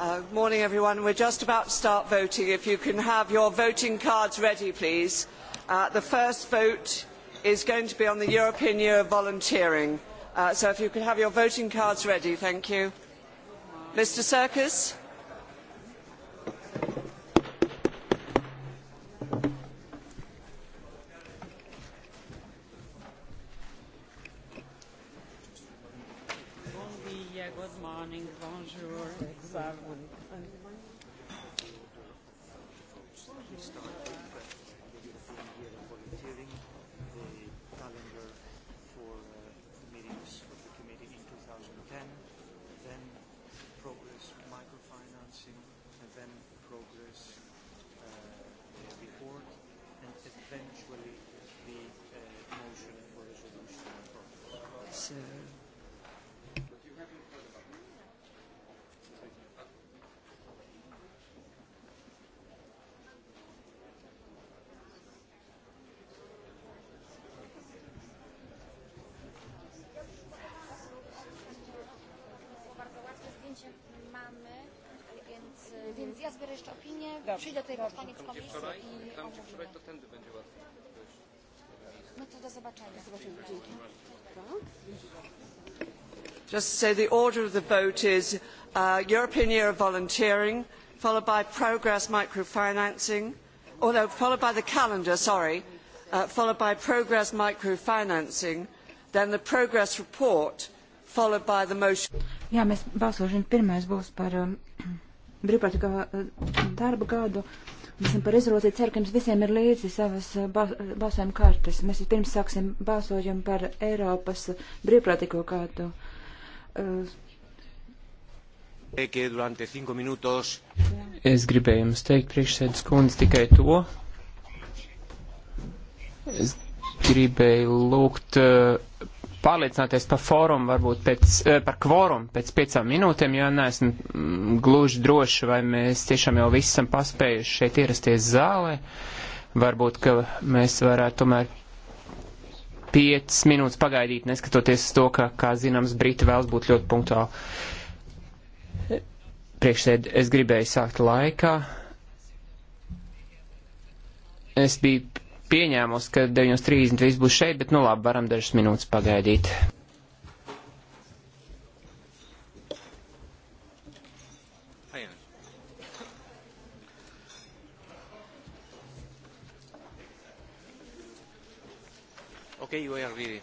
Uh, morning everyone. We're just about to start voting. If you can have your voting cards ready, please. Uh, the first vote is going to be on the European Year of Volunteering. Uh, so if you could have your voting cards ready, thank you. Mr Serkis? ja zbiorę jeszcze opinię, dobrze, przyjdę tutaj pod koniec komisji wczoraj, i tam, omówimy. Wczoraj, to tędy będzie łatwiej. No to do zobaczenia. Do zobaczenia. Dzięki. Just to say the order of the vote is uh, European Year of Volunteering, followed by Progress Microfinancing, oh no, followed by the calendar, sorry, uh, followed by Progress Microfinancing, then the Progress Report, followed by the motion. Jā, mēs balsosim. Pirmais būs par um, brīvprātu kā eh, darba gadu. Mēs esam par rezolūciju ceru, ka jums visiem ir līdzi savas eh, balsojuma kartes. Mēs pirms sāksim balsojumu par Eiropas brīvprātīgo kādu. Eh, es gribēju jums teikt priekšsēdus kundze tikai to. Es gribēju lūgt pārliecināties par fórumu, varbūt pēc, eh, par kvorumu pēc piecām minūtēm, jo neesmu mm, gluži droši, vai mēs tiešām jau visi esam paspējuši šeit ierasties zālē. Varbūt, ka mēs varētu tomēr piecas minūtes pagaidīt, neskatoties uz to, ka, kā zināms, Briti vēlas būt ļoti punktuāli. Priekšsēd, es gribēju sākt laikā. Es biju pieņēmus, ka 9.30 viss būs šeit, bet nu labi, varam dažas minūtes pagaidīt. Okay, you are reading.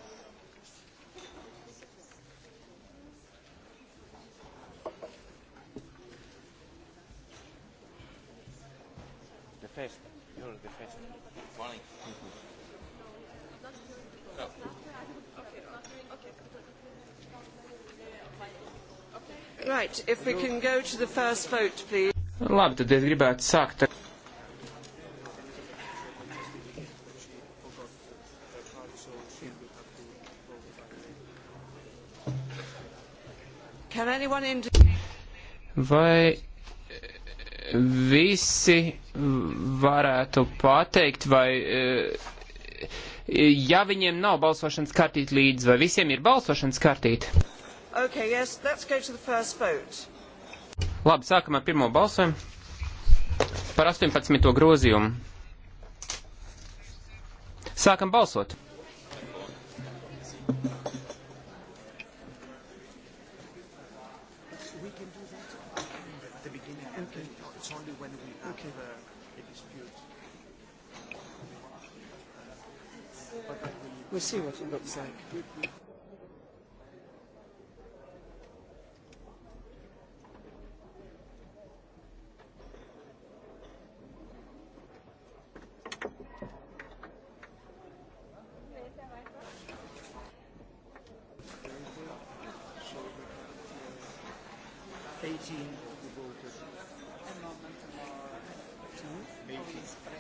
first. Right, if we can go to the first vote, please. Labi, tad es gribētu sākt. Vai visi varētu pateikt, vai. Eh, ja viņiem nav balsošanas kartīte līdzi, vai visiem ir balsošanas kartīte? Okay, yes, let's go to the first vote. Labi, sākam ar pirmo balsojumu par 18. grozījumu. Sākam balsot. We'll see what it looks like.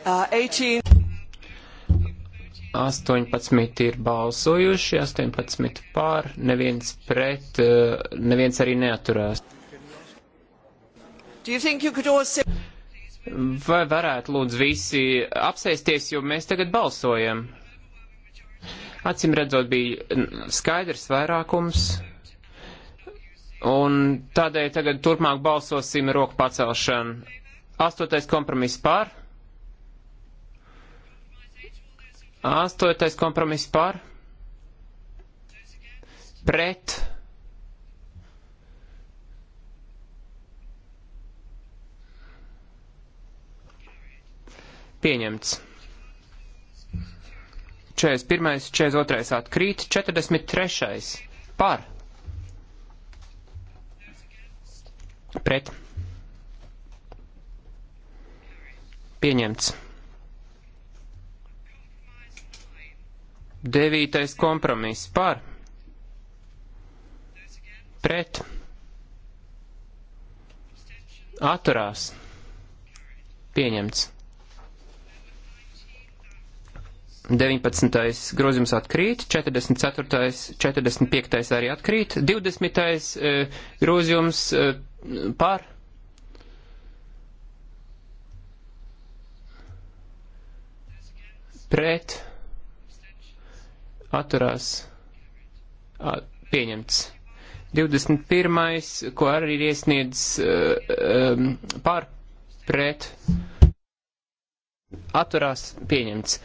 18 uh, ir balsojuši, 18 pār, neviens pret, uh, neviens arī neaturās. Vai varētu lūdzu visi apsēsties, jo mēs tagad balsojam? Acim redzot, bija skaidrs vairākums, un tādēļ tagad turpmāk balsosim roku pacelšanu. Astotais kompromiss pār, Astotais kompromiss par, pret, pieņemts. 41. 42. atkrīt, 43. par, pret, pieņemts. Devītais kompromiss par. Pret. Atturās. Pieņemts. 19. grozījums atkrīt, 44. 45. arī atkrīt, 20. E, grozījums e, par. Pret atturās pieņemts. 21. ko arī ir iesniedz pār pret atturās pieņemts.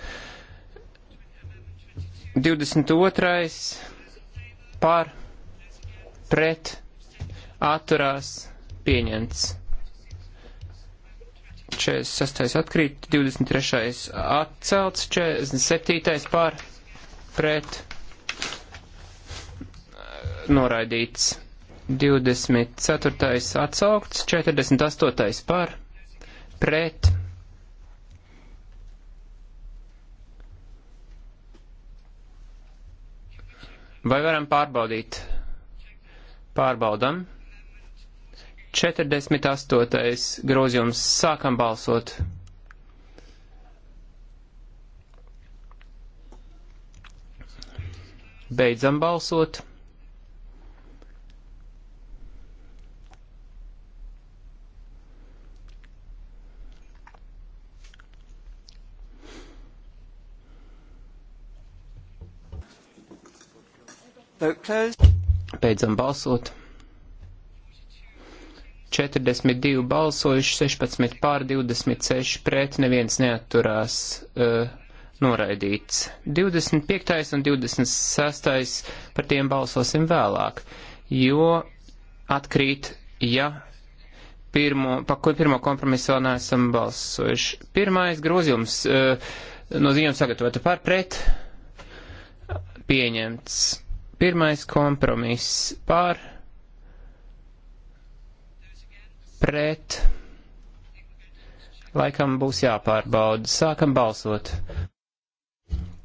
22. pār pret atturās pieņemts. 46. atkrīt, 23. atcelts, 47. pār pret pret noraidīts. 24. atsaukts, 48. par pret. Vai varam pārbaudīt? Pārbaudam. 48. grozījums sākam balsot. Beidzam balsot. Beidzam balsot. 42 balsojuši, 16 pār 26 pret, neviens neatturās. Uh, noraidīts. 25. un 26. par tiem balsosim vēlāk, jo atkrīt, ja pirmo, pa ko pirmo kompromisu vēl neesam balsojuši. Pirmais grozījums eh, no ziņām sagatavota par pret pieņemts. Pirmais kompromiss par pret. Laikam būs jāpārbauda. Sākam balsot.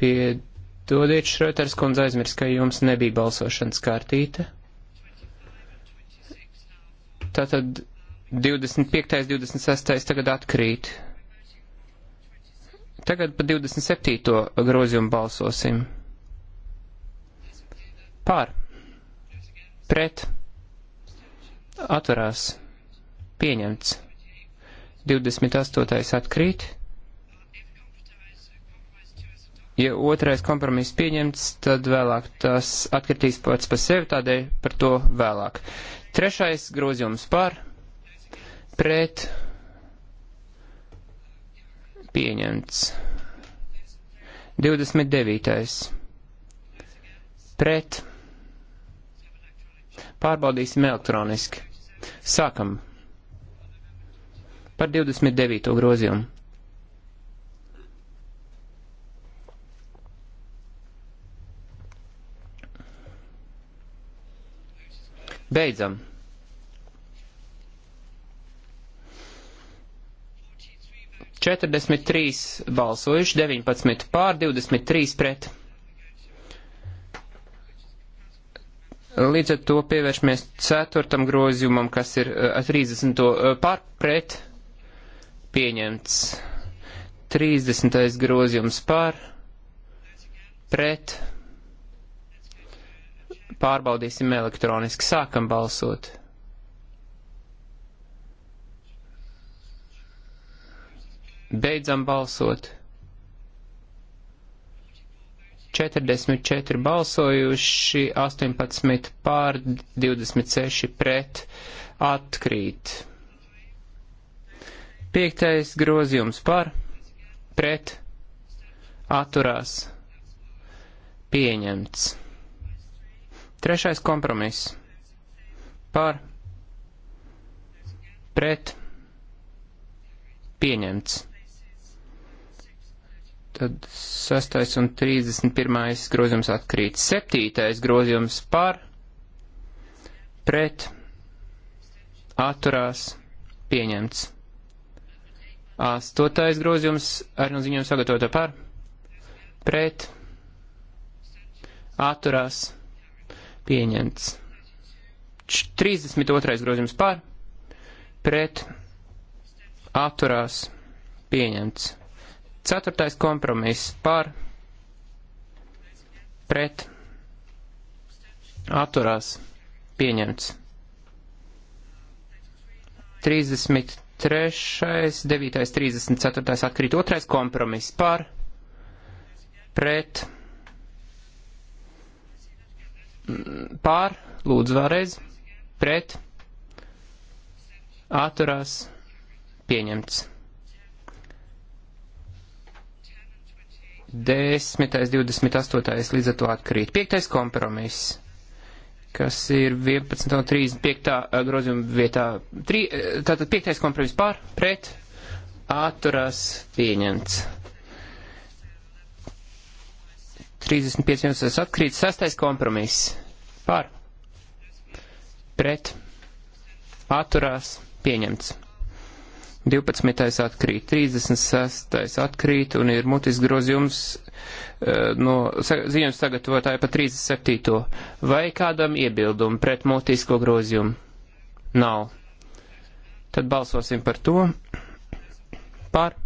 Piedodiet, Šroters kundze aizmirst, ka jums nebija balsošanas kārtīte. Tātad 25. 26. tagad atkrīt. Tagad pa 27. grozījumu balsosim. Pār. Pret. Atvarās. Pieņemts. 28. atkrīt. Ja otrais kompromiss pieņemts, tad vēlāk tas atkritīs pats par sevi, tādēļ par to vēlāk. Trešais grozījums par, pret, pieņemts. 29. Pret. Pārbaudīsim elektroniski. Sākam. Par 29. grozījumu. Beidzam. Četrdesmit trīs balsojuši, deviņpadsmit pār, divdesmit trīs pret. Līdz ar to pievēršamies ceturtam grozījumam, kas ir uh, 30. pārpret pieņemts. 30. grozījums pārpret Pārbaudīsim elektroniski. Sākam balsot. Beidzam balsot. 44 balsojuši, 18 pār, 26 pret, atkrīt. Piektais grozījums par, pret, atturās, pieņemts. Trešais kompromiss. Par. Pret. Pieņemts. Tad 6. un 31. grozījums atkrīt. 7. grozījums par. Pret. Atturās. Pieņemts. 8. grozījums ar no ziņām sagatavota par. Pret. Atturās pieņemts. 32. grozījums par, pret, atturās, pieņemts. 4. kompromiss par, pret, atturās, pieņemts. 33. 9. 34. atkrīt 2. kompromiss par, pret, atturās pār, lūdzu vēlreiz, pret, atturās, pieņemts. 10, 28 līdz ar to atkrīt. 5. kompromiss, kas ir 11 un 35 grozījuma vietā. 3, eh, tātad 5. kompromiss pār, pret, atturās, pieņemts. 35 minūtes atkrīt. Sastais kompromiss. Par. Pret. Atturās. Pieņemts. 12. atkrīt, 36. atkrīt un ir mutis grozījums eh, no ziņojums sagatavotāja pa 37. Vai kādam iebildumu pret mutisko grozījumu? Nav. Tad balsosim par to. Par.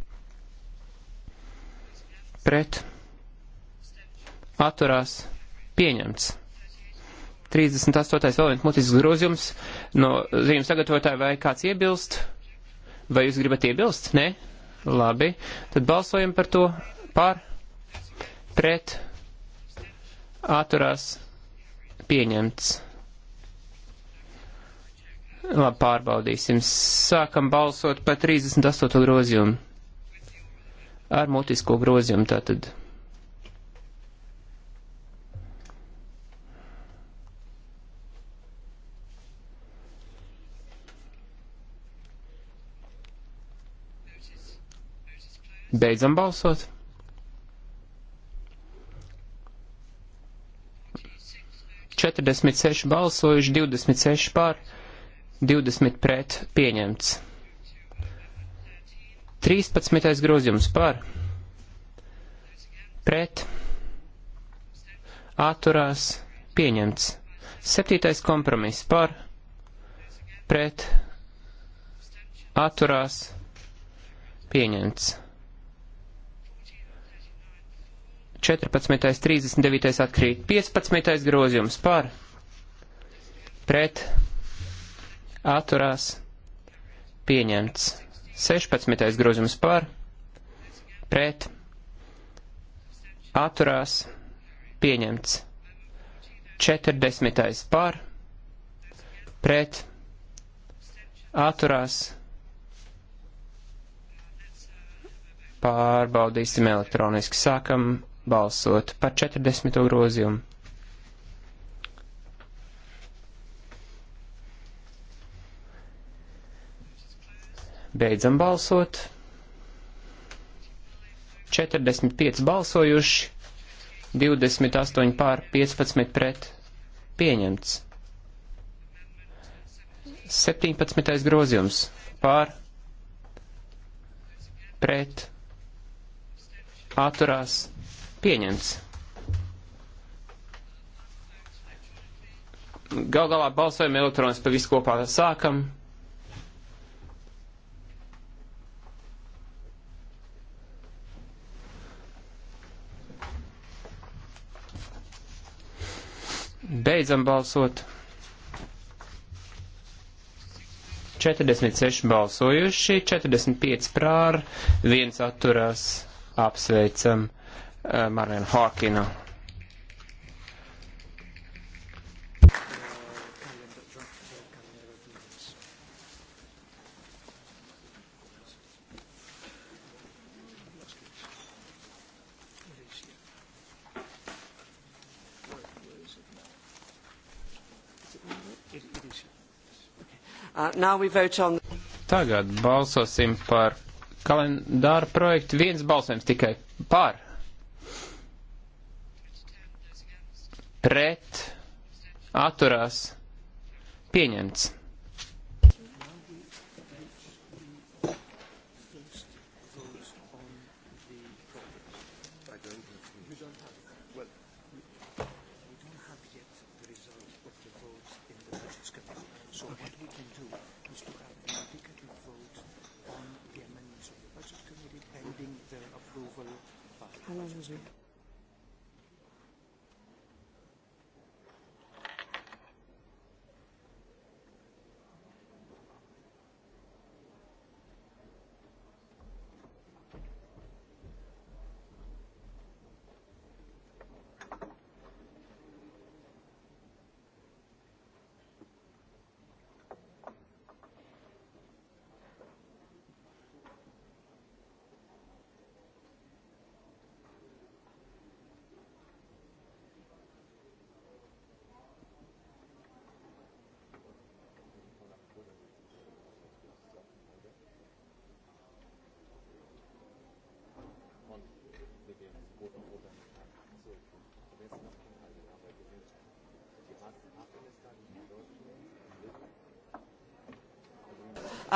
Pret atturās pieņemts. 38. vēl viens mutisks grozījums no ziņas sagatavotāja vai kāds iebilst? Vai jūs gribat iebilst? Nē? Labi. Tad balsojam par to. Par. Pret. Atturās. Pieņemts. Labi, pārbaudīsim. Sākam balsot par 38. grozījumu. Ar mutisko grozījumu tātad. Beidzam balsot. Četrdesmit seši balsojuši, divdesmit seši pār, divdesmit pret pieņemts. Trīspadsmitais grozījums pār, pret, atturās, pieņemts. Septītais kompromiss par, pret, atturās, pieņemts. 14. 39. atkrīt. 15. grozījums par pret atturās pieņemts. 16. grozījums par pret atturās pieņemts. 40. par pret atturās pieņemts. pārbaudīsim elektroniski. Sākam balsot par 40. grozījumu. Beidzam balsot. 45 balsojuši, 28 pār 15 pret pieņemts. 17. grozījums pār pret atturās Pieņemts. Gal galā balsojam elektronis pa visu kopā sākam. Beidzam balsot. 46 balsojuši, 45 prār, viens atturās, apsveicam Eh, Marian Harkina. Uh, Tagad balsosim par kalendāru projektu. Viens balsojums tikai par. pret, atturās, pieņemts.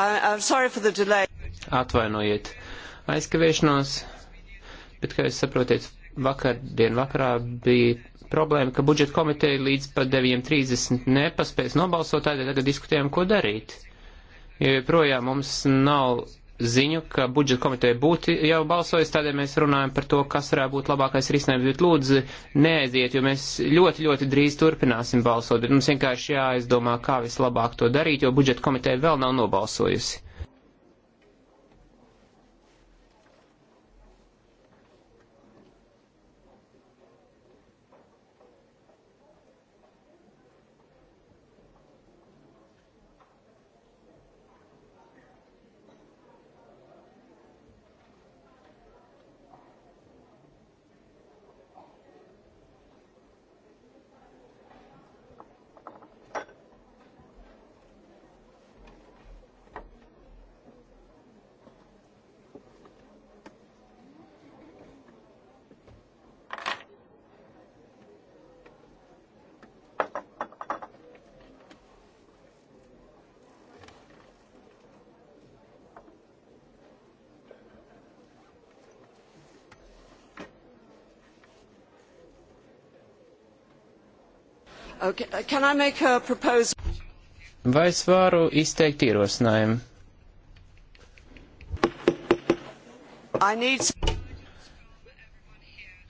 Atvainojiet aizkavēšanos, bet, kā jūs saprotiet, vakardien vakarā bija problēma, ka budžeta komiteja līdz pat 9.30 nepaspēs nobalsot, tādēļ tagad diskutējam, ko darīt. Jo joprojām mums nav ziņu, ka budžeta komiteja būtu jau balsojusi, tādēļ mēs runājam par to, kas varētu būt labākais risinājums, bet lūdzu neaiziet, jo mēs ļoti, ļoti drīz turpināsim balsot, bet mums vienkārši jāaizdomā, kā vislabāk to darīt, jo budžeta komiteja vēl nav nobalsojusi. Okay. Uh, can I make a proposal? Vai es varu izteikt ierosinājumu? I need...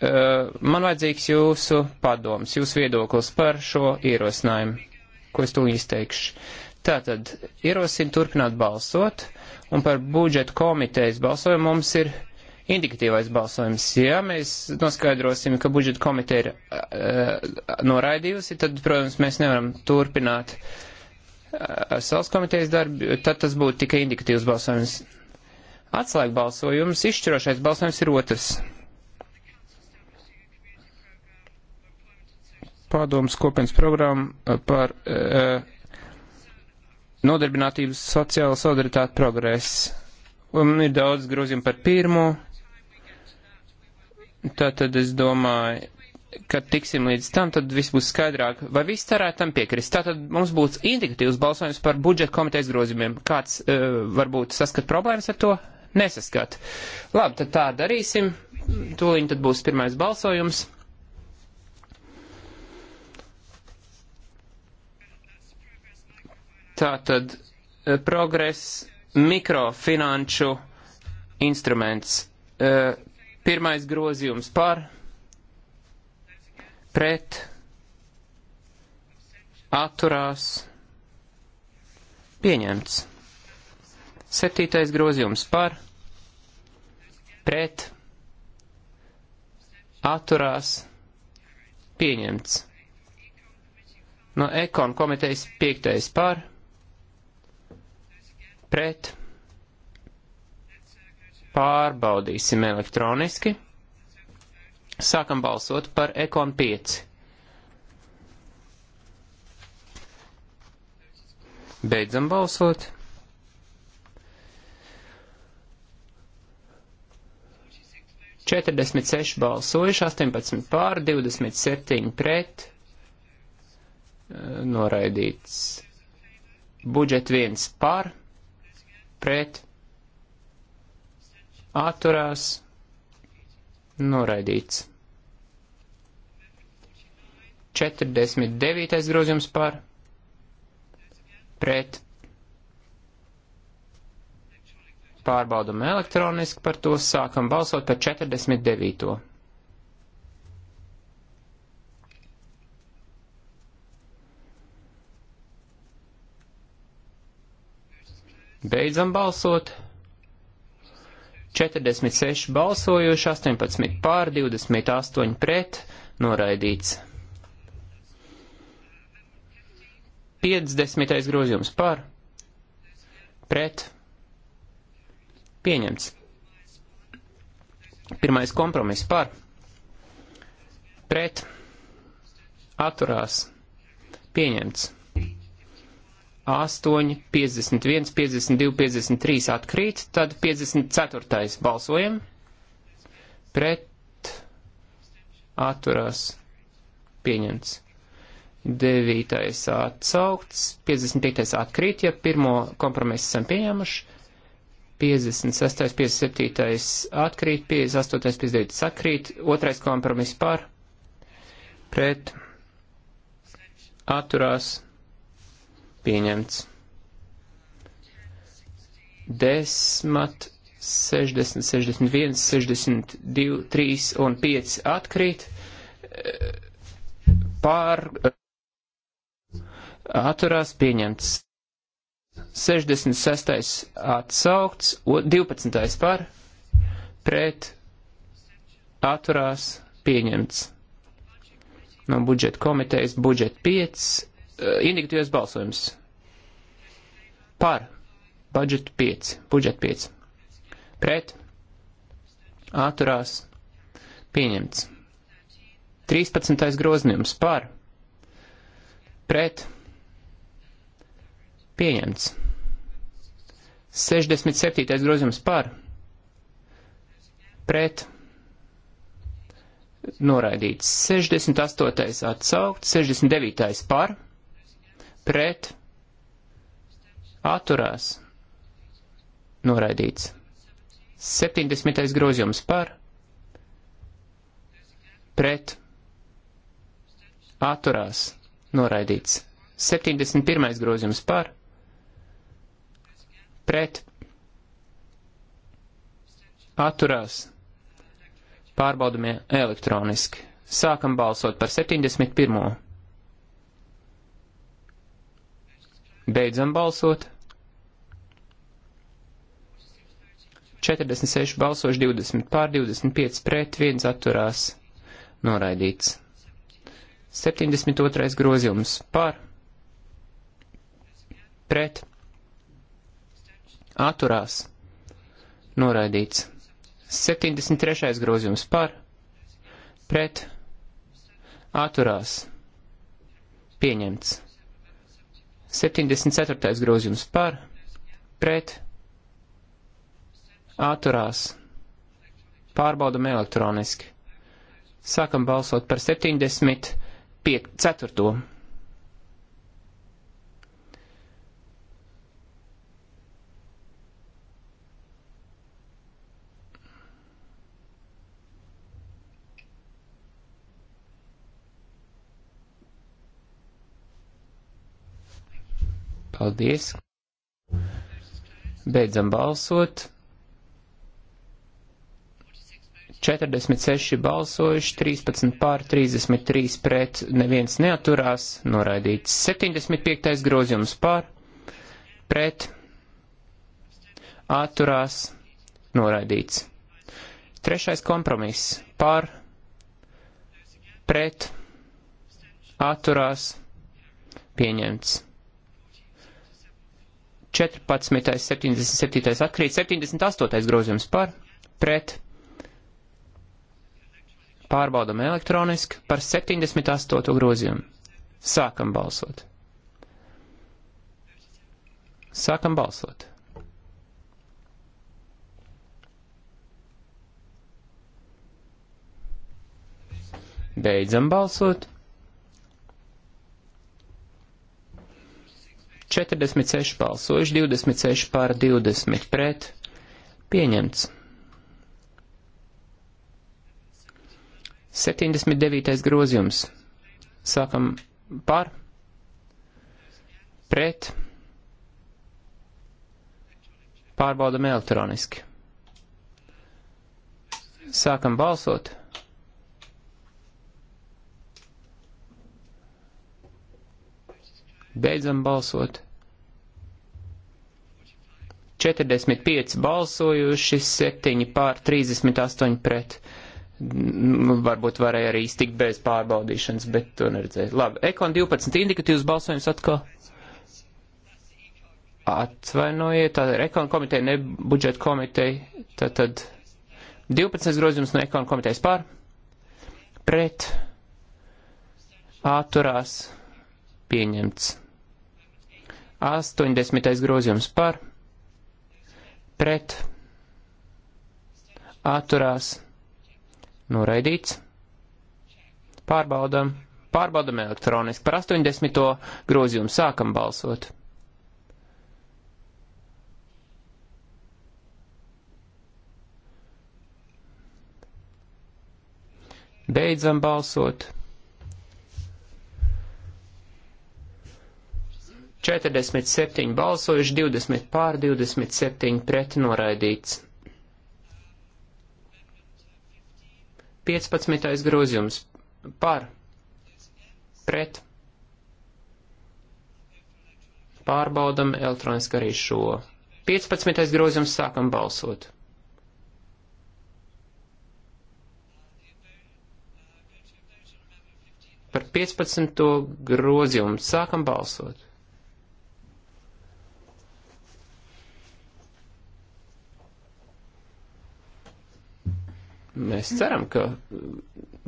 Uh, man vajadzīgs jūsu padoms, jūsu viedoklis par šo ierosinājumu, ko es tūlīt izteikšu. Tātad, ierosinu turpināt balsot, un par budžetu komitejas balsojumu mums ir indikatīvais balsojums. Ja mēs noskaidrosim, ka budžeta komiteja ir uh, noraidījusi, tad, protams, mēs nevaram turpināt ar uh, eh, savas komitejas darbu, tad tas būtu tikai indikatīvs balsojums. Atslēga balsojums, izšķirošais balsojums ir otrs. Pārdomas kopienas programma eh, par uh, nodarbinātības sociālo solidaritāti progresu. Un ir daudz grozījumu par pirmo. Tātad es domāju, kad tiksim līdz tam, tad viss būs skaidrāk, vai viss varētu tam piekrist. Tātad mums būs indikatīvs balsojums par budžeta komitejas grozījumiem. Kāds uh, varbūt saskat problēmas ar to? Nesaskat. Labi, tad tā darīsim. Tūlīt tad būs pirmais balsojums. Tātad uh, progress mikrofinanšu instruments. Uh, Pirmais grozījums par, pret, atturās, pieņemts. Septītais grozījums par, pret, atturās, pieņemts. No ekon komitejas piektais par, pret, atturās Pārbaudīsim elektroniski. Sākam balsot par Ekon 5. Beidzam balsot. Četrdesmit seši balsojuši, astoņpadsmit pār, divdesmit septiņi pret, noraidīts budžet viens pār, pret, atturās, noraidīts. 49. grozījums par, pret, pārbaudam elektroniski par to, sākam balsot par 49. Beidzam balsot. 46 balsojuši, 18 pār, 28 pret, noraidīts. 50. grozījums par, pret, pieņemts. Pirmais kompromiss par, pret, atturās, pieņemts. 8, 51, 52, 53 atkrīt, tad 54. balsojam pret atturās pieņemts. 9. atsaukts, 55. atkrīt, ja pirmo kompromisu esam pieņēmuši, 56. 57. atkrīt, 58. 59. sakrīt, otrais kompromiss par pret atturās pieņemts Pieņemts. Desmat 60, 61, 62, 3 un 5 atkrīt. Pār atturās pieņemts. 66. atsaukts, 12. par, pret, atturās, pieņemts. No budžeta komitejas budžeta 5 Eh, indikatīvais balsojums par budžetu 5, budžetu 5, pret, atturās, pieņemts. 13. grozījums par, pret, pieņemts. 67. grozījums par, pret, noraidīts. 68. atsaukt, 69. par, pret pret, atturās, noraidīts. 70. grozījums par, pret, atturās, noraidīts. 71. grozījums par, pret, atturās, pārbaudamie elektroniski. Sākam balsot par 71. Beidzam balsot. 46 balsoši, 20 pār, 25 pret, 1 atturās. Noraidīts. 72. grozījums pār, pret, atturās. Noraidīts. 73. grozījums par, pret, atturās, pieņemts. 74. grozījums par, pret, atturās, pārbaudam elektroniski. Sākam balsot par 74. Paldies. Beidzam balsot. 46 balsojuši, 13 pār, 33 pret, neviens neaturās, noraidīts 75. grozījums pār, pret, atturās, noraidīts. Trešais kompromiss pār, pret, atturās, pieņemts. 14. 77. atkrīt, 78. grozījums par, pret, pārbaudam elektroniski par 78. grozījumu. Sākam balsot. Sākam balsot. Beidzam balsot. 46 balsojuši, 26 pār 20 pret. Pieņemts. 79. grozījums. Sākam par, pret, pārbaudam elektroniski. Sākam balsot. Beidzam balsot. 45 balsojuši, 7 pār 38 pret. Nu, varbūt varēja arī iztikt bez pārbaudīšanas, bet to neredzēju. Labi, Ekon 12 indikatīvs balsojums atkal. Atvainojiet, tā ir Ekon komiteja, ne budžeta komiteja. Tad, tad 12 grozījums no Ekon komitejas pār. Pret. Atturās. Pieņemts. 80. grozījums par, pret, atturās, noraidīts. Pārbaudam, pārbaudam elektroniski par 80. grozījumu sākam balsot. Beidzam balsot. 47 balsojuši, 20 pār, 27 pret noraidīts. 15. grozījums par, pret, pārbaudam elektroniski arī šo. 15. grozījums sākam balsot. Par 15. grozījumu sākam balsot. Mēs ceram, ka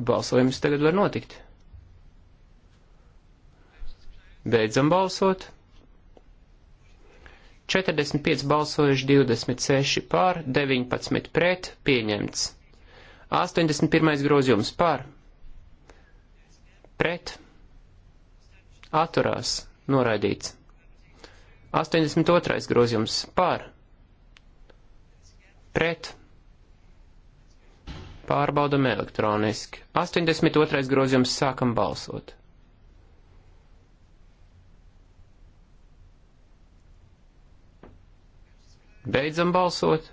balsojums tagad var notikt. Beidzam balsot. 45 balsojuši, 26 pār, 19 pret, pieņemts. 81. grozījums pār, pret, atturās, noraidīts. 82. grozījums pār, pret, atturās Pārbaudam elektroniski. 82. grozījums sākam balsot. Beidzam balsot.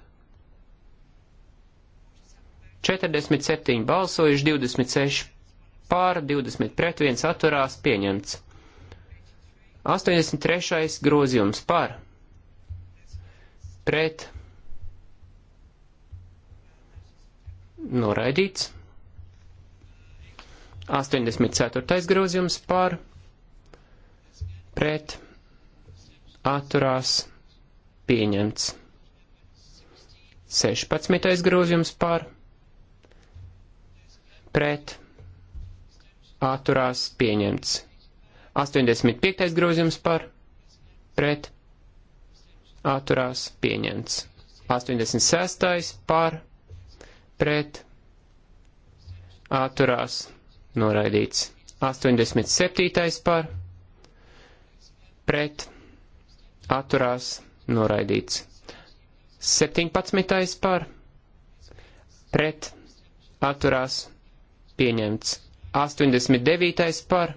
47 balsojuši, 26 pār, 20 pret, 1 atturās, pieņemts. 83. grozījums par, pret, noraidīts. 84. grozījums pār pret atturās pieņemts. 16. grozījums pār pret atturās pieņemts. 85. grozījums par pret atturās pieņemts. 86. par pret atturās noraidīts. 87. par pret atturās noraidīts. 17. par pret atturās pieņemts. 89. par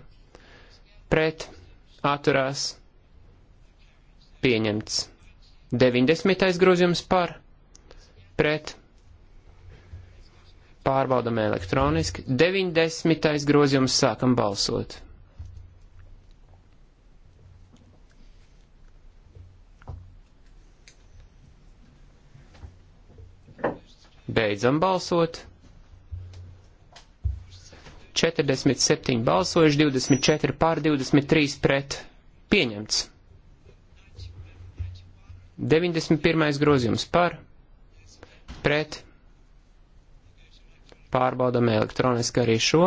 pret atturās pieņemts. 90. grozījums par pret Pārbaudam elektroniski. 90. grozījums sākam balsot. Beidzam balsot. 47 balsojuši, 24 pār, 23 pret. Pieņemts. 91. grozījums par, pret, pārbaudam elektroniski arī šo.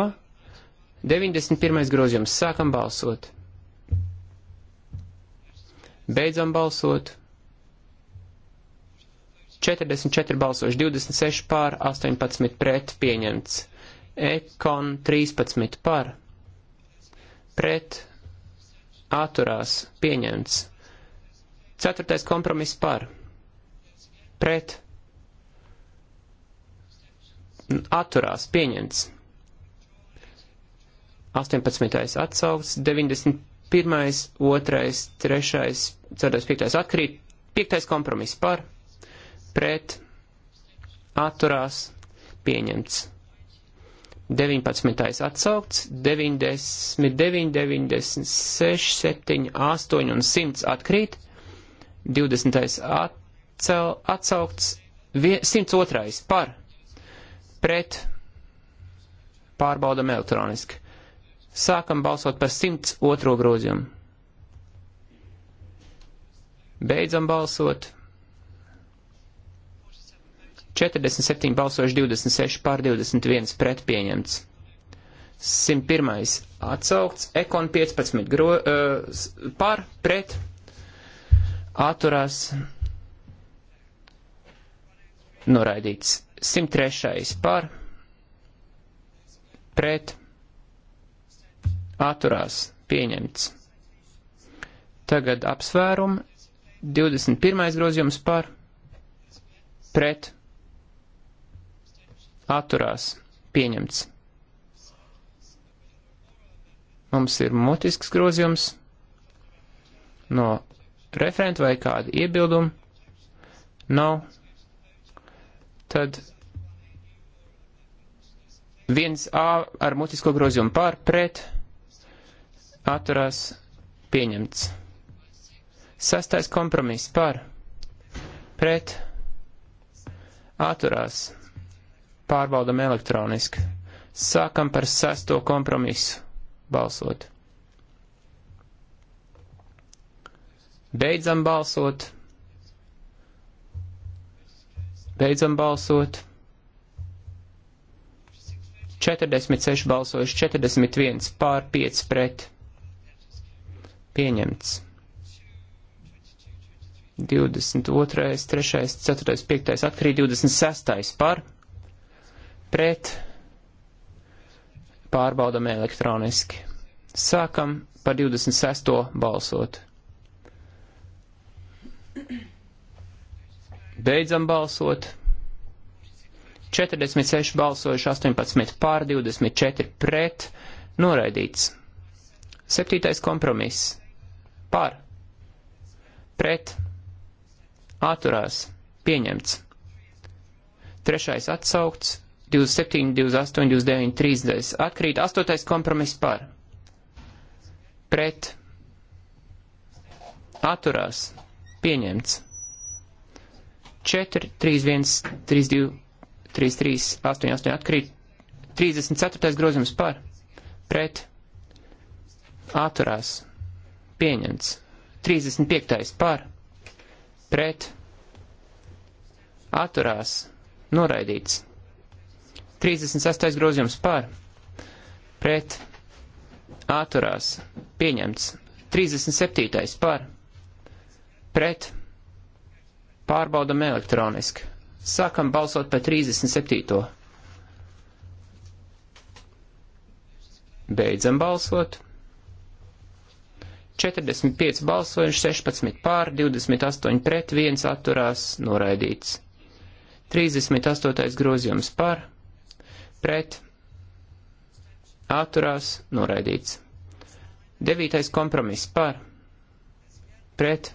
91. grozījums. Sākam balsot. Beidzam balsot. 44 balsoši, 26 pār, 18 pret pieņemts. Ekon 13 par. Pret. Atturās pieņemts. Ceturtais kompromiss par. Pret atturās pieņemts. 18. atsaugs, 91., 2., 3., 4., 5. atkrīt, 5. kompromiss par, pret, atturās, pieņemts. 19. atsaukts, 99, 96, 7, 8 un 100 atkrīt, 20. atcel, atsaukts, 102. par, pret, pārbaudam elektroniski. Sākam balsot par 102. grozījumu. Beidzam balsot. 47 balsojuši 26 pār 21 pret pieņemts. 101. atsaukts, ekon 15 gro, uh, eh, pār pret atturās noraidīts. 103. par pret atturās pieņemts. Tagad apsvērumu 21. grozījums par pret atturās pieņemts. Mums ir mutisks grozījums no referenta vai kāda iebilduma. Nav. No Tad viens A ar mutisko grozījumu pār pret atturās pieņemts. Sastais kompromiss par pret atturās pārbaudam elektroniski. Sākam par sesto kompromisu balsot. Beidzam balsot. Beidzam balsot. 46 balsojuši, 41 pār 5 pret. Pieņemts. 22, 3, 4, 5 atkrīt, 26 par pret. Pārbaudam elektroniski. Sākam par 26. balsot. Thank you. Beidzam balsot. 46 balsojuši, 18 pār, 24 pret, noraidīts. Septītais kompromiss. Pār. Pret. Atturās. Pieņemts. Trešais atsaukts. 27, 28, 29, 30. Atkrīt. Astotais kompromiss pār. Pret. Atturās. Pieņemts. 4, 3, 1, 3, 2, 3, 3, 8, 8, atkrīt. 34. grozījums par, pret, atturās, pieņemts. 35. par, pret, atturās, noraidīts. 36. grozījums par, pret, atturās, pieņemts. 37. par, pret, Pārbaudam elektroniski. Sākam balsot par 37. Beidzam balsot. 45 balsojuši, 16 pār, 28 pret, 1 atturās, noraidīts. 38. grozījums par, pret, atturās, noraidīts. 9. kompromiss par, pret,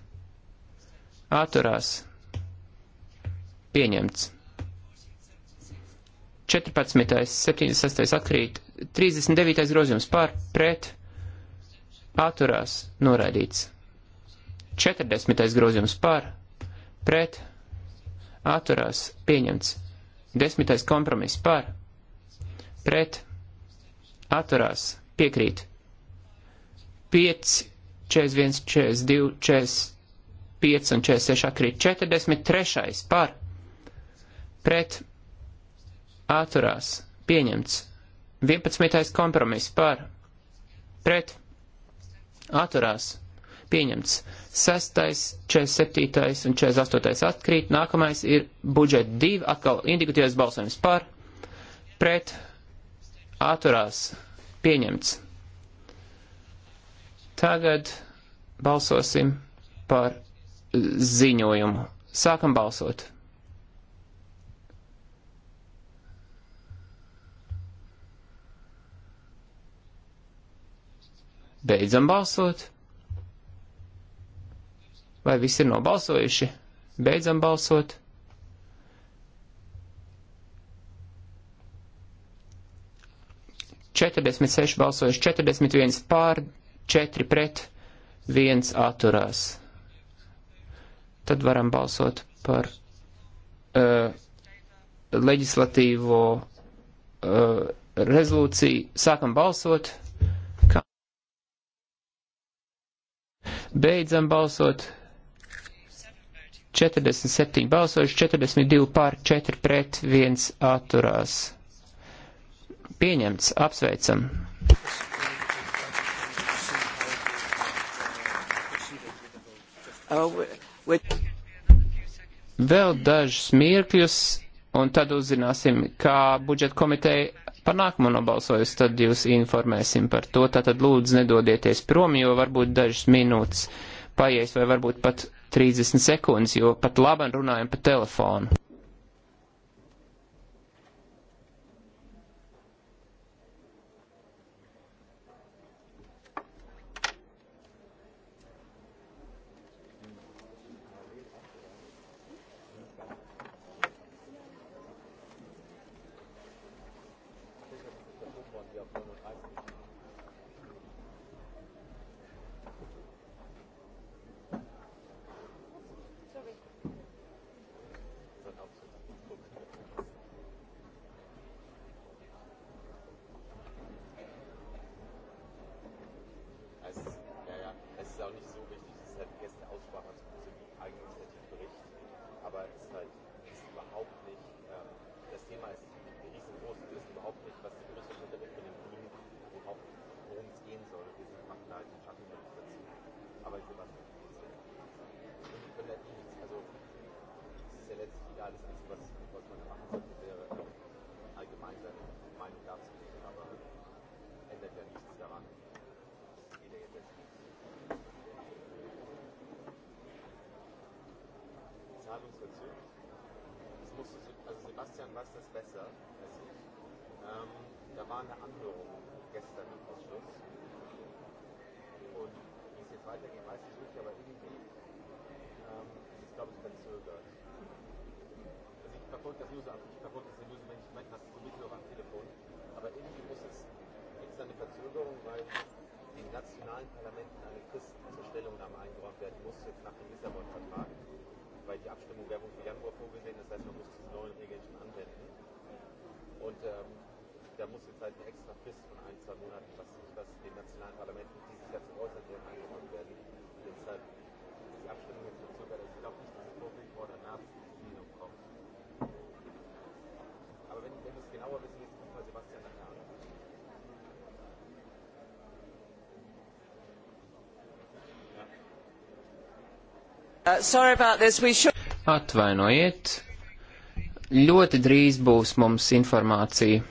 atturās, pieņemts. 14. 76. atkrīt, 39. grozījums pār, pret, atturās, noraidīts. 40. grozījums pār, pret, atturās, pieņemts. 10. kompromiss pār, pret, atturās, piekrīt. 5, 41, 42, 45 un 46 atkrīt. 43. pār, pret atturās pieņemts 11. kompromiss par pret atturās pieņemts 6., 47. un 48. atkrīt, nākamais ir budžeta 2, atkal indikatīvais balsojums par pret atturās pieņemts. Tagad balsosim par ziņojumu. Sākam balsot. Beidzam balsot. Vai visi ir nobalsojuši? Beidzam balsot. Četrdesmit seši balsojuši, četrdesmit viens pār, četri pret, viens atturās. Tad varam balsot par uh, leģislatīvo uh, rezolūciju. Sākam balsot. Beidzam balsot. 47 balsojuši, 42 pār, 4 pret, 1 atturās. Pieņemts, apsveicam. Oh, Vēl dažus mirkļus, un tad uzzināsim, kā budžeta komiteja Par nākamo nobalsojus tad jūs informēsim par to, tātad lūdzu nedodieties prom, jo varbūt dažas minūtes paies vai varbūt pat 30 sekundes, jo pat labam runājam pa telefonu. Planungsverzug. Das musste, also Sebastian weiß das besser als ich. Ähm, da war eine Anhörung gestern im Ausschuss. Und wie es jetzt weitergeht, weiß ich nicht, aber irgendwie ähm, ist es, glaube ich, verzögert. Also ich verfolge das News, ich verfolge das News, wenn ich meine, das sowieso am Telefon. Aber irgendwie muss es, gibt es eine Verzögerung, weil den nationalen Parlamenten eine Frist zur Stellungnahme eingeräumt werden muss, jetzt nach dem Lissabon-Vertrag weil die Abstimmung wäre wohl für Januar vorgesehen, das heißt, man muss diese neuen Regeln schon anwenden. Und ähm, da muss jetzt halt eine extra Frist von ein, zwei Monaten, was, was den nationalen Parlamenten dieses Jahr zum Äußerst angeräumt werden. Und deshalb ist die Abstimmung jetzt so Uh, Atvainojiet, ļoti drīz būs mums informācija.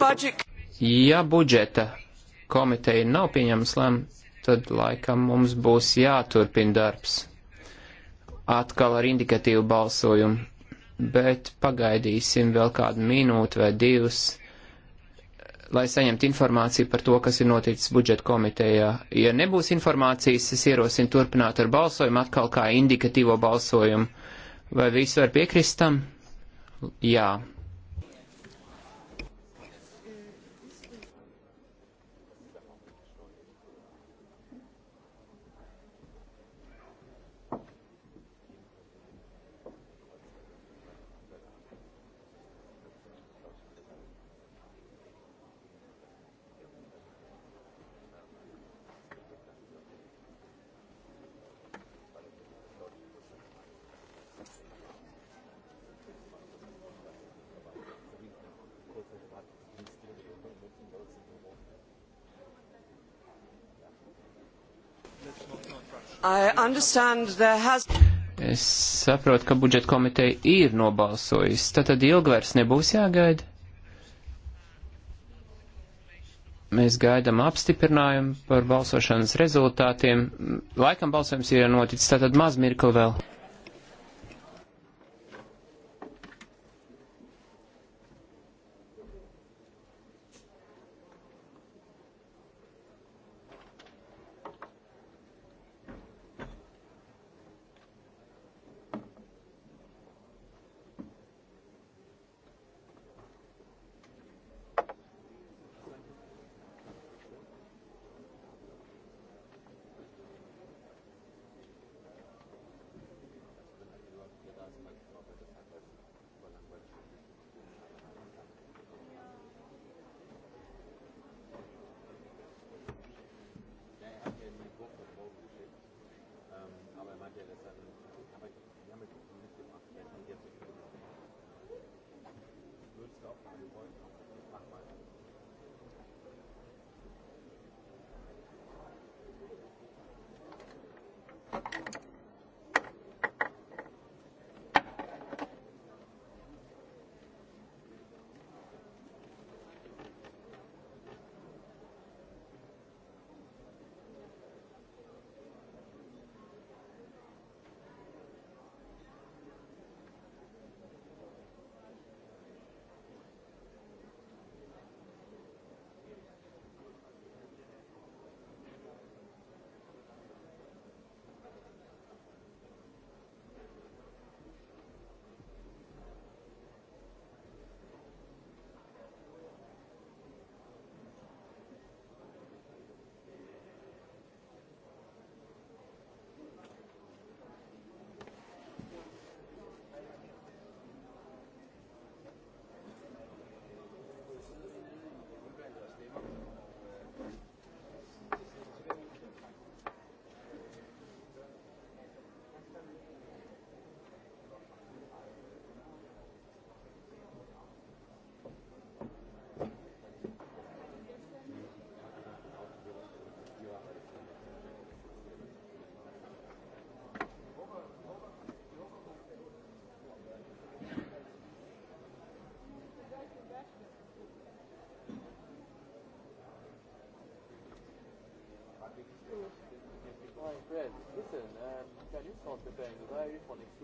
Budget... Ja budžeta komiteja nav pieņems lēm, tad laikam mums būs jāturpina darbs. Atkal ar indikatīvu balsojumu, bet pagaidīsim vēl kādu minūtu vai divas lai saņemtu informāciju par to, kas ir noticis budžeta komitejā. Ja nebūs informācijas, es ierosinu turpināt ar balsojumu atkal kā indikatīvo balsojumu. Vai visi var piekrist tam? Jā. Has... Es saprotu, ka budžeta komiteja ir nobalsojusi. Tātad ilgi vairs nebūs jāgaida. Mēs gaidām apstiprinājumu par balsošanas rezultātiem. Laikam balsojums ir noticis, tātad maz mirkli vēl. Hi, Fred. Listen, um, can you start preparing the way for next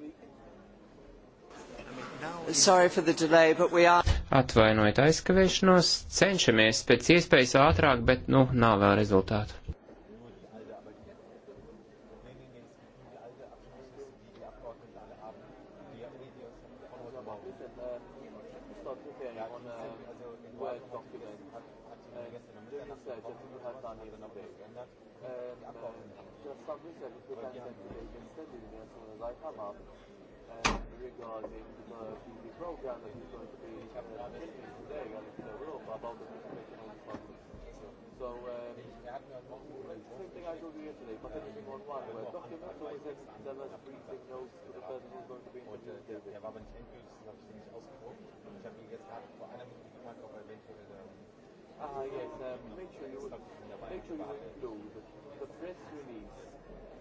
week? Sorry for the delay, but we are... Atvainojiet aizkavēšanos, cenšamies pēc iespējas ātrāk, bet, nu, nav vēl rezultātu. some research which I'm scientific studies and some as I come up uh, regarding the TV program that is going to be uh, filming today and in Europa about the situation of Muslims. So um, same thing I told you yesterday, but everything on one web document, so it takes them as briefing notes to the person who's going to be äh, interviewed. Der war bei den Interviews, das habe ich nicht ausgedruckt. Ich habe ihn jetzt gerade vor einer Minute gefragt, ob er eventuell ähm, Ah, yes. Um, make sure you make sure you include the press release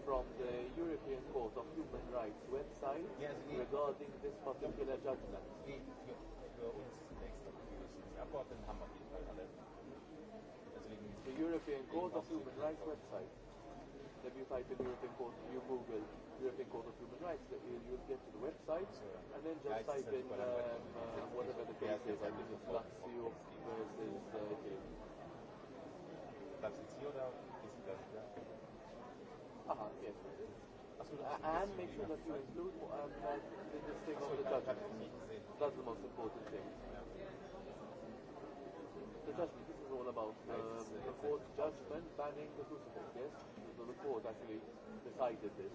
from the European Court of Human Rights website yes, we, regarding this particular judgment. We, für, für uns nächste Abgeordneten haben wir auf jeden Fall alle. Deswegen the European Court of Human Rights website. If you type in European Court, you Google European Court of Human Rights, you'll get to the website, and then just type in um, uh, whatever the case is. I think it's Lazio versus uh, Lazio. Uh-huh, yes. So, and make sure that you include um, that in uh, this thing of the judgment. That's the most important thing. The judgment, this is all about um, the court's judgment banning the crucifix, yes? So the court actually decided this.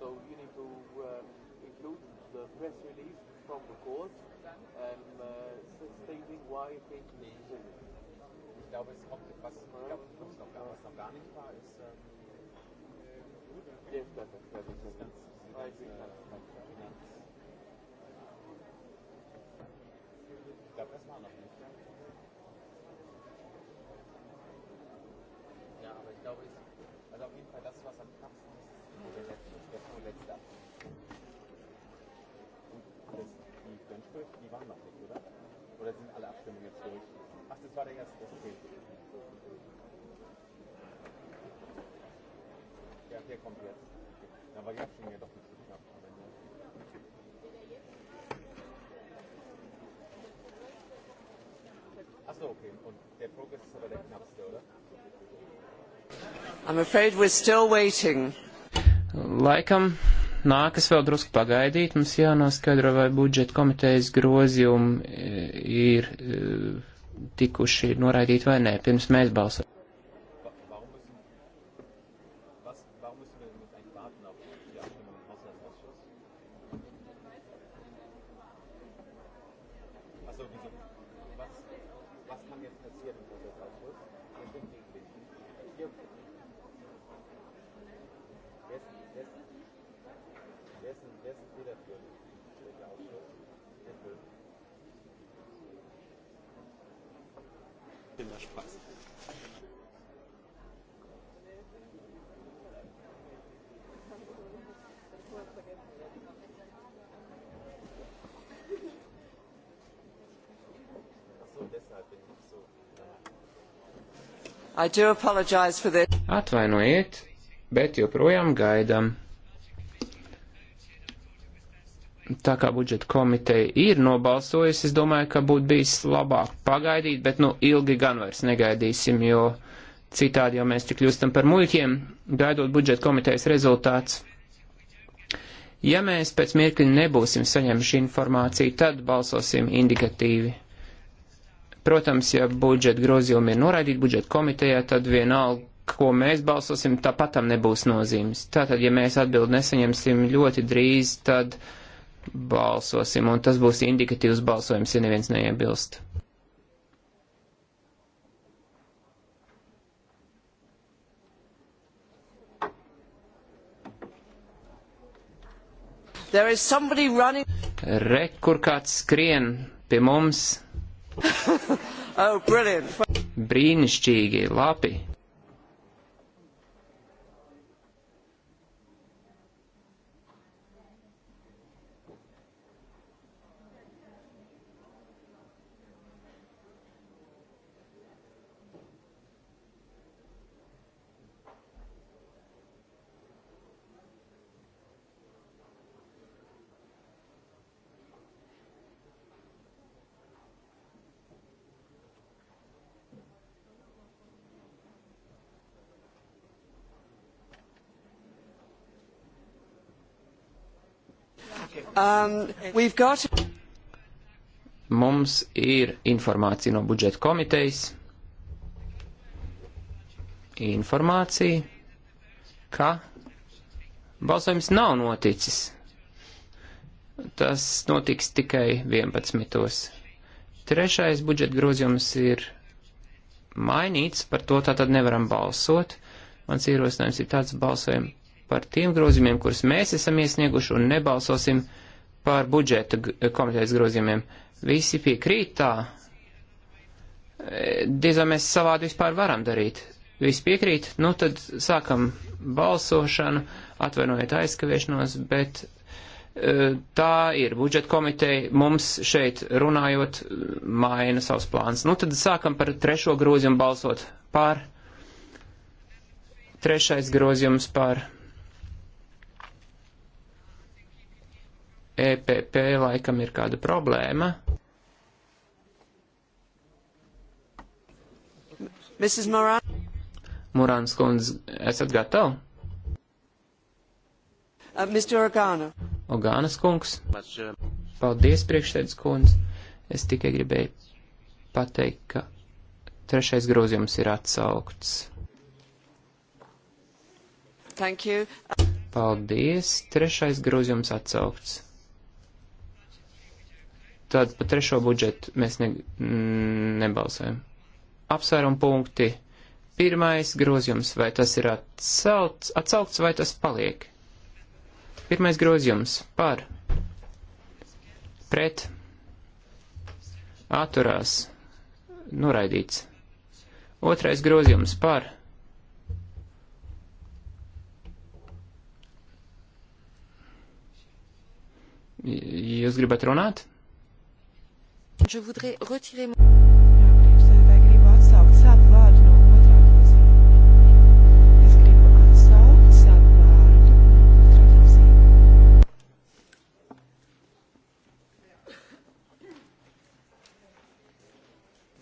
So you need to um, include the press release from the court and um, uh, stating why it came to the decision. Ich glaube, es kommt, was, ich glaube, was, noch, was noch gar nicht war, ist, ähm, um, Fiesta, tak сказать. Vai Gab das mal noch nicht. Ja, aber ich glaube, ich, also auf jeden Fall das, was am knappsten ist, ist der letzte, der vorletzte Abschnitt. Und das, die Benchbrüche, die waren noch nicht, oder? Oder sind alle Abstimmungen jetzt durch? Ach, das war der erste, okay. Aber jetzt sind wir doch nicht so knapp. Achso, okay. Und der Progress ist aber der knappste, oder? I'm afraid we're still waiting. Laikam nākas vēl drusku pagaidīt, mums jānoskaidro, vai budžeta komitejas grozījumi e, ir e, tikuši noraidīti vai nē, pirms mēs balsojam. Atvainojiet, bet joprojām gaidam. Tā kā budžeta komiteja ir nobalsojusi, es domāju, ka būtu bijis labāk pagaidīt, bet nu ilgi gan vairs negaidīsim, jo citādi jau mēs tik kļūstam par muļķiem, gaidot budžeta komitejas rezultāts. Ja mēs pēc mirkļa nebūsim saņēmuši informāciju, tad balsosim indikatīvi. Protams, ja budžeta grozījumi ir noraidīti budžeta komitejā, tad vienalga, ko mēs balsosim, tāpat tam nebūs nozīmes. Tātad, ja mēs atbildi nesaņemsim ļoti drīz, tad balsosim, un tas būs indikatīvs balsojums, ja neviens neiebilst. Re, kur kāds skrien pie mums oh, brilliant. Brīnišķīgi, labi. Um, got... Mums ir informācija no budžeta komitejas. Informācija, ka balsojums nav noticis. Tas notiks tikai 11. Trešais budžeta grozījums ir mainīts, par to tātad nevaram balsot. Mans ierosinājums ir tāds balsojums par tiem grozījumiem, kurus mēs esam iesnieguši un nebalsosim par budžeta komitejas grozījumiem. Visi piekrīt tā. E, diez vai mēs savādi vispār varam darīt. Visi piekrīt, nu tad sākam balsošanu, atvainojiet aizkavēšanos, bet e, tā ir budžeta komiteja, mums šeit runājot maina savus plānus. Nu tad sākam par trešo grozījumu balsot pār. Trešais grozījums pār EPP laikam ir kāda problēma. Mrs. Moran. Morāns kundze, esat gatavi? Uh, Mr. Organa. Ogānas kungs. Uh, Paldies, priekšsēdus kundze. Es tikai gribēju pateikt, ka trešais grozījums ir atsaukts. Thank you. Paldies, trešais grozījums atsaukts. Tad par trešo budžetu mēs ne, mm, nebalsojam. Apsvērum punkti. Pirmais grozījums, vai tas ir atcelts, atcelts vai tas paliek? Pirmais grozījums par pret atturās noraidīts. Otrais grozījums par Jūs gribat runāt? Je voudrais retirer mon...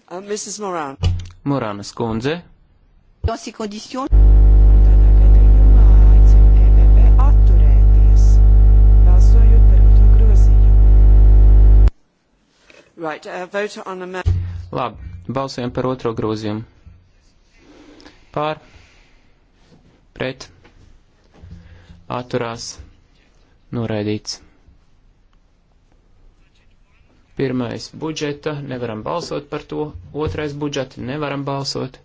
Euh, Mrs. Moran. Morānas kundze. Dans ces conditions. Right, uh, vote on the... Labi, balsojam par otro grozījumu. Pār, pret, atturās, noraidīts. Pirmais budžeta, nevaram balsot par to. Otrais budžeta, nevaram balsot.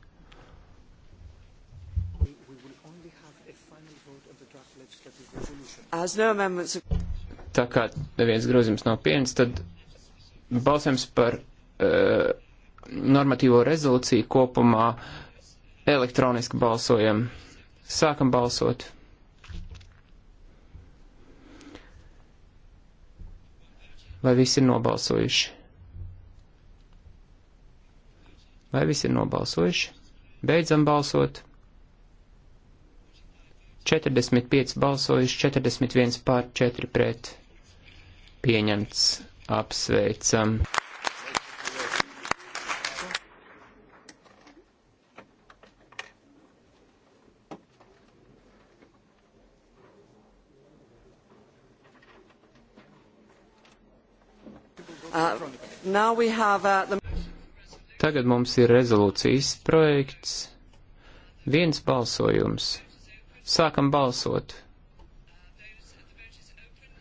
Tā kā neviens grozījums nav pieņemts, tad balsojums par uh, normatīvo rezolūciju kopumā elektroniski balsojam. Sākam balsot. Vai visi ir nobalsojuši? Vai visi ir nobalsojuši? Beidzam balsot. 45 balsojuši, 41 pār 4 pret. Pieņemts apsveicam. Uh, uh, Tagad mums ir rezolūcijas projekts, viens balsojums. Sākam balsot!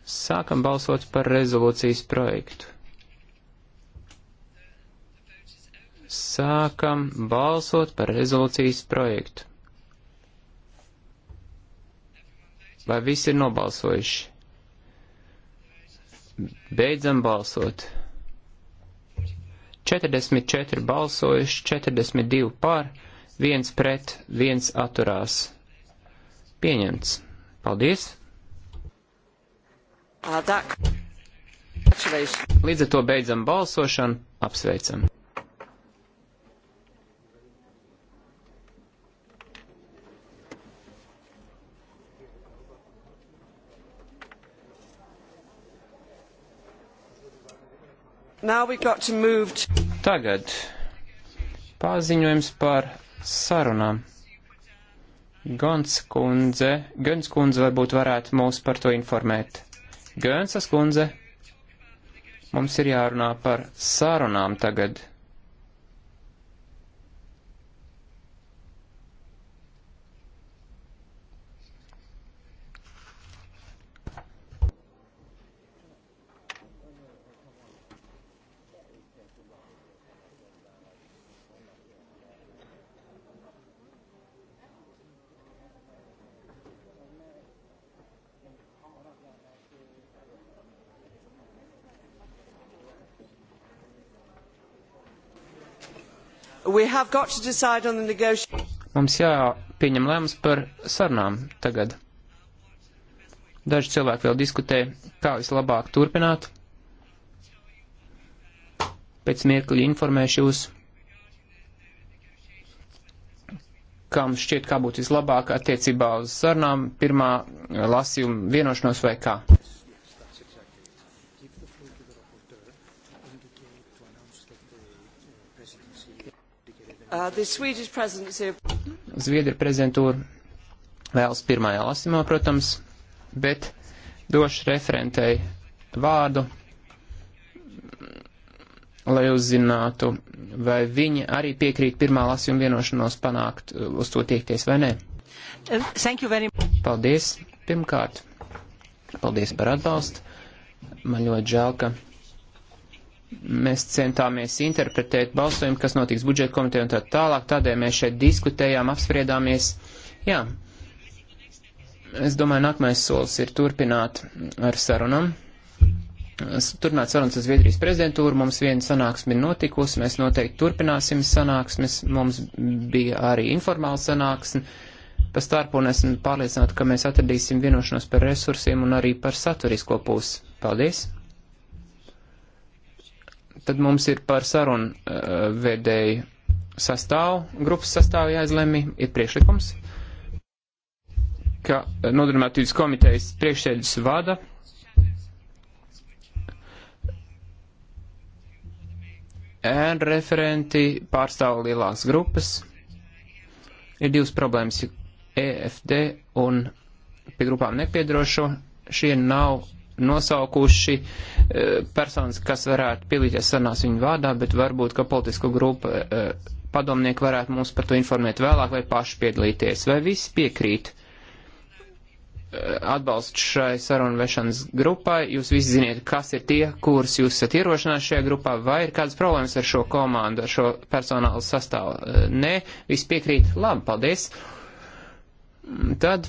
Sākam balsot par rezolūcijas projektu. Sākam balsot par rezolūcijas projektu. Vai visi ir nobalsojuši? Beidzam balsot. 44 balsojuši, 42 pār, 1 pret, 1 atturās. Pieņemts. Paldies! Uh, that... Līdz ar to beidzam balsošanu, apsveicam. Tagad paziņojums par sarunām. Gons kundze, Gons kundze varbūt varētu mūs par to informēt. Gēnsas kundze, mums ir jārunā par sārunām tagad. Mums jāpieņem lēmums par sarunām tagad. Daži cilvēki vēl diskutē, kā vislabāk turpināt. Pēc mirkļa informēšu jūs, kā mums šķiet, kā būtu vislabāk attiecībā uz sarunām, pirmā lasījuma vienošanos vai kā. Uh, Zviedri prezidentūra vēlas pirmajā lasimā, protams, bet došu referentei vārdu, lai uzzinātu, vai viņi arī piekrīt pirmā lasījuma vienošanos panākt uh, uz to tiekties vai nē. Uh, paldies pirmkārt. Paldies par atbalstu. Man ļoti žēl, ka mēs centāmies interpretēt balsojumu, kas notiks budžeta komiteja un tā tālāk. Tādēļ mēs šeit diskutējām, apspriedāmies. Jā, es domāju, nākamais solis ir turpināt ar sarunam. Turpināt sarunas ar Zviedrijas prezidentūru. Mums viena sanāksme ir notikusi, mēs noteikti turpināsim sanāksmes. Mums bija arī informāla sanāksme. Pa starpu un esmu pārliecināta, ka mēs atradīsim vienošanos par resursiem un arī par saturisko pusi. Paldies! Tad mums ir par sarunu uh, vedēju sastāvu, grupas sastāvu jāizlemj, ir priekšlikums, ka nodarbinātības komitejas priekšsēdus vada. Ēn referenti pārstāv lielās grupas. Ir divas problēmas, EFD un pie grupām nepiedrošo. Šie nav nosaukuši eh, personas, kas varētu pilīties sarunās viņu vārdā, bet varbūt, ka politisko grupu eh, padomnieki varētu mums par to informēt vēlāk vai paši piedalīties. Vai visi piekrīt? Eh, atbalstu šai sarunu vešanas grupai. Jūs visi ziniet, kas ir tie, kurus jūs esat ierošinājuši šajā grupā, vai ir kādas problēmas ar šo komandu, ar šo personālu sastāvu. Nē, viss piekrīt. Labi, paldies. Tad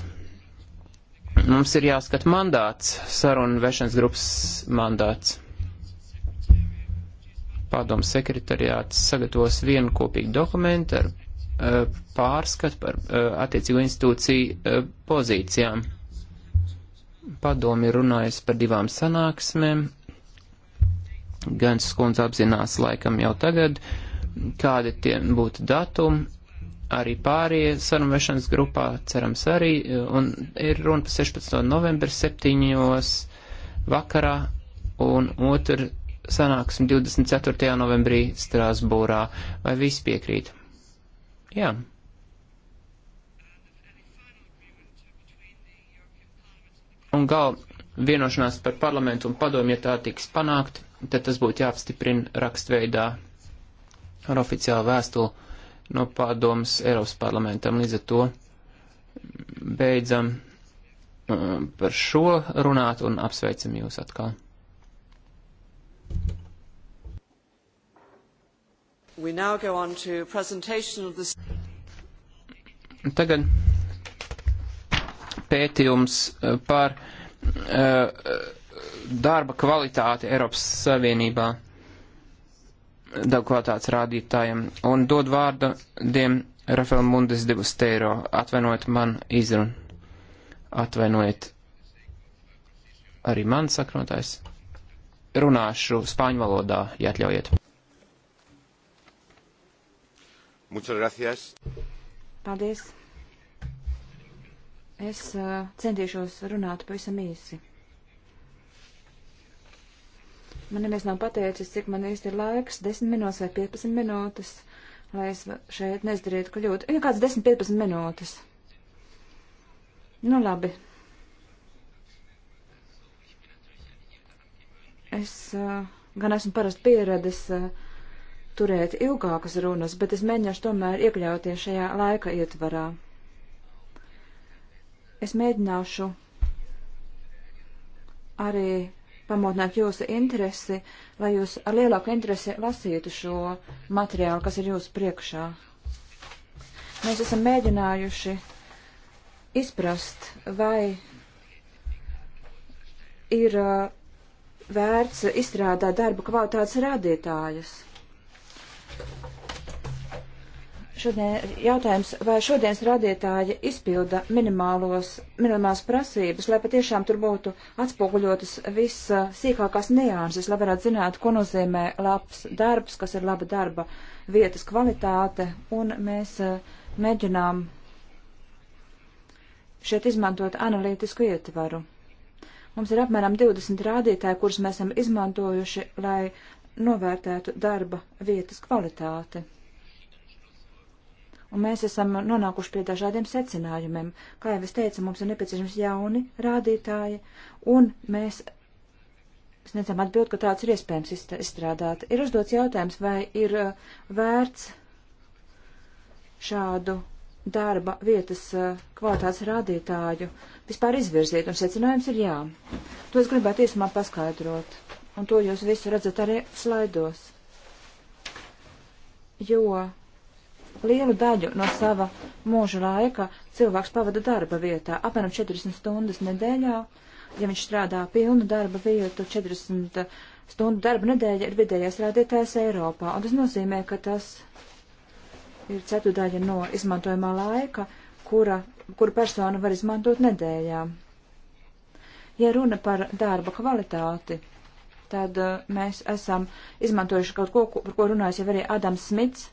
Mums ir jāskat mandāts, sarunu vešanas grupas mandāts. Padomu sekretariāts sagatavos vienu kopīgu dokumentu ar uh, pārskatu par uh, attiecīgo institūciju uh, pozīcijām. Padomi runājas par divām sanāksmēm. Gan skundze apzinās laikam jau tagad, kādi tie būtu datumi arī pārējie sarunvešanas grupā, cerams arī, un ir runa par 16. novembra 7. vakarā, un otru sanāksim 24. novembrī Strāsbūrā. Vai visi piekrīt? Jā. Un gal vienošanās par parlamentu un padomu, ja tā tiks panākt, tad tas būtu jāapstiprina rakstveidā ar oficiālu vēstuli no pārdomas Eiropas parlamentam. Līdz ar to beidzam um, par šo runāt un apsveicam jūs atkal. This... Tagad pētījums uh, par uh, darba kvalitāti Eiropas Savienībā darba kvalitātes rādītājiem un dod vārdu diem Rafael Mundes divus teiro. Atvainojiet man izrunu. Atvainojiet arī man saknotājs. Runāšu spāņu valodā, ja atļaujiet. Muchas gracias. Paldies. Es uh, centīšos runāt pavisam īsi. Man neviens nav pateicis, cik man īsti ir laiks, 10 minūtes vai 15 minūtes, lai es šeit nezdarītu kļūdu. Ir kāds 10-15 minūtes. Nu labi. Es uh, gan esmu parasti pieredzis uh, eh, turēt ilgākas runas, bet es mēģināšu tomēr iekļauties šajā laika ietvarā. Es mēģināšu arī pamodināt jūsu interesi, lai jūs ar lielāku interesi lasītu šo materiālu, kas ir jūsu priekšā. Mēs esam mēģinājuši izprast, vai ir uh, vērts izstrādāt darba kvalitātes rādītājus. Šodien jautājums, vai šodienas radītāji izpilda minimālos, minimālās prasības, lai patiešām tur būtu atspoguļotas viss sīkākās neānses, lai varētu zināt, ko nozīmē labs darbs, kas ir laba darba vietas kvalitāte, un mēs eh, mēģinām šeit izmantot analītisku ietvaru. Mums ir apmēram 20 rādītāji, kurus mēs esam izmantojuši, lai novērtētu darba vietas kvalitāti. Un mēs esam nonākuši pie dažādiem secinājumiem. Kā jau es teicu, mums ir nepieciešams jauni rādītāji, un mēs sniedzam atbildi, ka tāds ir iespējams izstrādāt. Ir uzdots jautājums, vai ir uh, vērts šādu darba vietas uh, kvalitātes rādītāju vispār izvirzīt, un secinājums ir jā. To es gribētu īsumā paskaidrot, un to jūs visu redzat arī slaidos. Jo lielu daļu no sava mūža laika cilvēks pavada darba vietā, apmēram 40 stundas nedēļā. Ja viņš strādā pilnu darba vietu, 40 stundu darba nedēļa ir vidējais rādītājs Eiropā, un tas nozīmē, ka tas ir ceturdaļa no izmantojamā laika, kura, kuru persona var izmantot nedēļā. Ja runa par darba kvalitāti, tad uh, mēs esam izmantojuši kaut ko, par ko runājas jau arī Adams Smits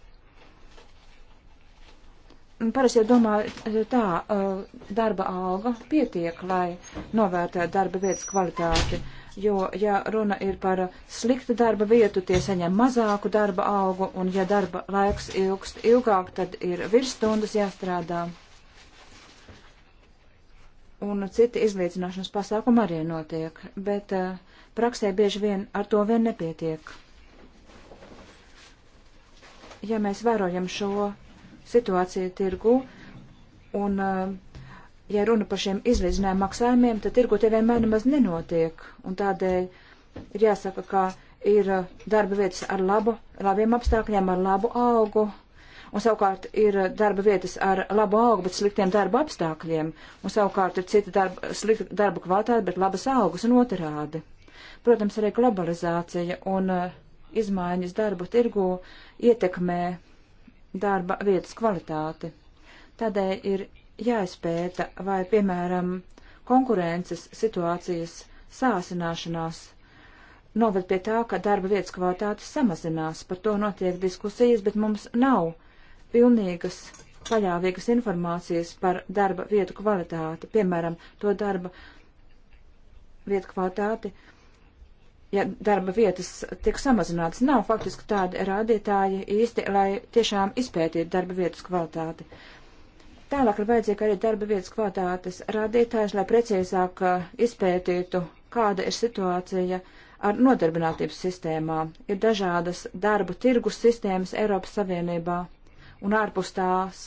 parasti jau domā eh, tā, eh, darba alga pietiek, lai novērtētu darba vietas kvalitāti, jo, ja runa ir par sliktu darba vietu, tie saņem mazāku darba algu, un ja darba laiks ilgst ilgāk, tad ir virsstundas jāstrādā. Un citi izlīdzināšanas pasākumi arī notiek, bet eh, praksē bieži vien ar to vien nepietiek. Ja mēs vērojam šo situācija tirgu un, eh, ja runa par šiem izlīdzinājuma maksājumiem, tad tirgu tie vienmēr nemaz nenotiek. Un tādēļ ir jāsaka, ka ir eh, darba vietas ar labu, labiem apstākļiem, ar labu augu, un savukārt ir eh, darba vietas ar labu augu, bet sliktiem darba apstākļiem, un savukārt ir cita darba, slikta darba kvalitāte, bet labas augas un otrādi. Protams, arī globalizācija un uh, izmaiņas darbu tirgu ietekmē darba vietas kvalitāti. Tādēļ ir jāizpēta, vai, piemēram, konkurences situācijas sāsināšanās noved pie tā, ka darba vietas kvalitāte samazinās. Par to notiek diskusijas, bet mums nav pilnīgas paļāvīgas informācijas par darba vietu kvalitāti, piemēram, to darba vietu kvalitāti, uh, ja darba vietas tiek samazinātas, nav faktiski tādi rādītāji īsti, lai tiešām izpētītu darba vietas kvalitāti. Tālāk ir vajadzīga arī darba vietas kvalitātes rādītājs, lai precīzāk uh, izpētītu, kāda ir situācija ar nodarbinātības sistēmā. Ir dažādas darba tirgus sistēmas Eiropas Savienībā un ārpus tās,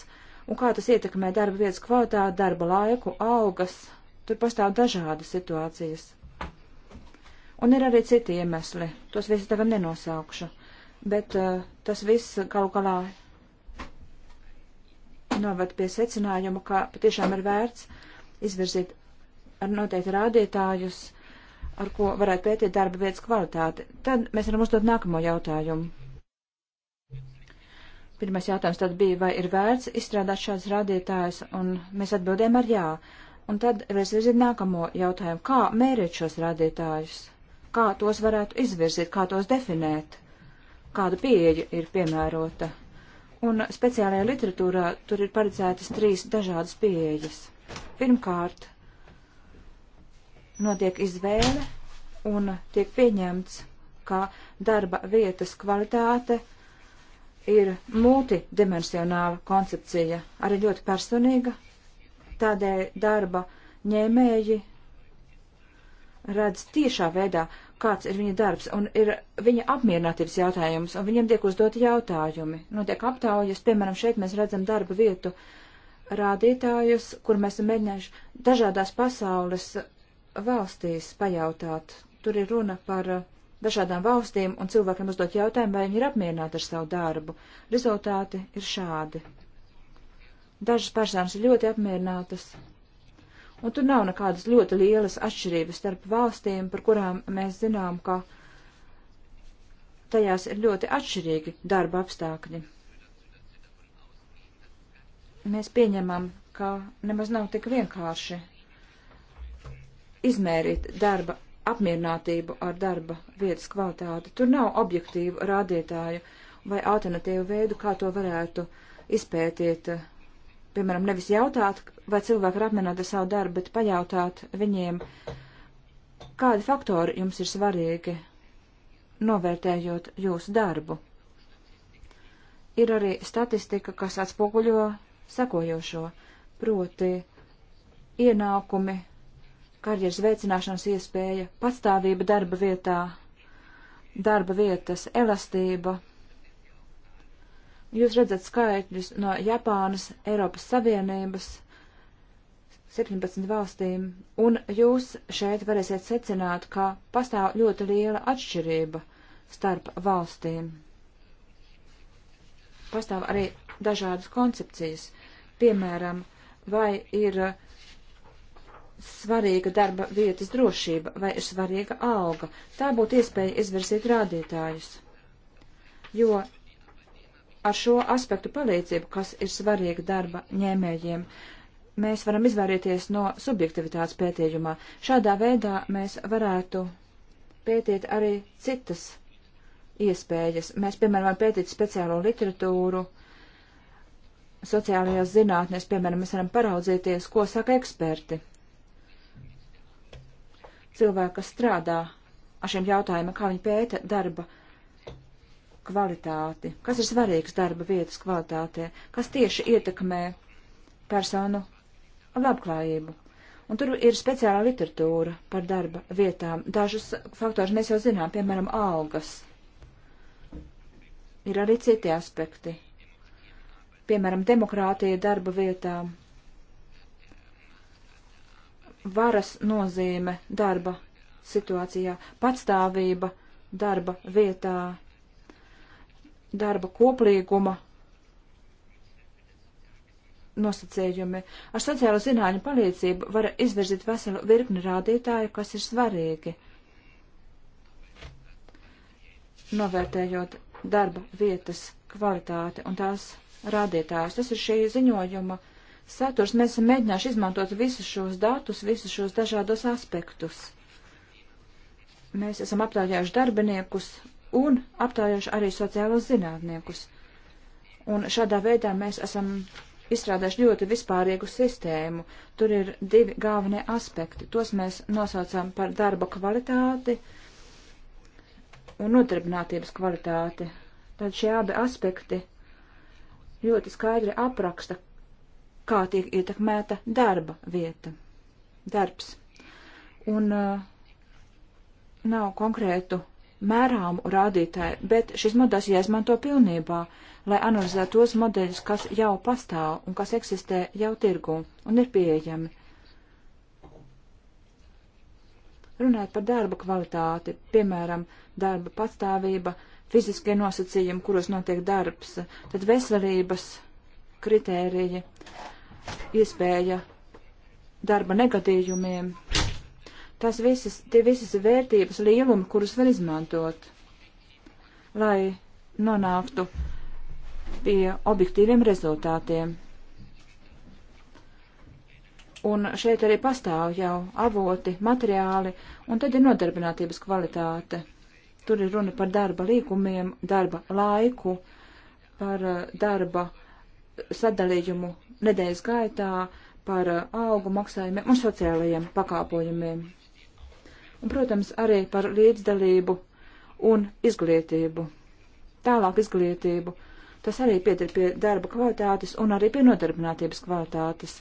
un kā tas ietekmē darba vietas kvalitāti, darba laiku, algas. Tur pastāv dažādas situācijas. Un ir arī citi iemesli, tos visus tagad nenosaukšu, bet uh, tas viss galu galā novad pie secinājuma, ka patiešām ir vērts izvirzīt ar noteikti rādītājus, ar ko varētu pētīt darba vietas kvalitāti. Tad mēs varam uzdot nākamo jautājumu. Pirmais jautājums tad bija, vai ir vērts izstrādāt šādas rādītājas, un mēs atbildējām ar jā. Un tad es virzīju nākamo jautājumu, kā mērīt šos rādītājus? kā tos varētu izvirzīt, kā tos definēt, kāda pieeja ir piemērota. Un speciālajā literatūrā tur ir paredzētas trīs dažādas pieejas. Pirmkārt, notiek izvēle un tiek pieņemts, ka darba vietas kvalitāte ir multidimensionāla koncepcija, arī ļoti personīga. Tādēļ darba ņēmēji redz tiešā veidā kāds ir viņa darbs, un ir viņa apmierinātības jautājums, un viņiem tiek uzdoti jautājumi. Notiek aptaujas, piemēram, šeit mēs redzam darba vietu rādītājus, kur mēs esam mēģinājuši dažādās pasaules valstīs pajautāt. Tur ir runa par uh, dažādām valstīm, un cilvēkiem uzdot jautājumu, vai viņi ir apmierināti ar savu darbu. Rezultāti ir šādi. Dažas personas ir ļoti apmierinātas, Nu, tur nav nekādas ļoti lielas atšķirības starp valstīm, par kurām mēs zinām, ka tajās ir ļoti atšķirīgi darba apstākļi. Mēs pieņemam, ka nemaz nav tik vienkārši izmērīt darba apmierinātību ar darba vietas kvalitāti. Tur nav objektīvu rādītāju vai alternatīvu veidu, kā to varētu izpētīt. Uh, piemēram, nevis jautāt, vai cilvēki ir apmierināti ar savu darbu, bet pajautāt viņiem, kādi faktori jums ir svarīgi, novērtējot jūsu darbu. Ir arī statistika, kas atspoguļo sekojošo, proti ienākumi, karjeras veicināšanas iespēja, patstāvība darba vietā, darba vietas elastība Jūs redzat skaitļus no Japānas, Eiropas Savienības, 17 valstīm, un jūs šeit varēsiet secināt, ka pastāv ļoti liela atšķirība starp valstīm. Pastāv arī dažādas koncepcijas, piemēram, vai ir svarīga darba vietas drošība, vai ir svarīga alga. Tā būtu iespēja izvirsīt rādītājus, jo ar šo aspektu palīdzību, kas ir svarīga darba ņēmējiem, mēs varam izvairīties no subjektivitātes pētījumā. Šādā veidā mēs varētu pētīt arī citas iespējas. Mēs, piemēram, varam pētīt speciālo literatūru, sociālajās zinātnēs, piemēram, mēs varam paraudzīties, ko saka eksperti. Cilvēki, kas strādā ar šiem jautājumiem, kā viņi pēta darba kvalitāti, kas ir svarīgs darba vietas kvalitātē, kas tieši ietekmē personu labklājību. Un tur ir speciāla literatūra par darba vietām. Dažus faktorus mēs jau zinām, piemēram, algas. Ir arī citi aspekti. Piemēram, demokrātija darba vietā, varas nozīme darba situācijā, patstāvība darba vietā, darba koplīguma nosacījumi. Ar sociālo zināņu palīdzību var izvirzīt veselu virkni rādītāju, kas ir svarīgi. Novērtējot darba vietas kvalitāti un tās rādītājus. Tas ir šī ziņojuma saturs. Mēs esam mēģinājuši izmantot visus šos datus, visus šos dažādos aspektus. Mēs esam aptaujājuši darbiniekus un aptaujoši arī sociālos zinātniekus. Un šādā veidā mēs esam izstrādājuši ļoti vispārīgu sistēmu. Tur ir divi galvenie aspekti. Tos mēs nosaucām par darba kvalitāti un nodarbinātības kvalitāti. Tad šie abi aspekti ļoti skaidri apraksta, kā tiek ietekmēta darba vieta, darbs. Un uh, nav konkrētu mērāmu rādītāju, bet šis modelis jāizmanto pilnībā, lai analizētu tos modeļus, kas jau pastāv un kas eksistē jau tirgu un ir pieejami. Runājot par darba kvalitāti, piemēram, darba pastāvība, fiziskie nosacījumi, kuros notiek darbs, tad veselības kritērija, iespēja darba negadījumiem, tas visas, tie visas vērtības lielumi, kurus var izmantot, lai nonāktu pie objektīviem rezultātiem. Un šeit arī pastāv jau avoti, materiāli, un tad ir nodarbinātības kvalitāte. Tur ir runa par darba līgumiem, darba laiku, par eh, darba sadalījumu nedēļas gaitā, par eh, augu maksājumiem un sociālajiem pakāpojumiem un, protams, arī par līdzdalību un izglītību. Tālāk izglītību. Tas arī pietiek pie darba kvalitātes un arī pie nodarbinātības kvalitātes.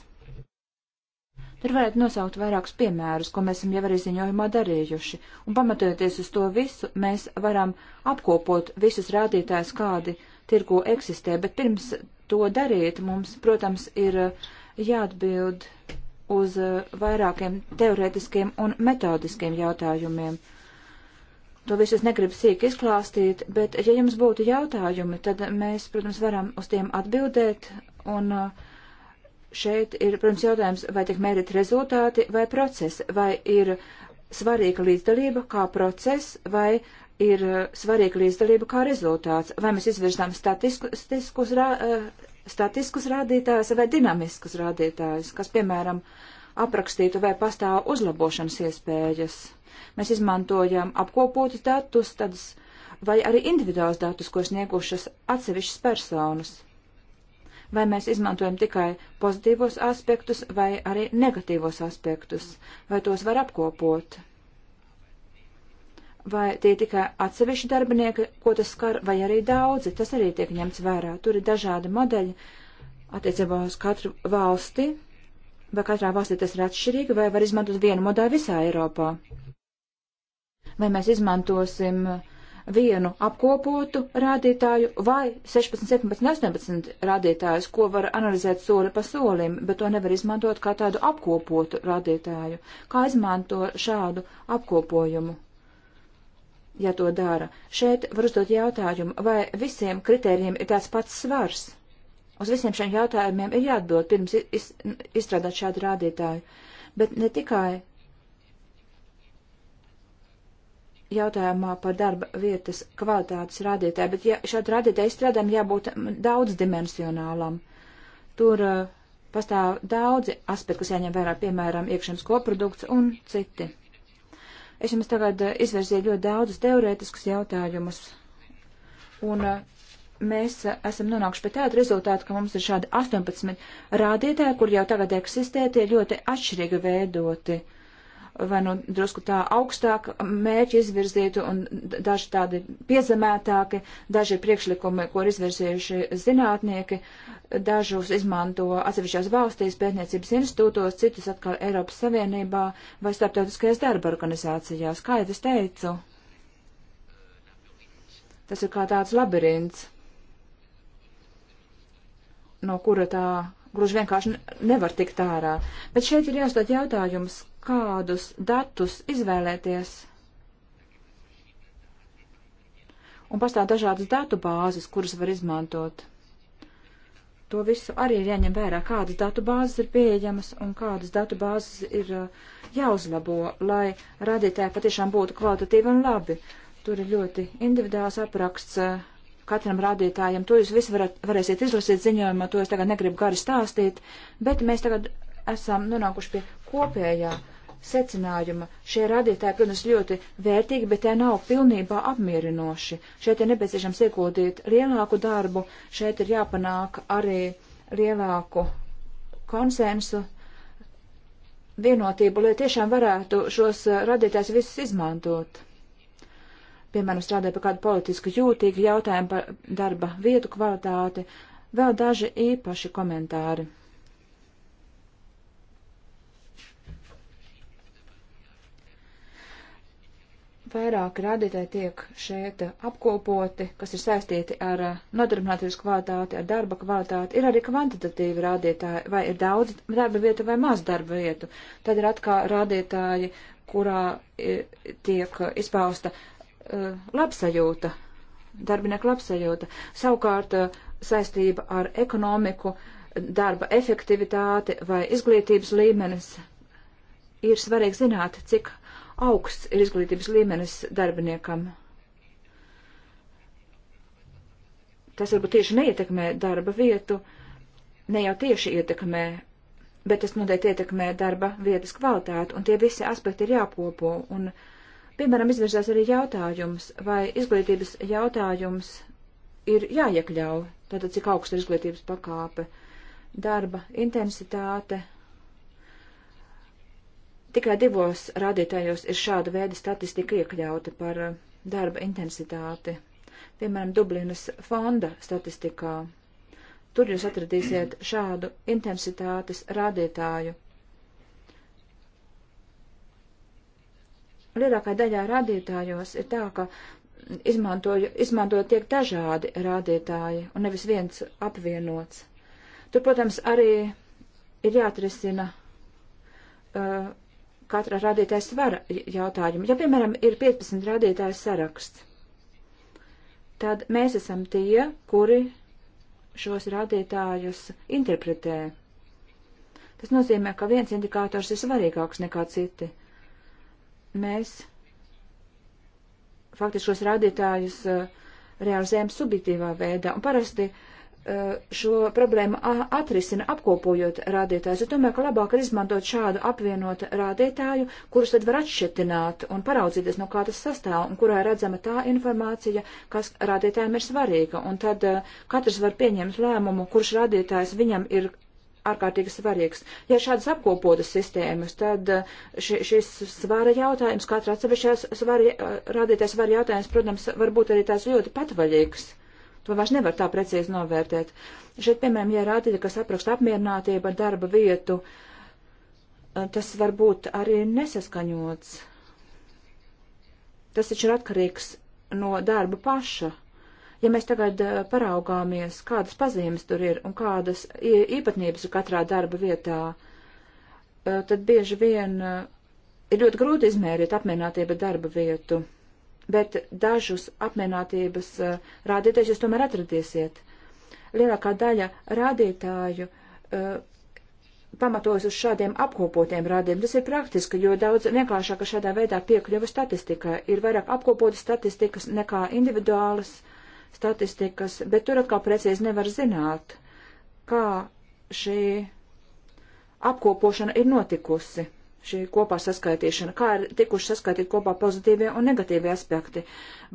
Tur varētu nosaukt vairākus piemērus, ko mēs esam jau arī ziņojumā darījuši, un pamatojoties uz to visu, mēs varam apkopot visus rādītājus, kādi tirgo eksistē, bet pirms to darīt mums, protams, ir eh, jāatbild uz eh, vairākiem teorētiskiem un metodiskiem jautājumiem. To visu es negribu sīk izklāstīt, bet ja jums būtu jautājumi, tad mēs, protams, varam uz tiem atbildēt. Un eh, šeit ir, protams, jautājums, vai tiek mērīt rezultāti vai process, vai ir svarīga līdzdalība kā process, vai ir eh, svarīga līdzdalība kā rezultāts, vai mēs izvirzām statistiskus statiskus rādītājus vai dinamiskus rādītājus, kas, piemēram, aprakstītu, vai pastāv uzlabošanas iespējas. Mēs izmantojam apkopotus datus, tādus vai arī individuālus datus, ko sniegušas atsevišķas personas. Vai mēs izmantojam tikai pozitīvos aspektus vai arī negatīvos aspektus, vai tos var apkopot vai tie tikai atsevišķi darbinieki, ko tas skar, vai arī daudzi, tas arī tiek ņemts vērā. Tur ir dažādi modeļi attiecībā uz katru valsti, vai katrā valstī tas ir atšķirīgi, vai var izmantot vienu modeli visā Eiropā. Vai mēs izmantosim vienu apkopotu rādītāju vai 16, 17, 18 rādītājus, ko var analizēt soli pa solim, bet to nevar izmantot kā tādu apkopotu rādītāju. Kā izmanto šādu apkopojumu? ja to dara. Šeit var uzdot jautājumu, vai visiem kritērijiem ir tāds pats svars. Uz visiem šiem jautājumiem ir jāatbild pirms iz, izstrādāt šādu rādītāju. Bet ne tikai jautājumā par darba vietas kvalitātes rādītāju, bet ja šādu rādītāju izstrādām jābūt daudzdimensionālam. Tur uh, pastāv daudzi aspekti, kas jāņem vērā, piemēram, iekšienas koprodukts un citi. Es jums tagad eh, izvirzīju ļoti daudzus teorētiskus jautājumus. Un eh, mēs eh, esam nonākuši pie tāda rezultāta, ka mums ir šādi 18 rādītāji, kur jau tagad eksistē, tie ļoti atšķirīgi veidoti. Uh, vai nu drusku tā augstāk mērķi izvirzītu un daži tādi piezemētāki, daži priekšlikumi, ko ir izvirzījuši zinātnieki, dažus izmanto atsevišķās valstīs, pētniecības institūtos, citus atkal Eiropas Savienībā vai starptautiskajās darba organizācijās. Kā jau es teicu, tas ir kā tāds labirints, no kura tā gluži vienkārši nevar tikt ārā. Bet šeit ir jāuzdod jautājums, kādus datus izvēlēties. Un pastāv dažādas datu bāzes, kuras var izmantot. To visu arī ir jāņem vērā, kādas datu bāzes ir pieejamas un kādas datu bāzes ir uh, jāuzlabo, lai radītāji patiešām būtu kvalitatīvi un labi. Tur ir ļoti individuāls apraksts uh, katram rādītājam. To jūs visi varat, varēsiet izlasīt ziņojumā, to es tagad negribu gari stāstīt, bet mēs tagad esam nonākuši pie kopējā secinājuma. Šie rādītāji, protams, ļoti vērtīgi, bet tie nav pilnībā apmierinoši. Šeit ir nepieciešams ieguldīt lielāku darbu, šeit ir jāpanāk arī lielāku konsensu, vienotību, lai tiešām varētu šos radītājs visus izmantot piemēram, strādāja par kādu politisku jūtīgu jautājumu par darba vietu kvalitāti, vēl daži īpaši komentāri. Vairāk rādītāji tiek šeit apkopoti, kas ir saistīti ar nodarbinātības kvalitāti, ar darba kvalitāti. Ir arī kvantitatīvi rādītāji, vai ir daudz darba vietu vai maz darba vietu. Tad ir atkal rādītāji, kurā tiek izpausta uh, Eh, labsajūta, darbinieku labsajūta, savukārt eh, saistība ar ekonomiku, darba efektivitāti vai izglītības līmenis. Ir svarīgi zināt, cik augsts ir izglītības līmenis darbiniekam. Tas varbūt tieši neietekmē darba vietu, ne jau tieši ietekmē, bet tas noteikti ietekmē darba vietas kvalitāti, un tie visi aspekti ir jākopo. Un, uh, Piemēram, izvirzās arī jautājums, vai izglītības jautājums ir jāiekļauj, tātad cik augsta ir izglītības pakāpe, darba intensitāte. Tikai divos rādītājos ir šāda veida statistika iekļauta par eh, darba intensitāti, piemēram, Dublinas fonda statistikā. Tur jūs atradīsiet šādu intensitātes rādītāju lielākā daļā rādītājos ir tā, ka izmantojot tiek dažādi rādītāji un nevis viens apvienots. Tur, protams, arī ir jāatrisina uh, katra rādītāja svara jautājumu. Ja, piemēram, ir 15 rādītāju saraksts, tad mēs esam tie, kuri šos rādītājus interpretē. Tas nozīmē, ka viens indikators ir svarīgāks nekā citi mēs faktiski šos rādītājus eh, realizējam subjektīvā veidā. Un parasti eh, šo problēmu atrisina apkopojot rādītājus. Es domāju, ka labāk ir izmantot šādu apvienotu rādītāju, kurus tad var atšķirtināt un paraudzīties, no kā tas sastāv un kurā redzama tā informācija, kas rādītājiem ir svarīga. Un tad eh, katrs var pieņemt lēmumu, kurš rādītājs viņam ir ārkārtīgi svarīgs. Ja šādas apkopotas sistēmas, tad eh, ši, šis svara jautājums, katra atsevišķās svara, eh, rādītais svara jautājums, protams, var būt arī tās ļoti patvaļīgs. To vairs nevar tā precīzi novērtēt. Šeit, piemēram, ja rādīti, kas apraksta apmierinātību ar darba vietu, eh, tas var būt arī nesaskaņots. Tas taču ir atkarīgs no darba paša Ja mēs tagad eh, paraugāmies, kādas pazīmes tur ir un kādas īpatnības ir katrā darba vietā, eh, tad bieži vien eh, ir ļoti grūti izmērīt apmierinātību darba vietu, bet dažus apmierinātības rādītājus jūs tomēr atradīsiet. Lielākā daļa rādītāju pamatojas uz šādiem apkopotiem rādiem. Tas ir praktiski, jo daudz vienkāršāk šādā veidā piekļuva statistikā. Ir vairāk apkopotas statistikas nekā individuālas uh, statistikas, bet tur atkal precīzi nevar zināt, kā šī apkopošana ir notikusi, šī kopā saskaitīšana, kā ir tikuši saskaitīt kopā pozitīvie un negatīvie aspekti,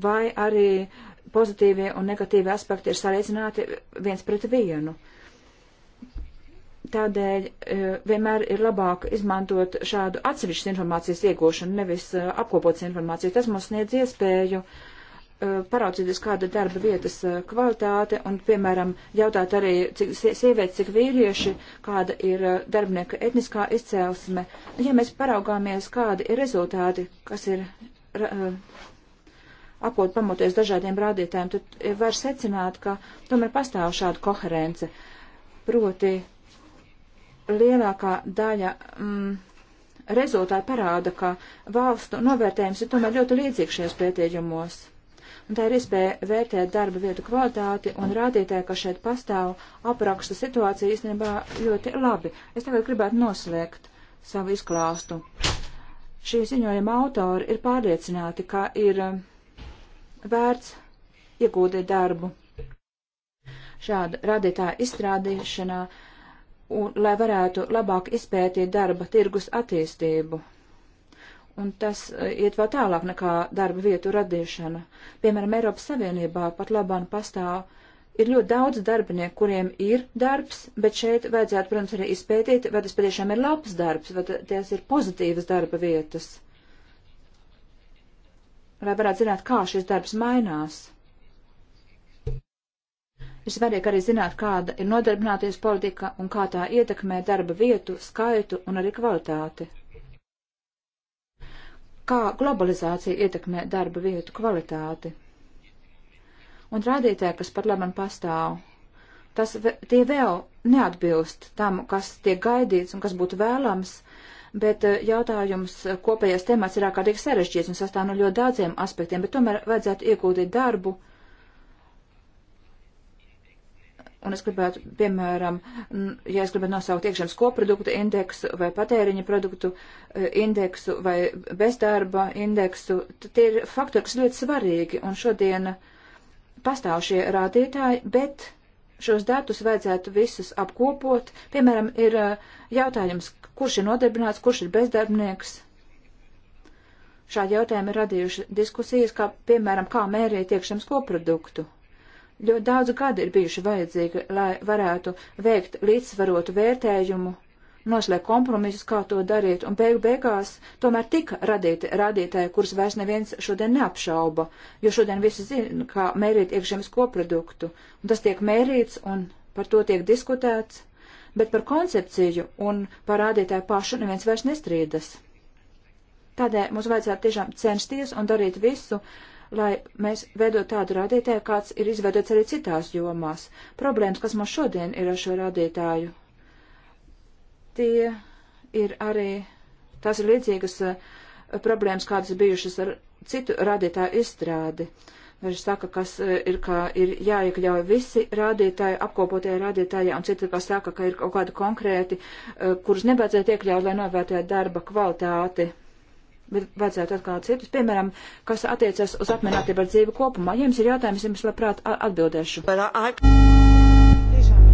vai arī pozitīvie un negatīvie aspekti ir sareicināti viens pret vienu. Tādēļ e, vienmēr ir labāk izmantot šādu atsevišķas informācijas iegūšanu, nevis e, apkopotas informāciju. Tas mums sniedz iespēju uh, Uh, paraudzīties, kāda ir darba vietas uh, kvalitāte un, piemēram, jautāt arī, cik sievietes, cik vīrieši, kāda ir uh, darbinieka etniskā izcēlesme. Ja mēs paraugāmies, kādi ir rezultāti, kas ir apot pamoties dažādiem rādītājiem, tad var secināt, ka tomēr pastāv šāda koherence. Proti lielākā daļa. Mm, Rezultāti parāda, ka valstu novērtējums ir tomēr ļoti līdzīgs šajos pētījumos un tā ir iespēja vērtēt darba vietu kvalitāti un rādītāji, ka šeit pastāv apraksta situācija īstenībā ļoti labi. Es tagad gribētu noslēgt savu izklāstu. Šī ziņojuma autori ir pārliecināti, ka ir um, vērts iegūdīt darbu šāda radītāja izstrādīšanā, un, lai varētu labāk izpētīt darba tirgus attīstību. Un tas e, iet vēl tālāk nekā darba vietu radīšana. Piemēram, Eiropas Savienībā pat labāk pastāv ir ļoti daudz darbinieku, kuriem ir darbs, bet šeit vajadzētu, protams, arī izpētīt, vai tas patiešām ir labs darbs, vai tās ir pozitīvas darba vietas. Lai varētu zināt, kā šis darbs mainās. Ir svarīgi arī zināt, kāda ir nodarbināties politika un kā tā ietekmē darba vietu, skaitu un arī kvalitāti kā globalizācija ietekmē darba vietu kvalitāti. Un rādītāji, kas par labu pastāv, tas, tie vēl neatbilst tam, kas tiek gaidīts un kas būtu vēlams, bet eh, jautājums kopējais temats ir ārkārtīgi sarežģīts un sastāv no ļoti daudziem aspektiem, bet tomēr vajadzētu iegūtīt darbu Un es gribētu, piemēram, ja es gribētu nosaukt iekšzemes koprodukta indeksu vai patēriņa produktu e, indeksu vai bezdarba indeksu, tad tie ir faktori, kas ļoti svarīgi. Un šodien pastāv šie rādītāji, bet šos datus vajadzētu visus apkopot. Piemēram, ir e, jautājums, kurš ir nodarbināts, kurš ir bezdarbnieks. Šādi jautājumi ir radījuši diskusijas, kā, piemēram, kā mērīt iekšzemes koproduktu Ļoti daudz gadi ir bijuši vajadzīgi, lai varētu veikt līdzsvarotu vērtējumu, noslēgt kompromisus, kā to darīt, un beigu beigās tomēr tika radīti rādītāji, kurus vairs neviens šodien neapšauba, jo šodien visi zina, kā mērīt iekšzemes koproduktu, un tas tiek mērīts un par to tiek diskutēts, bet par koncepciju un par rādītāju pašu neviens vairs nestrīdas. Tādēļ mums vajadzētu tiešām censties un darīt visu, uh, lai mēs veidot tādu rādītāju, kāds ir izveidots arī citās jomās. Problēmas, kas mums šodien ir ar šo rādītāju, tie ir arī, tās ir līdzīgas eh, problēmas, kādas bijušas ar citu rādītāju izstrādi. Daži saka, kas eh, ir, ka ir jāiekļauj visi rādītāji, apkopotie rādītāji, un citi, kas saka, ka ir kaut kādi konkrēti, eh, kurus nebadzētu iekļaut, lai novērtētu darba kvalitāti bet vajadzētu atkal citus, piemēram, kas attiecas uz apmierinātību ar dzīvi kopumā. Ja jums ir jautājums, jums labprāt atbildēšu. Tiešām.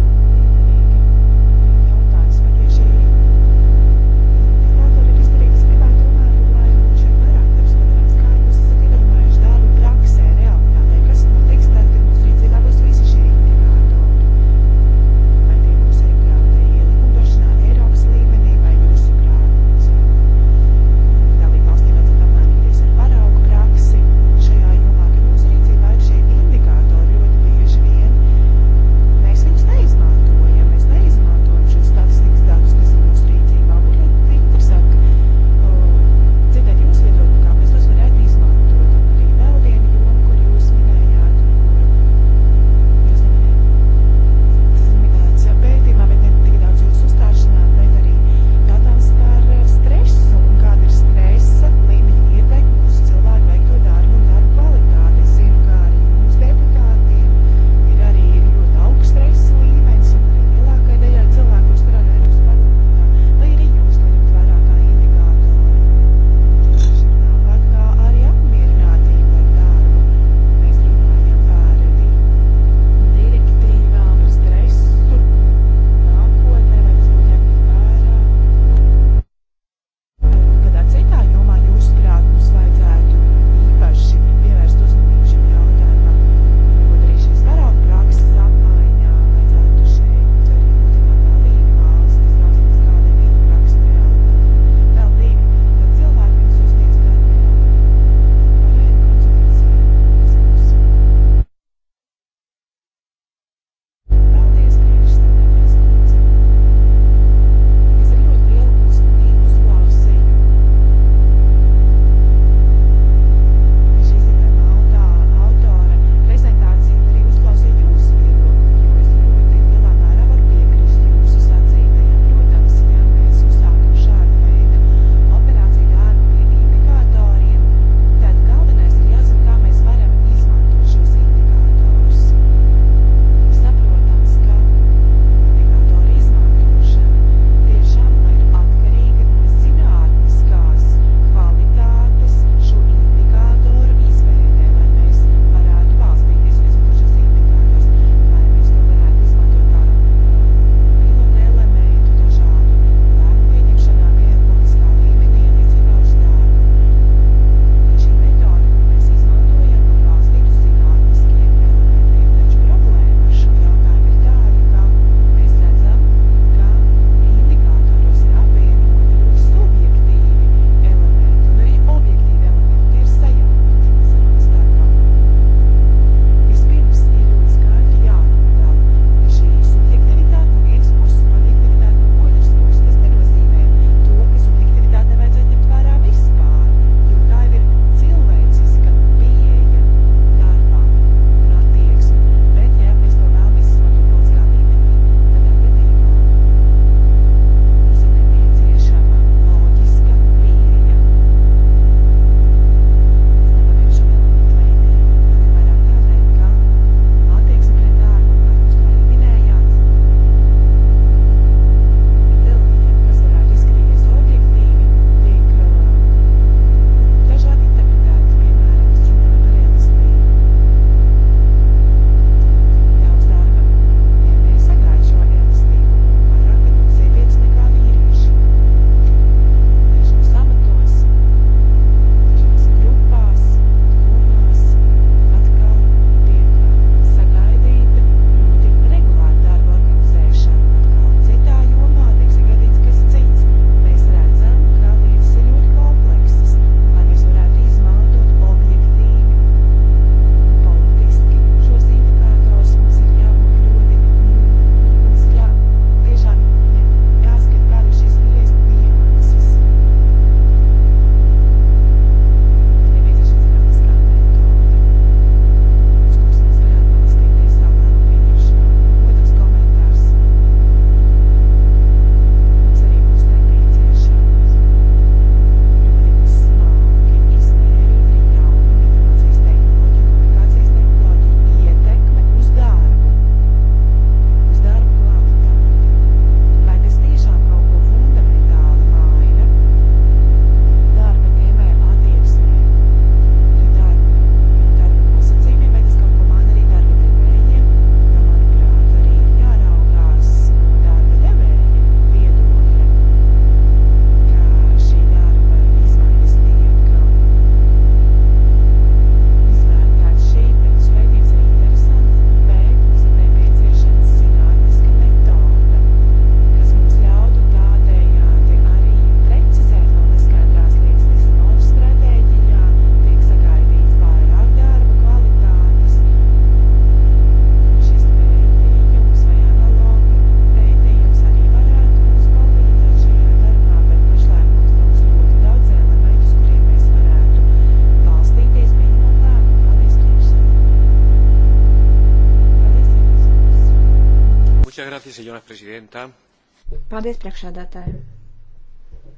Paldies priekšādātājiem.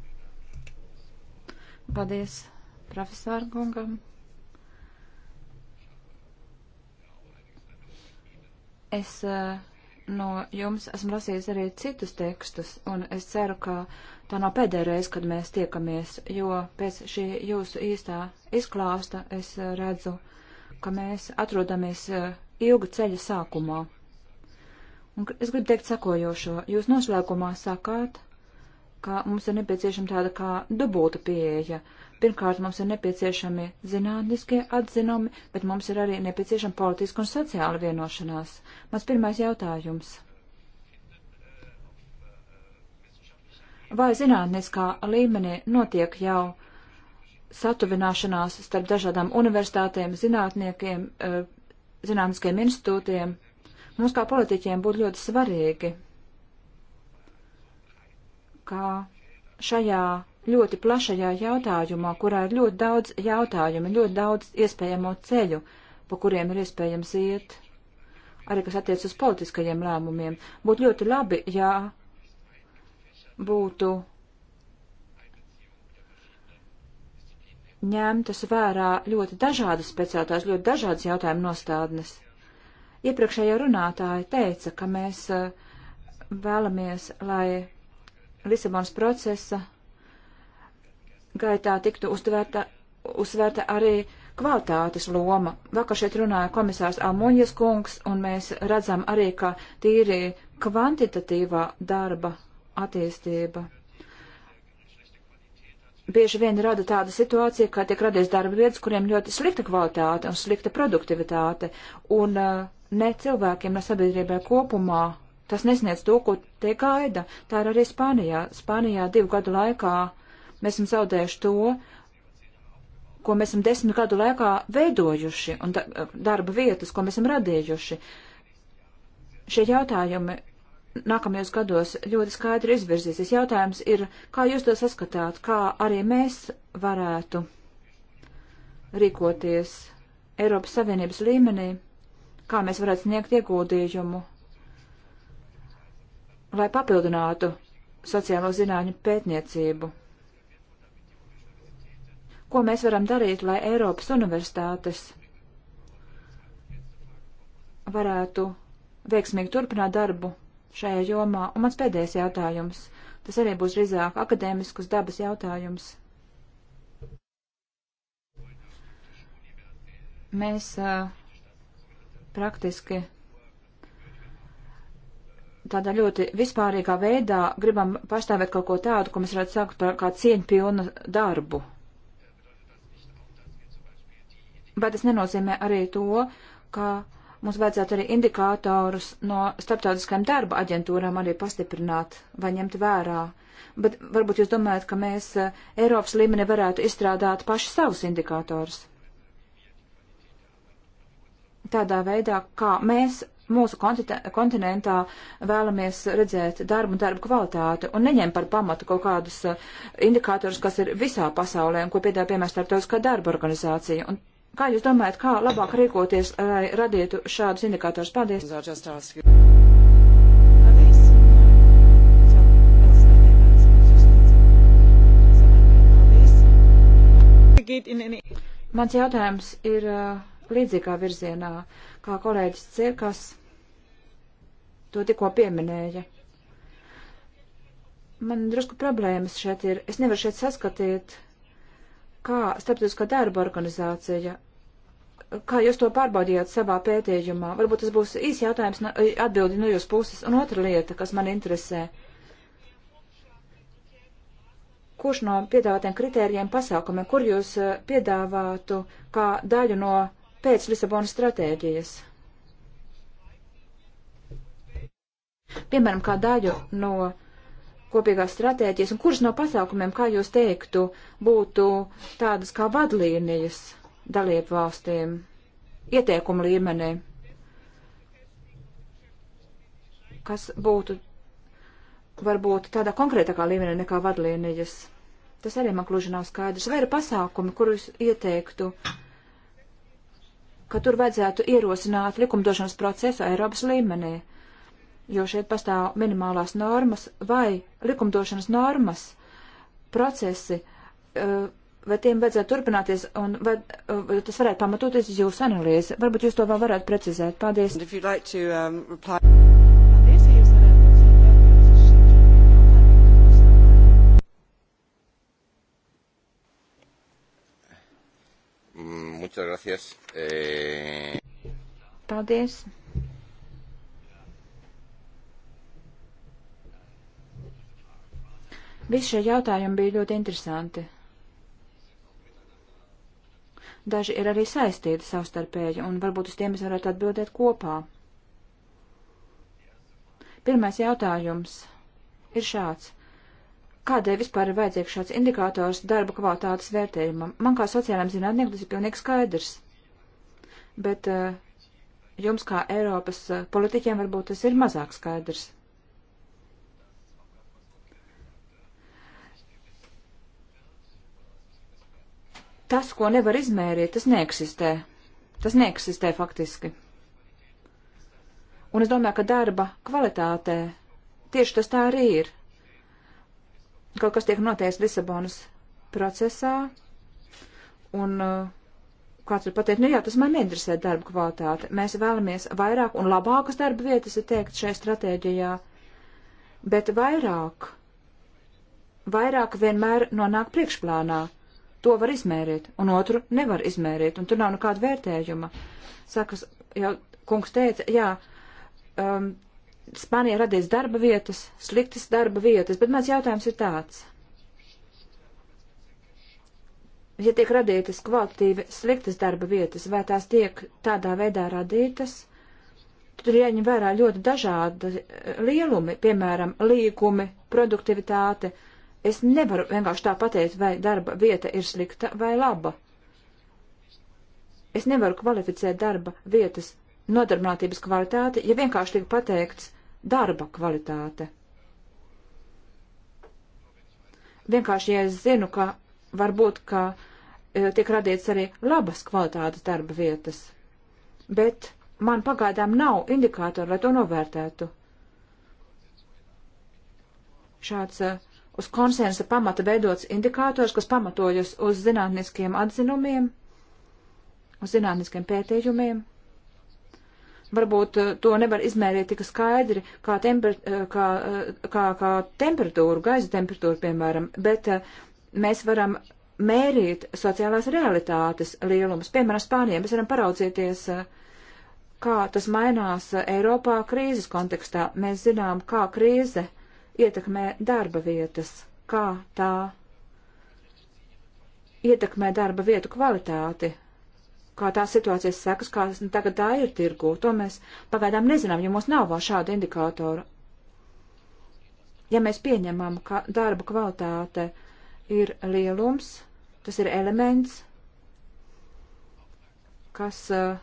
Paldies profesoru kungam. Es uh, no jums esmu lasījis arī citus tekstus, un es ceru, ka tā nav pēdējā reize, kad mēs tiekamies, jo pēc šī jūsu īstā izklāsta es eh, redzu, ka mēs atrodamies eh, ilga ceļa sākumā. Un es gribu teikt sakojošo. Jūs noslēgumā sakāt, ka mums ir nepieciešama tāda kā dubulta pieeja. Pirmkārt, mums ir nepieciešami zinātniskie atzinumi, bet mums ir arī nepieciešama politiska un sociāla vienošanās. Mans pirmais jautājums. Vai zinātniskā līmenī notiek jau satuvināšanās starp dažādām universitātēm, zinātniekiem, eh, zinātniskiem institūtiem? Mums kā politiķiem būtu ļoti svarīgi, ka šajā ļoti plašajā jautājumā, kurā ir ļoti daudz jautājumu, ļoti daudz iespējamo ceļu, pa kuriem ir iespējams iet, arī kas attiec uz politiskajiem lēmumiem, būtu ļoti labi, ja būtu ņemtas vērā ļoti dažādas speciālitātes, ļoti dažādas jautājumu nostādnes. Iepriekšējā runātāja teica, ka mēs eh, vēlamies, lai Lisabonas procesa gaitā tiktu uztvērta, uzsvērta arī kvalitātes loma. Vakar šeit runāja komisārs Almuņas kungs, un mēs redzam arī, ka tīri kvantitatīvā darba attīstība bieži vien rada tāda situācija, ka tiek radies darba vietas, kuriem ļoti slikta kvalitāte un slikta produktivitāte, un uh, ne cilvēkiem, ne sabiedrībai kopumā. Tas nesniedz to, ko te gaida. Tā ir arī Spānijā. Spānijā divu gadu laikā mēs esam zaudējuši to, ko mēs esam desmit gadu laikā veidojuši un darba vietas, ko mēs esam radījuši. Šie jautājumi nākamajos gados ļoti skaidri izvirzīsies. Jautājums ir, kā jūs to saskatāt, kā arī mēs varētu rīkoties Eiropas Savienības līmenī kā mēs varētu sniegt ieguldījumu, lai papildinātu sociālo zināņu pētniecību. Ko mēs varam darīt, lai Eiropas universitātes varētu veiksmīgi turpināt darbu šajā jomā? Un mans pēdējais jautājums, tas arī būs rizāk akadēmiskus dabas jautājums. Mēs uh, praktiski tādā ļoti vispārīgā veidā gribam pastāvēt kaut ko tādu, ko mēs varētu sākt par kā cieņpilnu darbu. Bet tas nenozīmē arī to, ka mums vajadzētu arī indikātorus no starptautiskajām darba aģentūrām arī pastiprināt vai ņemt vērā. Bet varbūt jūs domājat, ka mēs eh, Eiropas līmenī varētu izstrādāt paši savus indikātorus tādā veidā, kā mēs mūsu kontinentā vēlamies redzēt darbu un darbu kvalitāti un neņem par pamatu kaut kādus uh, indikātorus, kas ir visā pasaulē un ko piedāvā piemēram starptautiskā darba organizācija. Un kā jūs domājat, kā labāk rīkoties, lai radītu šādus indikātorus? Paldies! Mans jautājums ir. Uh, līdzīgā virzienā, kā kolēģis Cirkas to tikko pieminēja. Man drusku problēmas šeit ir. Es nevaru šeit saskatīt, kā starptautiskā darba organizācija, kā jūs to pārbaudījāt savā pētījumā. Varbūt tas būs īsi jautājums atbildi no jūsu puses. Un otra lieta, kas man interesē. Kurš no piedāvātiem kritērijiem pasākumiem, kur jūs eh, piedāvātu kā daļu no pēc Lisabonas stratēģijas. Piemēram, kā daļu no kopīgās stratēģijas, un kurš no pasākumiem, kā jūs teiktu, būtu tādas kā vadlīnijas dalību valstīm, ieteikumu līmenī, kas būtu varbūt tādā konkrētākā līmenī nekā vadlīnijas. Tas arī man kluži nav skaidrs. Vai ir pasākumi, kurus ieteiktu? Uh, ka tur vajadzētu ierosināt likumdošanas procesu Eiropas līmenī, jo šeit pastāv minimālās normas vai likumdošanas normas procesi, eh, vai tiem vajadzētu turpināties, un eh, vai tas varētu pamatoties uz jūsu analīzi. Varbūt jūs to vēl varētu precizēt. Paldies. Muchas gracias. E... Paldies. Visi šie jautājumi bija ļoti interesanti. Daži ir arī saistīti savstarpēji, un varbūt uz tiem es varētu atbildēt kopā. Pirmais jautājums ir šāds. Kādēļ vispār ir vajadzīgs šāds indikators darba kvalitātes vērtējumam? Man kā sociālajam zinātniekam tas ir pilnīgi skaidrs. Bet eh, jums kā Eiropas eh, politiķiem varbūt tas ir mazāk skaidrs. Tas, ko nevar izmērīt, tas neeksistē. Tas neeksistē faktiski. Un es domāju, ka darba kvalitātē tieši tas tā arī ir kaut kas tiek noteikts Lisabonas procesā, un uh, kāds var pateikt, nu jā, tas man neinteresē darba kvalitāte. Mēs vēlamies vairāk un labākas darba vietas, ir teikt, šai stratēģijā, bet vairāk, vairāk vienmēr nonāk priekšplānā. To var izmērīt, un otru nevar izmērīt, un tur nav nekāda vērtējuma. Sakas, jau kungs teica, jā, um, Spānijā radīs darba vietas, sliktas darba vietas, bet mans jautājums ir tāds. Ja tiek radītas kvalitīvi sliktas darba vietas, vai tās tiek tādā veidā radītas, tur jāņem vērā ļoti dažādi lielumi, piemēram, līkumi, produktivitāte. Es nevaru vienkārši tā pateikt, vai darba vieta ir slikta vai laba. Es nevaru kvalificēt darba vietas nodarbinātības kvalitāti, ja vienkārši tiek pateikts, darba kvalitāte. Vienkārši, ja es zinu, ka varbūt, ka e, tiek radīts arī labas kvalitātes darba vietas, bet man pagaidām nav indikātori, lai to novērtētu. Šāds e, uz konsensa pamata veidots indikātors, kas pamatojas uz zinātniskiem atzinumiem, uz zinātniskiem pētījumiem varbūt eh, to nevar izmērīt tik skaidri kā, temper, eh, kā, eh, kā, kā temperatūru, gaisa temperatūru, piemēram, bet mēs varam mērīt sociālās realitātes lielumus. Piemēram, Spānijā mēs varam paraudzīties, kā tas mainās Eiropā krīzes kontekstā. Mēs zinām, kā krīze ietekmē darba vietas, kā tā ietekmē darba vietu kvalitāti, kā tā situācijas sekas, kā tagad tā ir tirgū. To mēs pagaidām nezinām, jo mums nav vēl šādu indikātoru. Ja mēs pieņemam, ka darba kvalitāte ir lielums, tas ir elements, kas uh,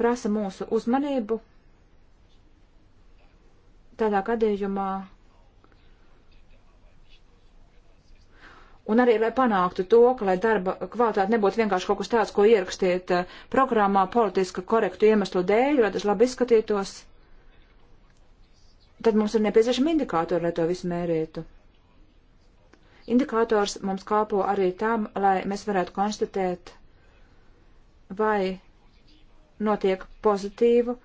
prasa mūsu uzmanību, tādā gadījumā Un arī, lai panāktu to, ka, lai darba kvalitāte nebūtu vienkārši kaut kas tāds, ko ierakstiet uh, programmā politiska korektu iemeslu dēļ, lai tas labi izskatītos, tad mums ir nepieciešami indikātori, lai to visu mērītu. Indikators mums kalpo arī tam, lai mēs varētu konstatēt, vai notiek pozitīvu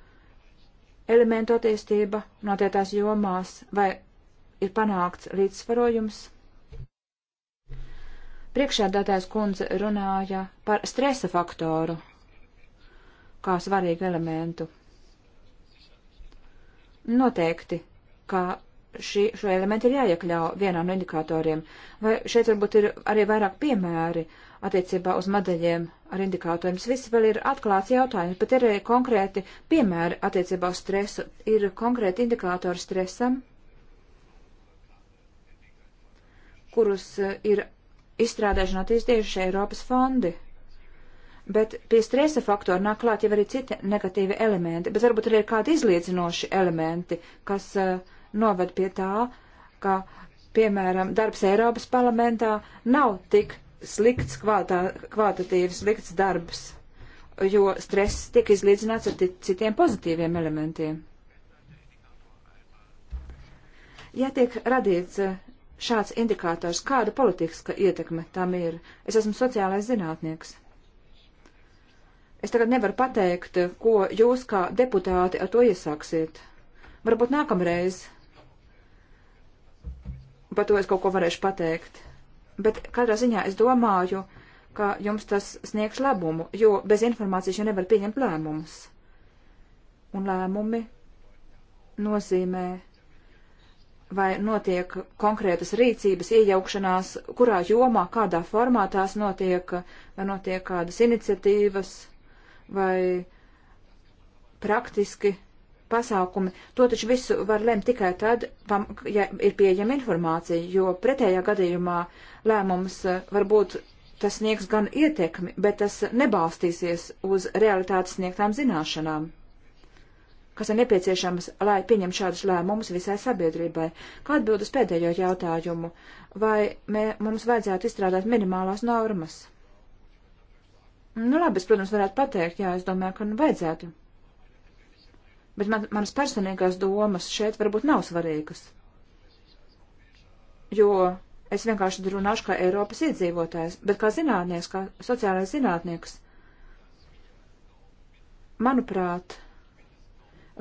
elementu attīstība notiektās jomās, vai ir panākts līdzsvarojums Priekšādātājs kundze runāja par stresa faktoru kā svarīgu elementu. Noteikti, ka šī, šo elementu ir jāiekļau vienā no indikatoriem, vai šeit varbūt ir arī vairāk piemēri attiecībā uz modeļiem ar indikatoriem. Tas viss vēl ir atklāts jautājums, bet ir arī konkrēti piemēri attiecībā uz stresu. Ir konkrēti indikatori stresam, kurus eh, ir izstrādājuši un attīstījuši Eiropas fondi. Bet pie stresa faktora nāk klāt jau arī citi negatīvi elementi, bet varbūt arī ir kādi izliecinoši elementi, kas uh, noved pie tā, ka, piemēram, darbs Eiropas parlamentā nav tik slikts, kvalitā, kvalitatīvi slikts darbs, jo stress tiek izlīdzināts ar citiem pozitīviem elementiem. Ja tiek radīts uh, šāds indikātors, kāda politiska ietekme tam ir. Es esmu sociālais zinātnieks. Es tagad nevaru pateikt, ko jūs kā deputāti ar to iesāksiet. Varbūt nākamreiz par to es kaut ko varēšu pateikt. Bet katrā ziņā es domāju, ka jums tas sniegs labumu, jo bez informācijas jau nevar pieņemt lēmumus. Un lēmumi nozīmē vai notiek konkrētas rīcības iejaukšanās, kurā jomā, kādā formā tās notiek, vai notiek kādas iniciatīvas, vai praktiski pasākumi. To taču visu var lemt tikai tad, ja ir pieejama informācija, jo pretējā gadījumā lēmums eh, varbūt tas sniegs gan ietekmi, bet tas nebalstīsies uz realitātes sniegtām zināšanām kas ir nepieciešamas, lai pieņem šādus lēmumus visai sabiedrībai. Kā atbild uz pēdējo jautājumu, vai mē, mums vajadzētu izstrādāt minimālās normas? Nu, labi, es, protams, varētu pateikt, jā, es domāju, ka nu vajadzētu. Bet man, manas personīgās domas šeit varbūt nav svarīgas. Jo es vienkārši runāšu kā Eiropas iedzīvotājs, bet kā zinātnieks, kā sociālais zinātnieks. Manuprāt,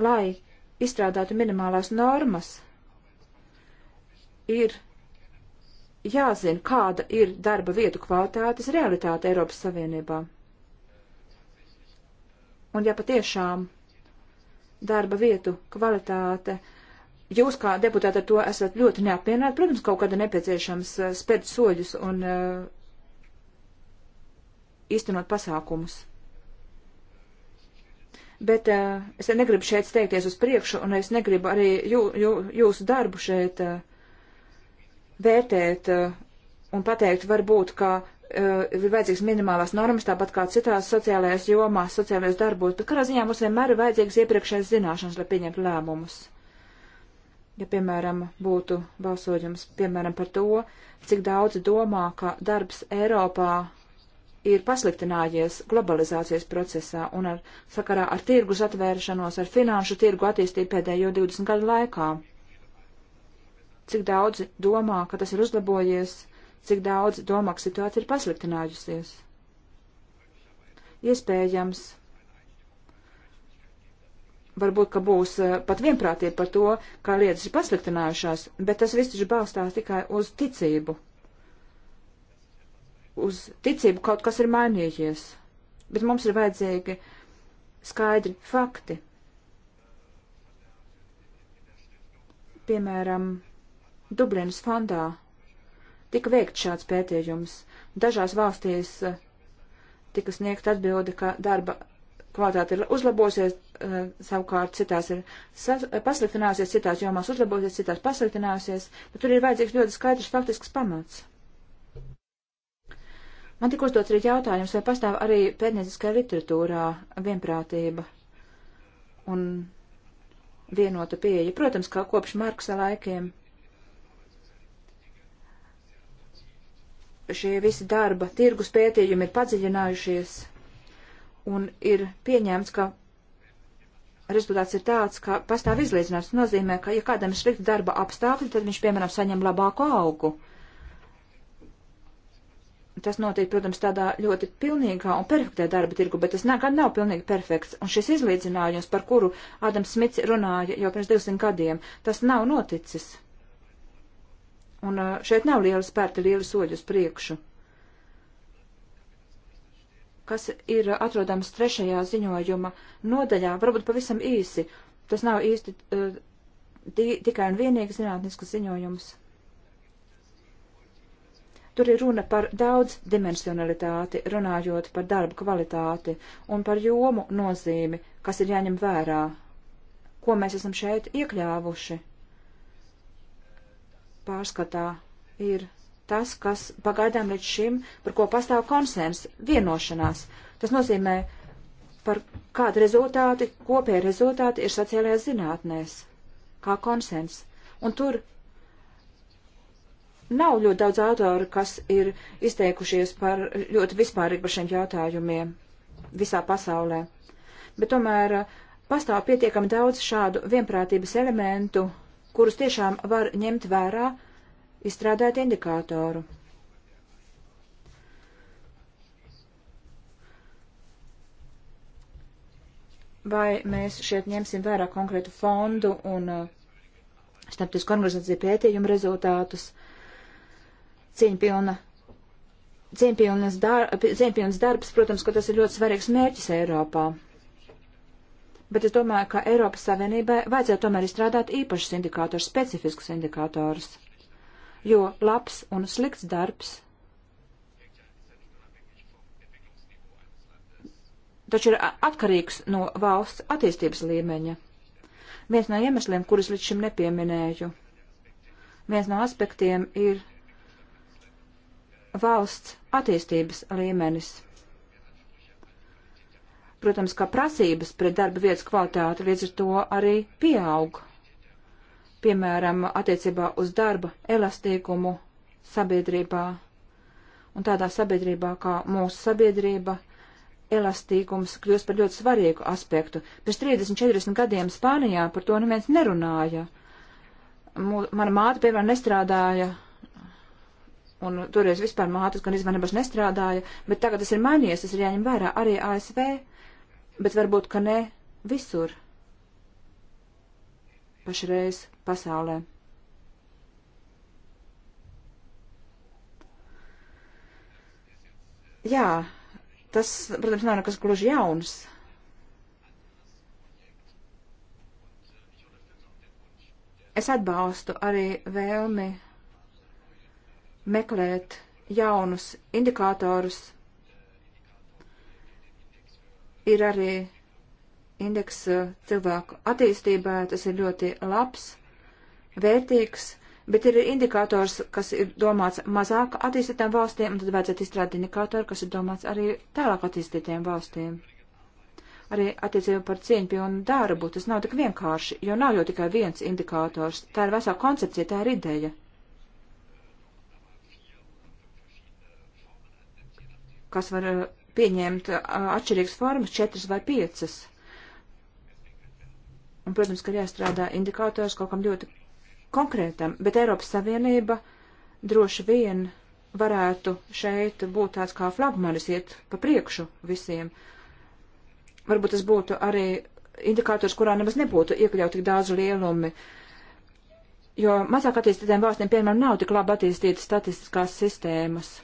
lai izstrādātu minimālās normas, ir jāzina, kāda ir darba vietu kvalitātes realitāte Eiropas Savienībā. Un ja patiešām darba vietu kvalitāte, jūs kā deputāti ar to esat ļoti neapmierināti, protams, kaut kad ir nepieciešams eh, spērt soļus un uh, īstenot pasākumus. Bet uh, es negribu šeit steigties uz priekšu, un es negribu arī jū, jū, jūsu darbu šeit uh, vērtēt uh, un pateikt, varbūt, ka uh, ir vajadzīgs minimālās normas, tāpat kā citās sociālajās jomās, sociālajās darbos, bet kādā ziņā mums vienmēr ir vajadzīgas iepriekšējās zināšanas, lai pieņemtu lēmumus. Ja, piemēram, būtu balsojums, piemēram, par to, cik daudz domā, ka darbs Eiropā ir pasliktinājies globalizācijas procesā un ar sakarā ar tirgus atvēršanos, ar finanšu tirgu attīstību pēdējo 20 gadu laikā. Cik daudzi domā, ka tas ir uzlabojies, cik daudzi domā, ka situācija ir pasliktinājusies. Iespējams, varbūt, ka būs eh, pat vienprātība par to, kā lietas ir pasliktinājušās, bet tas viss taču balstās tikai uz ticību uz ticību kaut kas ir mainījies, bet mums ir vajadzīgi skaidri fakti. Piemēram, Dublinas fondā tika veikts šāds pētījums. Dažās valstīs eh, tika sniegt atbildi, ka darba kvalitāte ir uzlabosies, eh, savukārt citās ir eh, pasliktināsies, citās jomās uzlabosies, citās pasliktināsies, bet tur ir vajadzīgs ļoti skaidrs faktisks pamats. Man tik uzdots arī jautājums, vai pastāv arī pētnieciskajā literatūrā vienprātība un vienota pieeja. Protams, kā kopš Marksa laikiem šie visi darba tirgus pētījumi ir padziļinājušies un ir pieņemts, ka rezultāts ir tāds, ka pastāv izlīdzinājums. Tas nozīmē, ka, ja kādam ir slikti darba apstākļi, tad viņš, piemēram, saņem labāku augu tas notiek, protams, tādā ļoti pilnīgā un perfektā darba tirgu, bet tas nekad nav pilnīgi perfekts. Un šis izlīdzinājums, par kuru Ādams Smits runāja jau pirms 200 gadiem, tas nav noticis. Un šeit nav liela spērta, liela soļa uz priekšu. Kas ir atrodams trešajā ziņojuma nodaļā, varbūt pavisam īsi. Tas nav īsti tī, tikai un vienīgi zinātnisks ziņojums. Tur ir runa par daudz dimensionalitāti, runājot par darbu kvalitāti un par jomu nozīmi, kas ir jāņem vērā, ko mēs esam šeit iekļāvuši. Pārskatā ir tas, kas pagaidām līdz šim, par ko pastāv konsens, vienošanās. Tas nozīmē, par kādu rezultāti, kopēji rezultāti ir sociālajās zinātnēs, kā konsens. Un tur nav ļoti daudz autori, kas ir izteikušies par ļoti vispārīgi par šiem jautājumiem visā pasaulē. Bet tomēr uh, pastāv pietiekami daudz šādu vienprātības elementu, kurus tiešām var ņemt vērā, izstrādāt indikātoru. Vai mēs šeit ņemsim vērā konkrētu fondu un uh, starptautisku organizāciju pētījumu rezultātus? Uh, cieņpilna. Cieņpilnas, dar, cieņpilnas darbs, protams, ka tas ir ļoti svarīgs mērķis Eiropā. Bet es domāju, ka Eiropas Savienībai vajadzētu tomēr izstrādāt īpašus indikātors, specifiskus indikātors. Jo labs un slikts darbs taču ir atkarīgs no valsts attīstības līmeņa. Viens no iemesliem, kurus līdz šim nepieminēju, viens no aspektiem ir valsts attīstības līmenis. Protams, kā prasības pret darba vietas kvalitāti līdz ar to arī pieaug. Piemēram, attiecībā uz darba elastīgumu sabiedrībā. Un tādā sabiedrībā kā mūsu sabiedrība elastīgums kļūst par ļoti svarīgu aspektu. Pirms 30-40 gadiem Spānijā par to neviens nerunāja. Mū, mana māte, piemēram, nestrādāja un toreiz vispār mātes gan izvēnebaž nestrādāja, bet tagad tas ir mainījies, tas ir jāņem vērā arī ASV, bet varbūt, ka ne visur pašreiz pasaulē. Jā, tas, protams, nav nekas gluži jauns. Es atbalstu arī vēlmi meklēt jaunus indikātorus. Ir arī indeks uh, cilvēku attīstībā, tas ir ļoti labs, vērtīgs, bet ir indikators, kas ir domāts mazāk attīstītām valstīm, un tad vajadzētu izstrādāt indikatoru, kas ir domāts arī tālāk attīstītiem valstīm. Arī attiecībā par cieņpilnu darbu tas nav tik vienkārši, jo nav jau tikai viens indikators, tā ir vesela koncepcija, tā ir ideja. kas var eh, pieņemt eh, atšķirīgas formas, četras vai piecas. Un, protams, ka ir jāstrādā indikātors kaut kam ļoti konkrētam, bet Eiropas Savienība droši vien varētu šeit būt tāds kā flagmanis, iet pa priekšu visiem. Varbūt tas būtu arī indikātors, kurā nemaz nebūtu iekļaut tik daudz lielumi, jo mazāk attīstītēm valstīm, piemēram, nav tik labi attīstītas statistiskās sistēmas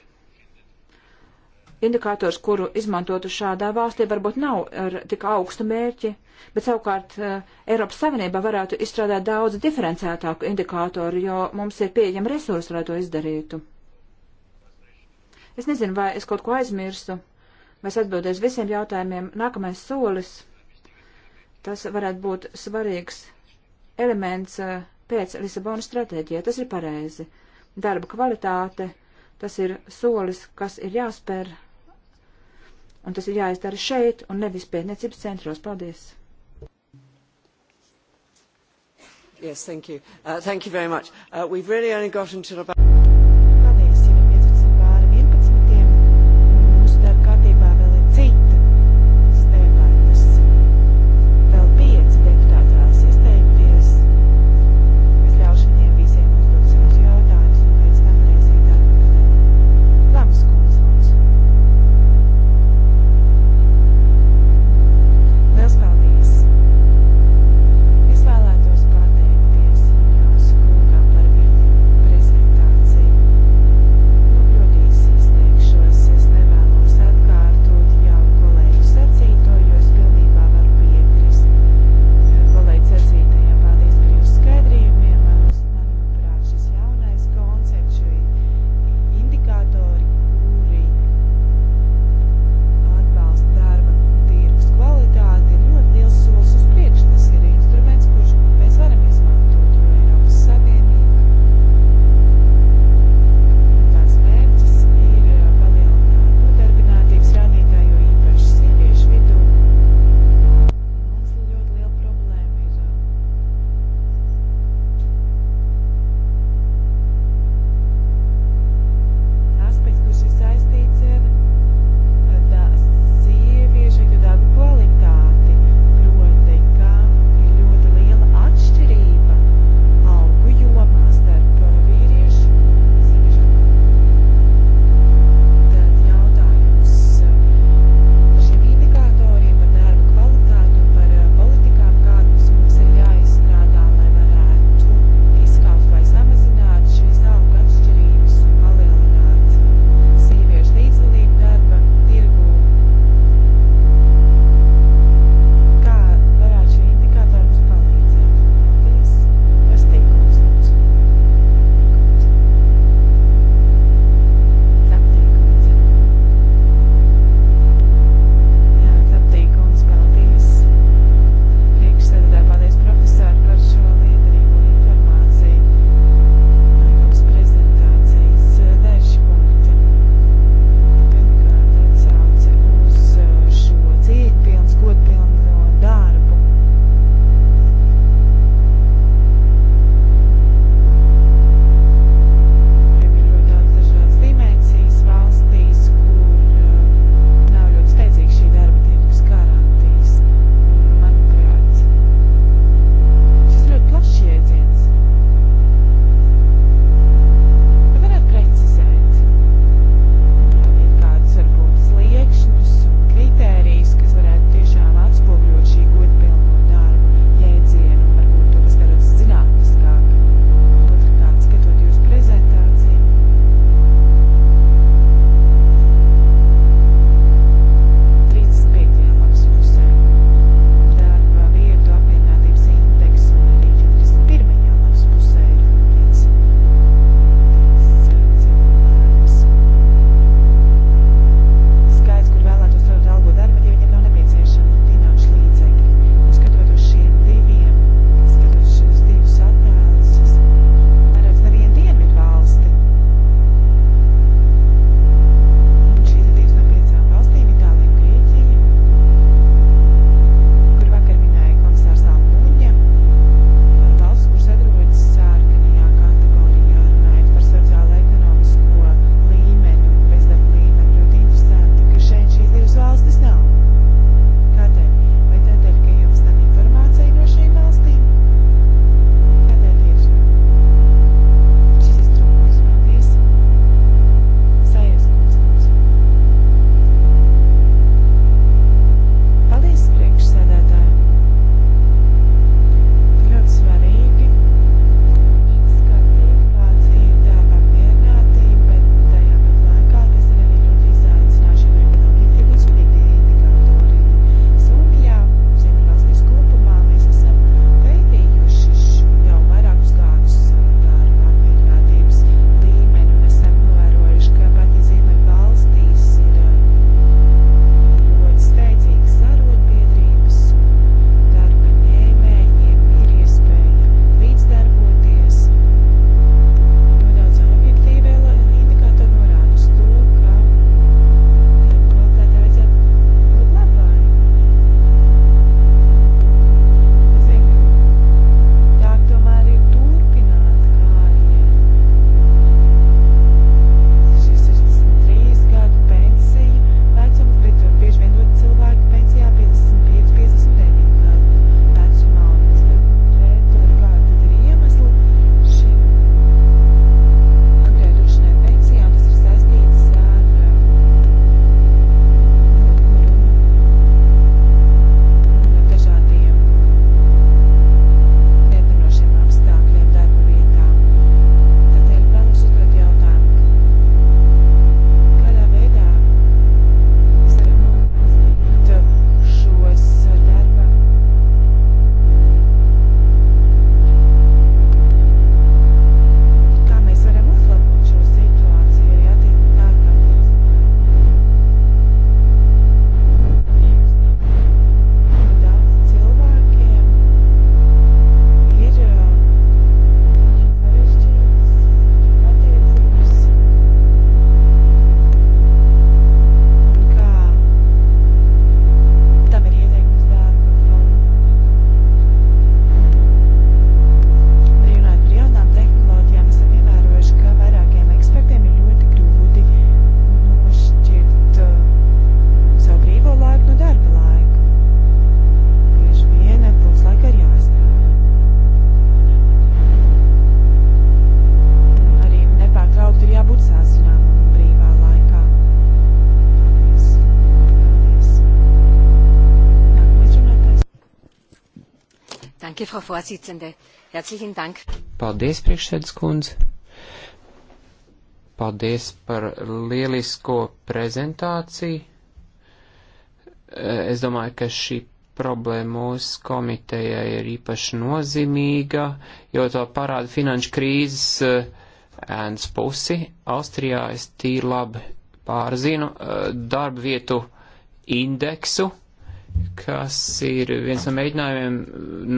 indikators, kuru izmantotu šādā valstī, varbūt nav ar tik augstu mērķi, bet savukārt eh, Eiropas Savienībā varētu izstrādāt daudz diferencētāku indikātoru, jo mums ir pieejama resursi, lai to izdarītu. Es nezinu, vai es kaut ko aizmirstu, vai es atbildēšu visiem jautājumiem. Nākamais solis, tas varētu būt svarīgs elements eh, pēc Lisabonas stratēģija, tas ir pareizi. Darba kvalitāte, tas ir solis, kas ir jāspēr Un tas ir jāizdara šeit un nevis pētniecības centros. Paldies! Yes, thank you. Uh, thank you very much. Uh, we've really only got until about... frau vorsitzende herzlichen dank paldies priekšsēdes kundze paldies par lielisko prezentāciju es domāju ka šī problēma mūsu komitejai ir īpaši nozīmīga jo to parāda finanšu krīzes eh, ēns pusi Austrijā es tīri labi pārzinu eh, darba vietu indeksu kas ir viens no mēģinājumiem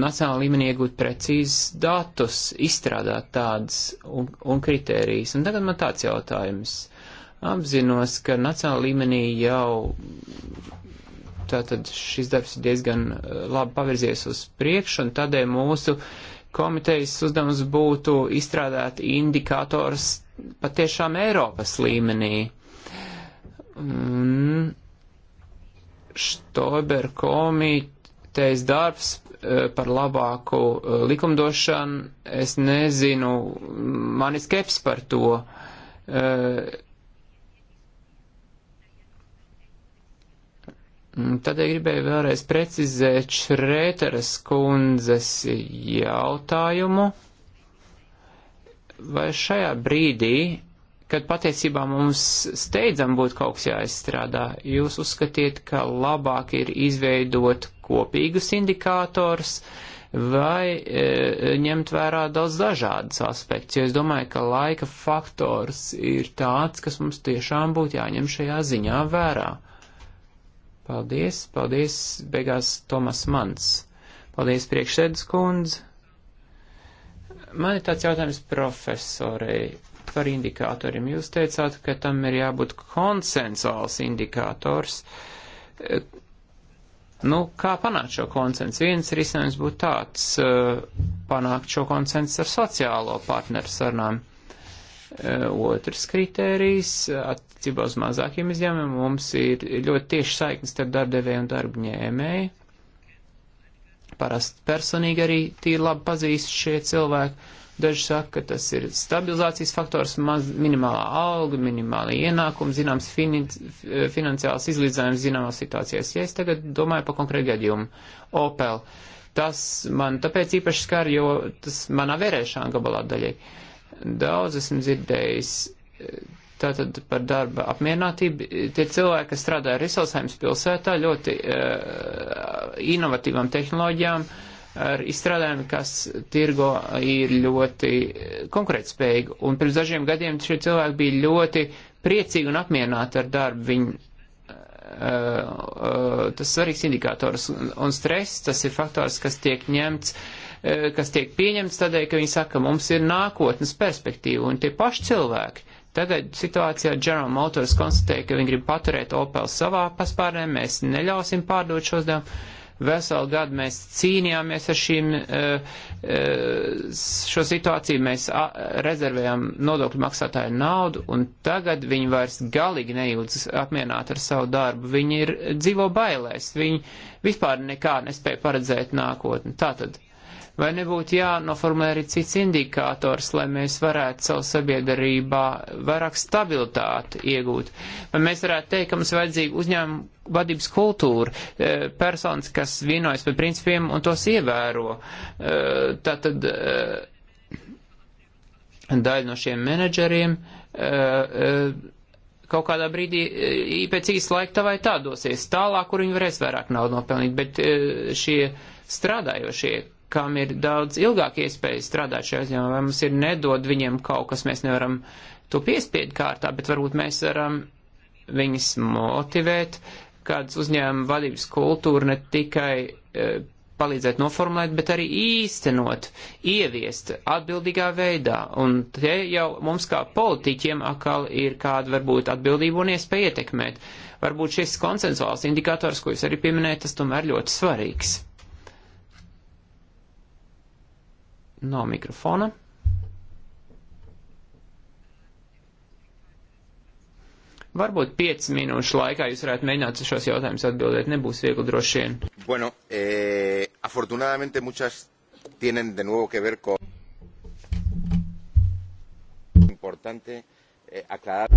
nacionāla līmenī iegūt precīzi datus, izstrādāt tādas un, un kritērijas. Un tagad man tāds jautājums. Apzinos, ka nacionāla līmenī jau tātad šis darbs ir diezgan eh, labi pavirzies uz priekšu, un tādēļ mūsu komitejas uzdevums būtu izstrādāt indikators patiešām Eiropas līmenī. Un, Štoiber komitejas darbs eh, par labāku eh, likumdošanu, es nezinu, mm, man ir skeps par to. Eh, Tādēļ gribēju vēlreiz precizēt Šrēteres kundzes jautājumu, vai šajā brīdī kad patiesībā mums steidzam būtu kaut kas jāizstrādā. Jūs uzskatiet, ka labāk ir izveidot kopīgus indikātors vai e, ņemt vērā daudz dažādas aspekts, jo es domāju, ka laika faktors ir tāds, kas mums tiešām būtu jāņem šajā ziņā vērā. Paldies, paldies, beigās Tomas Mans. Paldies, priekšsēdus kundze. Man ir tāds jautājums profesorei par indikatoriem. Jūs teicāt, ka tam ir jābūt konsensuāls indikators. Nu, kā panākt šo konsensu? Viens risinājums būtu tāds eh, - panākt šo konsensu ar sociālo partneru sarunām. Eh, otrs kritērijs attiecībā uz mazākiem izņēmumiem mums ir ļoti tieši saiknes starp darbdevēju un darbņēmēju. Parasti personīgi arī tīri labi pazīst šie cilvēki Daži saka, ka tas ir stabilizācijas faktors, maz, minimālā alga, minimāla ienākuma, zināms financi, finansiāls izlīdzinājums zināmās situācijās. Ja es tagad domāju par konkrētu gadījumu, Opel, tas man tāpēc īpaši skar, jo tas manā vērēšanā gabalā daļai. Daudz esmu dzirdējis tātad par darba apmierinātību. Tie cilvēki, kas strādāja Risalsaimas pilsētā, ļoti uh, inovatīvām tehnoloģijām, uh, ar izstrādājumu, kas tirgo ir ļoti konkurētspējīga. Un pirms dažiem gadiem šie cilvēki bija ļoti priecīgi un apmierināti ar darbu. Viņi, uh, uh, tas svarīgs indikators un stress, tas ir faktors, kas tiek ņemts, uh, kas tiek pieņemts tādēļ, ka viņi saka, mums ir nākotnes perspektīva un tie paši cilvēki. Tagad situācijā General Motors konstatēja, ka viņi grib paturēt Opel savā paspārnē, mēs neļausim pārdot šos devumus Veselu gadu mēs cīnījāmies ar šīm, e, e, šo situāciju, mēs rezervējām nodokļu maksātāju naudu, un tagad viņi vairs galīgi nejūtas apmierināti ar savu darbu. Viņi ir dzīvo bailēs, viņi vispār nekā nespēja paredzēt nākotni. Tātad Vai nebūtu jānoformulē arī cits indikators, lai mēs varētu savu sabiedrībā vairāk stabilitāti iegūt? Vai mēs varētu teikt, ka mums vajadzīga uzņēmuma vadības kultūra, e, personas, kas vienojas par principiem un tos ievēro? E, tātad e, daļa no šiem menedžeriem kaut kādā brīdī pēc īsta laika tā vai tā dosies tālāk, kur viņi varēs vairāk naudu nopelnīt, bet šie strādājošie, kam ir daudz ilgāk iespēja strādāt šajā uzņēmumā, vai mums ir nedod viņiem kaut kas, mēs nevaram to piespiedu kārtā, bet varbūt mēs varam viņus motivēt, kādas uzņēmuma vadības kultūra ne tikai e, palīdzēt noformulēt, bet arī īstenot, ieviest atbildīgā veidā. Un te jau mums kā politiķiem atkal ir kāda varbūt atbildība un iespēja ietekmēt. Varbūt šis konsensuāls indikators, ko jūs arī pieminējat, tas tomēr ļoti svarīgs. no mikrofona. Varbūt 5 minūšu laikā jūs varētu mēģināt šos jautājumus atbildēt. Nebūs viegli droši vien. Bueno, eh, afortunadamente muchas tienen de nuevo que ver con importante eh, aclarar.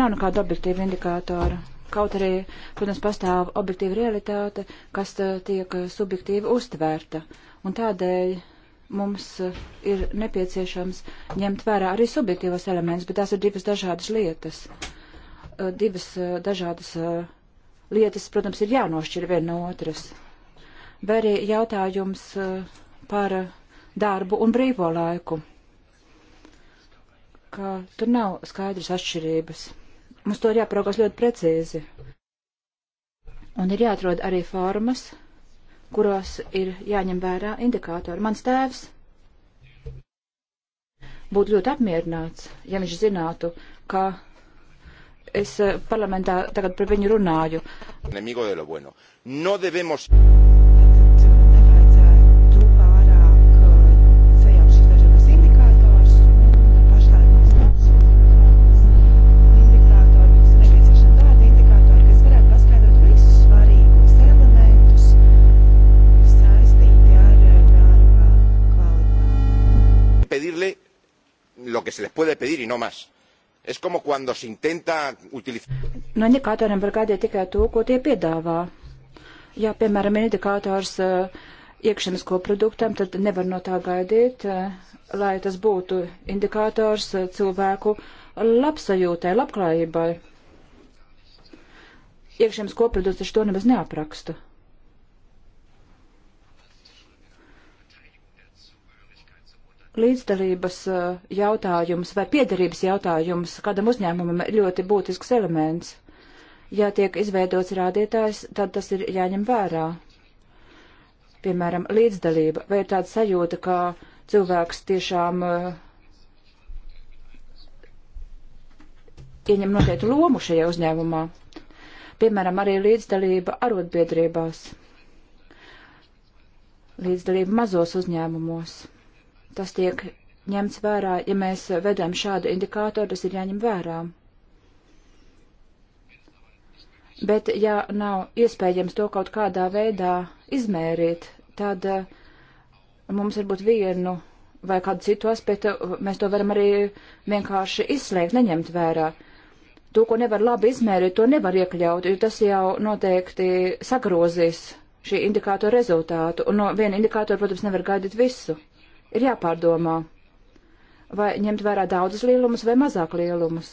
nav nekāda objektīva indikātora. Kaut arī, protams, pastāv objektīva realitāte, kas eh, tiek eh, subjektīvi uztvērta. Un tādēļ mums eh, ir nepieciešams ņemt vērā arī subjektīvos elementus, bet tās ir divas dažādas lietas. Divas dažādas lietas, protams, ir jānošķir viena no otras. Vai arī jautājums par darbu un brīvo laiku, ka tur nav skaidrs atšķirības. Mums to ir jāpraukās ļoti precīzi. Un ir jāatrod arī formas, kuros ir jāņem vērā indikātori. Mans tēvs būtu ļoti apmierināts, ja viņš zinātu, ka es eh, parlamentā tagad par viņu runāju. Enemigo de lo bueno. No debemos. lo que se les puede pedir y no más. Es como cuando se intenta utilizar. No nu, indikatoriem var gaidīt tikai to, ko tie piedāvā. Ja, piemēram, ir indikators eh, iekšzemes koproduktam, tad nevar no tā gaidīt, eh, lai tas būtu indikators eh, cilvēku labsajūtai, labklājībai. Iekšzemes koprodukts taču to nemaz neapraksta. līdzdalības eh, jautājums vai piederības jautājums kādam uzņēmumam ir ļoti būtisks elements. Ja tiek izveidots rādītājs, tad tas ir jāņem vērā. Piemēram, līdzdalība vai ir tāda sajūta, ka cilvēks tiešām uh, ieņem noteiktu lomu šajā uzņēmumā. Piemēram, arī līdzdalība arotbiedrībās, līdzdalība mazos uzņēmumos tas tiek ņemts vērā, ja mēs vedam šādu indikātoru, tas ir jāņem vērā. Bet, ja nav iespējams to kaut kādā veidā izmērīt, tad uh, mums varbūt vienu vai kādu citu aspektu mēs to varam arī vienkārši izslēgt, neņemt vērā. To, ko nevar labi izmērīt, to nevar iekļaut, jo tas jau noteikti sagrozīs šī indikātora rezultātu. Un no viena indikātora, protams, nevar gaidīt visu ir jāpārdomā, vai ņemt vērā daudzus lielumus vai mazāk lielumus.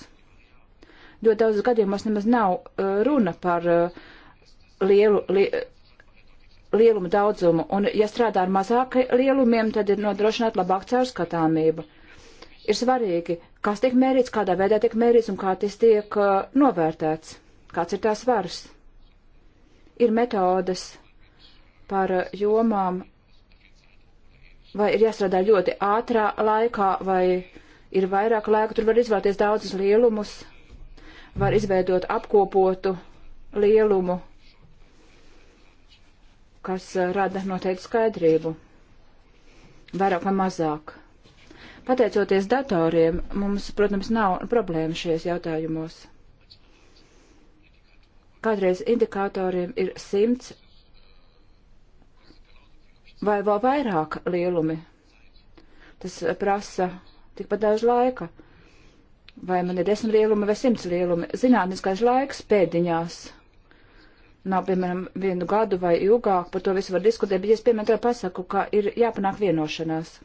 Ļoti daudzos gadījumos nemaz nav uh, runa par uh, lielu, li, lielumu daudzumu, un ja strādā ar mazāk lielumiem, tad ir nodrošināt labāk caurskatāmību. Ir svarīgi, kas tiek mērīts, kādā veidā tiek mērīts un kā tas tiek uh, novērtēts, kāds ir tās svars. Ir metodas par uh, jomām, vai ir jāstrādā ļoti ātrā laikā, vai ir vairāk laika, tur var izvēlēties daudzus lielumus, var izveidot apkopotu lielumu, kas eh, rada noteikti skaidrību, vairāk vai mazāk. Pateicoties datoriem, mums, protams, nav problēma šies jautājumos. Kādreiz indikatoriem ir simts vai vēl vairāk lielumi. Tas eh, prasa tikpat daudz laika. Vai man ir desmit lielumi vai simts lielumi? Zinātniskais laiks pēdiņās. Nav, piemēram, vienu gadu vai ilgāk, par to visu var diskutēt, bet es, piemēram, pasaku, ka ir jāpanāk vienošanās.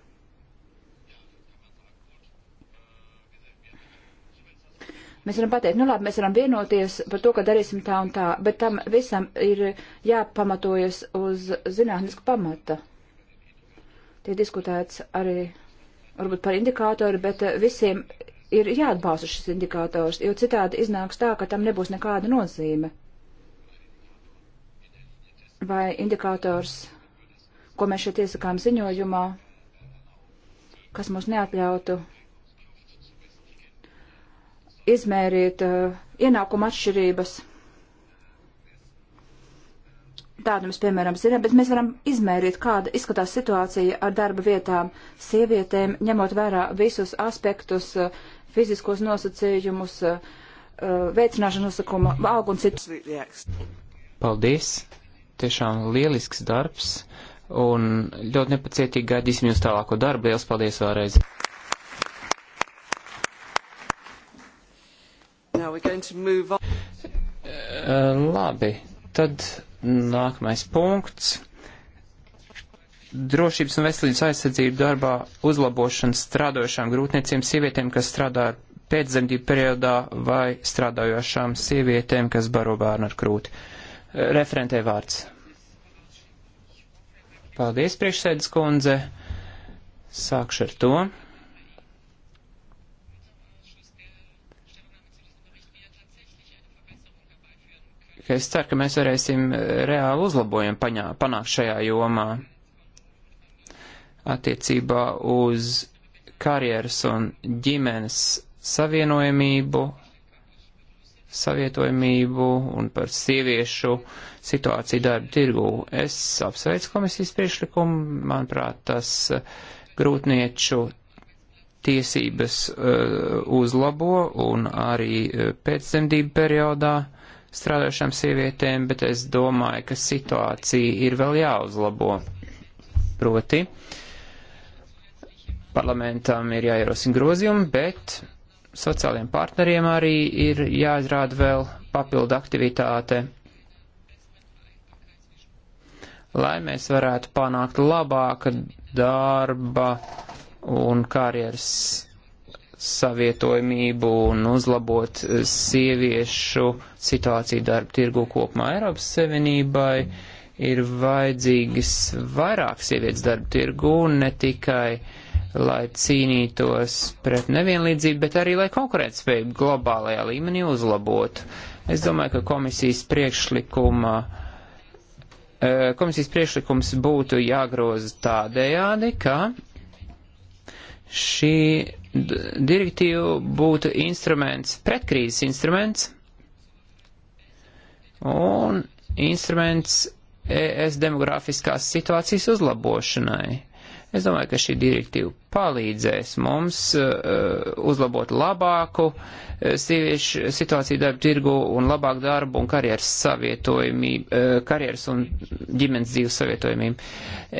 Mēs varam pateikt, nu labi, mēs varam vienoties par to, ka darīsim tā un tā, bet tam visam ir jāpamatojas uz zinātnisku pamata. Tiek diskutēts arī varbūt par indikātoru, bet eh, visiem ir jāatbalsta šis indikators, jo citādi iznāks tā, ka tam nebūs nekāda nozīme. Vai indikators, ko mēs šeit iesakām ziņojumā, kas mums neatļautu izmērīt uh, ienākuma atšķirības. Tādu mēs, piemēram, zinām, bet mēs varam izmērīt, kāda izskatās situācija ar darba vietām sievietēm, ņemot vērā visus aspektus, uh, fiziskos nosacījumus, uh, veicināšanu nosakuma, algu un citus. Paldies! Tiešām lielisks darbs un ļoti nepacietīgi gaidīsim jūs tālāko darbu. Lielas paldies vēlreiz! Uh, labi, tad nākamais punkts. Drošības un veselības aizsardzību darbā uzlabošana strādojušām grūtnieciem sievietēm, kas strādā ar pēcdzemdību periodā vai strādājošām sievietēm, kas baro bērnu ar krūti. Uh, referentē vārds. Paldies, priekšsēdus kundze. Sākšu ar to. ka es ceru, ka mēs varēsim e, reāli uzlabojumu paņā, panākt šajā jomā attiecībā uz karjeras un ģimenes savienojamību, savietojamību un par sieviešu situāciju darba tirgū. Es apsveicu komisijas priešlikumu, manuprāt, tas grūtnieču tiesības uh, uzlabo un arī e, pēcdzemdību periodā uh, strādošām sievietēm, bet es domāju, ka situācija ir vēl jāuzlabo. Proti, parlamentam ir jāierosina grozījumi, bet sociālajiem partneriem arī ir jāizrāda vēl papildu aktivitāte, lai mēs varētu panākt labāka darba un karjeras savietojamību un uzlabot eh, sieviešu situāciju darba tirgu kopumā Eiropas Savienībai, ir vajadzīgas vairāk sievietes darba tirgu, ne tikai lai cīnītos pret nevienlīdzību, bet arī lai konkurētspēju globālajā līmenī uzlabotu. Es domāju, ka komisijas priekšlikuma. Eh, komisijas priekšlikums būtu jāgroza tādējādi, ka šī direktīva būtu instruments, pretkrīzes instruments un instruments ES demografiskās situācijas uzlabošanai. Es domāju, ka šī direktīva palīdzēs mums uh, uzlabot labāku uh, sieviešu situāciju darba tirgu un labāku darbu un karjeras savietojumību, uh, karjeras un ģimenes dzīves savietojumību.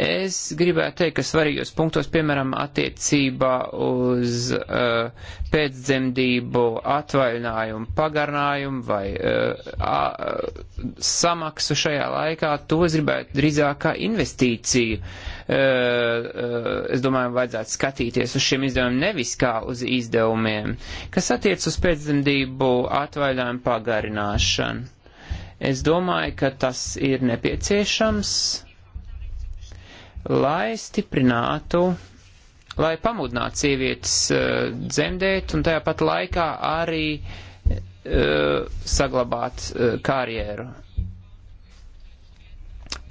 Es gribētu teikt, ka svarīgos punktos, piemēram, attiecībā uz uh, pēcdzemdību atvaļinājumu, pagarinājumu vai uh, uh, samaksu šajā laikā, to es gribētu drīzāk kā investīciju. Uh, es domāju, vajadzētu skatīties uz šiem izdevumiem nevis kā uz izdevumiem, kas attiec uz pēcdzemdību atvaļinājumu pagarināšanu. Es domāju, ka tas ir nepieciešams, lai stiprinātu lai pamudinātu sievietes uh, dzemdēt un tajā pat laikā arī uh, saglabāt uh, karjeru.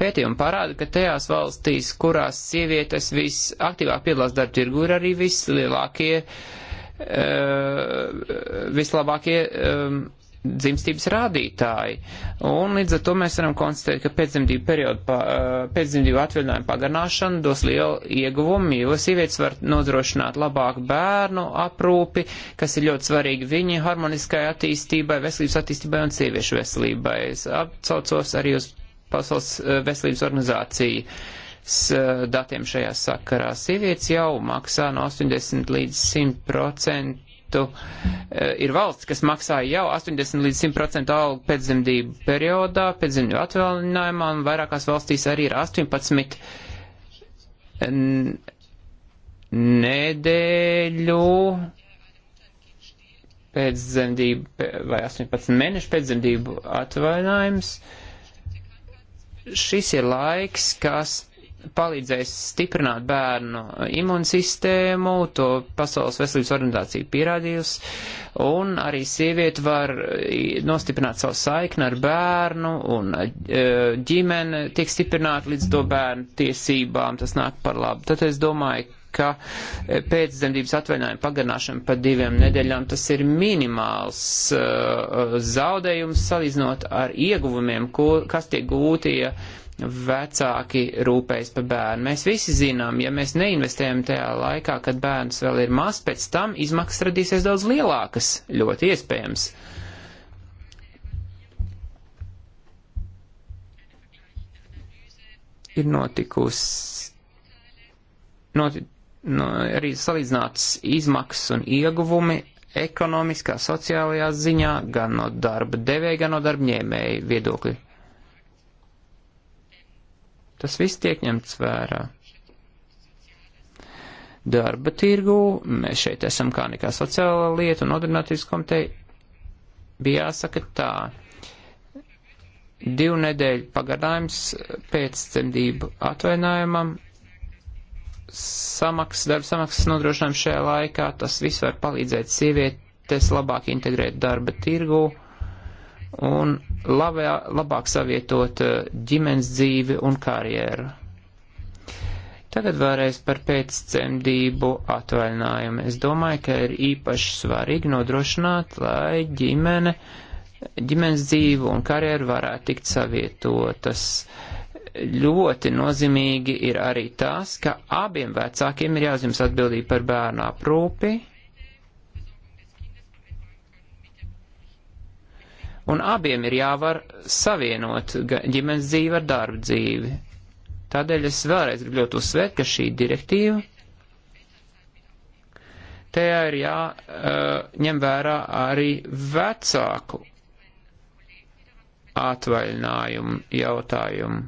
Pētījumi parāda, ka tajās valstīs, kurās sievietes visaktīvāk piedalās darba tirgu, ir arī vislielākie, eh, vislabākie ehm, dzimstības rādītāji. Un līdz ar to mēs varam konstatēt, ka pēcdzimdību periodu, eh, pēcdzimdību atvaļinājumu pagarnāšana dos lielu ieguvumu, jo sievietes var nodrošināt labāku bērnu aprūpi, kas ir ļoti svarīgi viņa harmoniskai attīstībai, veselības attīstībai un sieviešu veselībai. Es atcaucos arī uz Pasaules eh, veselības organizācijas eh, datiem šajā sakarā. Sievietes jau maksā no 80 līdz 100 procentu. Eh, ir valsts, kas maksā jau 80 līdz 100 procentu algu pēcdzemdību periodā, pēcdzemdību atvēlinājumā, un vairākās valstīs arī ir 18 nedēļu pēc dzemdību vai 18 mēnešu pēc dzemdību atvainājums. Uh, Šis ir laiks, kas palīdzēs stiprināt bērnu imunsistēmu, to Pasaules veselības organizācija pierādījusi, un arī sievieti var nostiprināt savu saikni ar bērnu, un e, ģimene tiek stiprināta līdz to bērnu tiesībām, tas nāk par labu. Tad es domāju, ka e, pēcdzemdības atvaļinājuma pagarināšana par diviem nedēļām tas ir minimāls uh, zaudējums salīdzinot ar ieguvumiem, ko, kas tiek gūti, ja vecāki rūpējas par bērnu. Mēs visi zinām, ja mēs neinvestējam tajā laikā, kad bērns vēl ir maz, pēc tam izmaksas radīsies daudz lielākas, ļoti iespējams. Ir notikusi. Noti nu, arī salīdzināts izmaksas un ieguvumi ekonomiskā, sociālajā ziņā, gan no darba devēja, gan no darba ņēmēja viedokļa. Tas viss tiek ņemts vērā. Darba tirgu, mēs šeit esam kā nekā sociāla lieta un nodarbinātības komiteja, bija jāsaka tā. Divu nedēļu pagarinājums pēc cemdību atvainājumam samaksas, darba samaksas nodrošinājumu šajā laikā. Tas viss var palīdzēt sievietes labāk integrēt darba tirgu un labā, labāk savietot eh, ģimenes dzīvi un karjeru. Tagad vēlreiz par pēccemdību atvaļinājumu. Es domāju, ka ir īpaši svarīgi nodrošināt, lai ģimene, ģimenes dzīve un karjeru varētu tikt savietotas. Uh, ļoti nozīmīgi ir arī tas, ka abiem vecākiem ir jāuzņems atbildība par bērnu aprūpi. Un abiem ir jāvar savienot ģimenes dzīvi ar darba dzīvi. Tādēļ es vēlreiz gribu ļoti uzsvērt, ka šī direktīva te ir jāņem eh, uh, vērā arī vecāku atvaļinājumu jautājumu.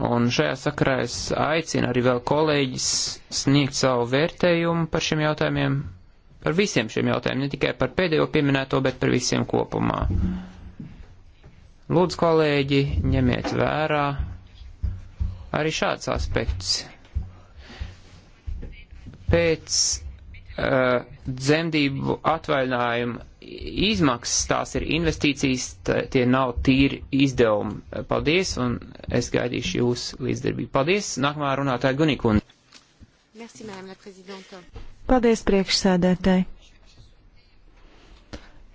Un šajā sakarā es aicinu arī vēl kolēģis sniegt savu vērtējumu par šiem jautājumiem, par visiem šiem jautājumiem, ne tikai par pēdējo pieminēto, bet par visiem kopumā. Lūdzu, kolēģi, ņemiet vērā arī šāds aspekts. Pēc Uh, dzemdību atvaļinājumu izmaksas, tās ir investīcijas, tie nav tīri izdevumi. Paldies, un es gaidīšu jūs līdzdarbību. Paldies, nākamā runātāja Gunikunda. Paldies, priekšsēdētāji.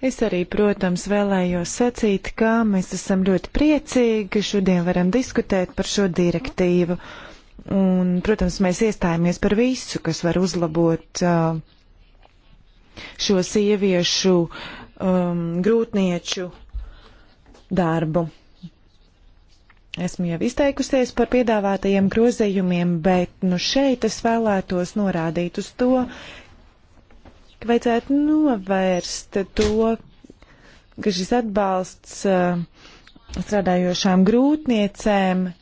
Es arī, protams, vēlējos sacīt, ka mēs esam ļoti priecīgi, ka šodien varam diskutēt par šo direktīvu. Un, protams, mēs iestājāmies par visu, kas var uzlabot uh, šo sieviešu um, grūtnieču darbu. Esmu jau izteikusies par piedāvātajiem grozējumiem, bet nu šeit es vēlētos norādīt uz to, ka vajadzētu novērst to, ka šis atbalsts uh, strādājošām grūtniecēm uh,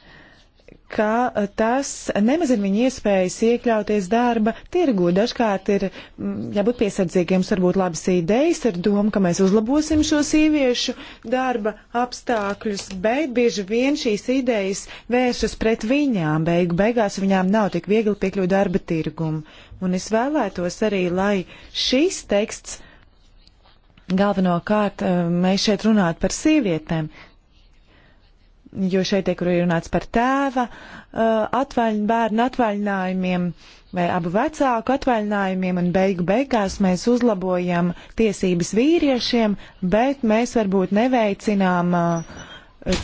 ka eh, tas nemazina viņu iespējas iekļauties darba tirgu. Dažkārt ir mm, jābūt piesardzīgiem, varbūt labas idejas ar domu, ka mēs uzlabosim šo sieviešu darba apstākļus, bet bieži vien šīs idejas vēršas pret viņām. Beigu beigās viņām nav tik viegli piekļūt darba tirgumu. Un es vēlētos arī, lai šis teksts galvenokārt eh, mēs šeit runātu par sievietēm, jo šeit tiek runāts par tēva uh, atvaļin, bērnu atvaļinājumiem vai abu vecāku atvaļinājumiem, un beigu beigās mēs uzlabojam tiesības vīriešiem, bet mēs varbūt neveicinām uh,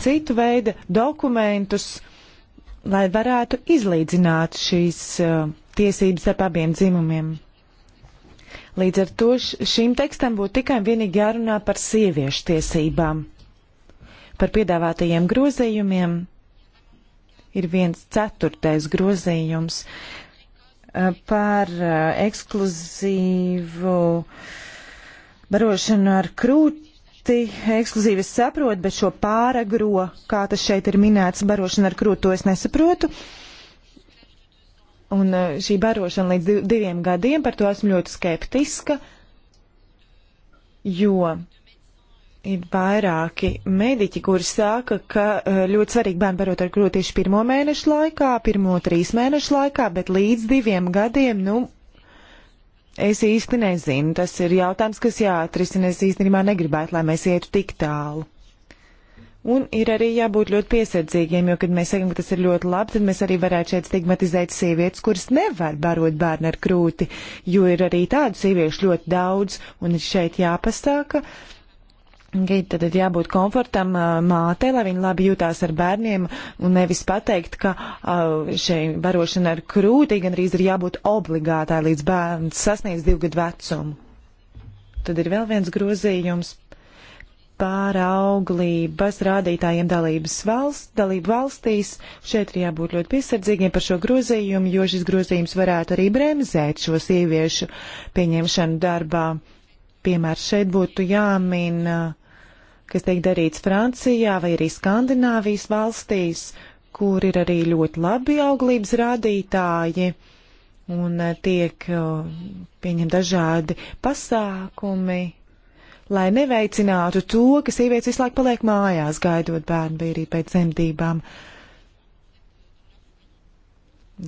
citu veidu dokumentus, lai varētu izlīdzināt šīs uh, tiesības ar abiem dzimumiem. Līdz ar to šim tekstam būtu tikai un vienīgi jārunā par sieviešu tiesībām par piedāvātajiem grozījumiem ir viens ceturtais grozījums eh, par eh, ekskluzīvu barošanu ar krūti. Ekskluzīvi es saprotu, bet šo pāragro, kā tas šeit ir minēts, barošana ar krūti, to es nesaprotu. Un eh, šī barošana līdz diviem gadiem, par to esmu ļoti skeptiska, jo Ir vairāki mediķi, kuri saka, ka eh, ļoti svarīgi bērnu barot ar grūti tieši pirmo mēnešu laikā, pirmo trīs mēnešu laikā, bet līdz diviem gadiem, nu, es īsti nezinu. Tas ir jautājums, kas jāatrisina. Es īstenībā negribētu, lai mēs ietu tik tālu. Un ir arī jābūt ļoti piesardzīgiem, jo, kad mēs sakam, ka tas ir ļoti labi, tad mēs arī varētu šeit stigmatizēt sievietes, kuras nevar barot bērnu ar krūti, jo ir arī tādu sieviešu ļoti daudz, un šeit jāpasaka, ka Tad ir jābūt komfortam mātei, lai viņa labi jūtās ar bērniem, un nevis pateikt, ka šai barošana ar krūtī gan arī ir jābūt obligātā, līdz bērns sasniedz divu gadu vecumu. Tad ir vēl viens grozījums pār auglības rādītājiem dalības valsts, dalību valstīs. Šeit ir jābūt ļoti piesardzīgiem par šo grozījumu, jo šis grozījums varētu arī bremzēt šo sieviešu pieņemšanu darbā. Piemērs šeit būtu jāmin uh, kas tiek darīts Francijā vai arī Skandināvijas valstīs, kur ir arī ļoti labi auglības rādītāji un eh, tiek eh, pieņem dažādi pasākumi, lai neveicinātu to, ka sievietes visu laiku paliek mājās, gaidot bērnu vai arī pēc dzemdībām.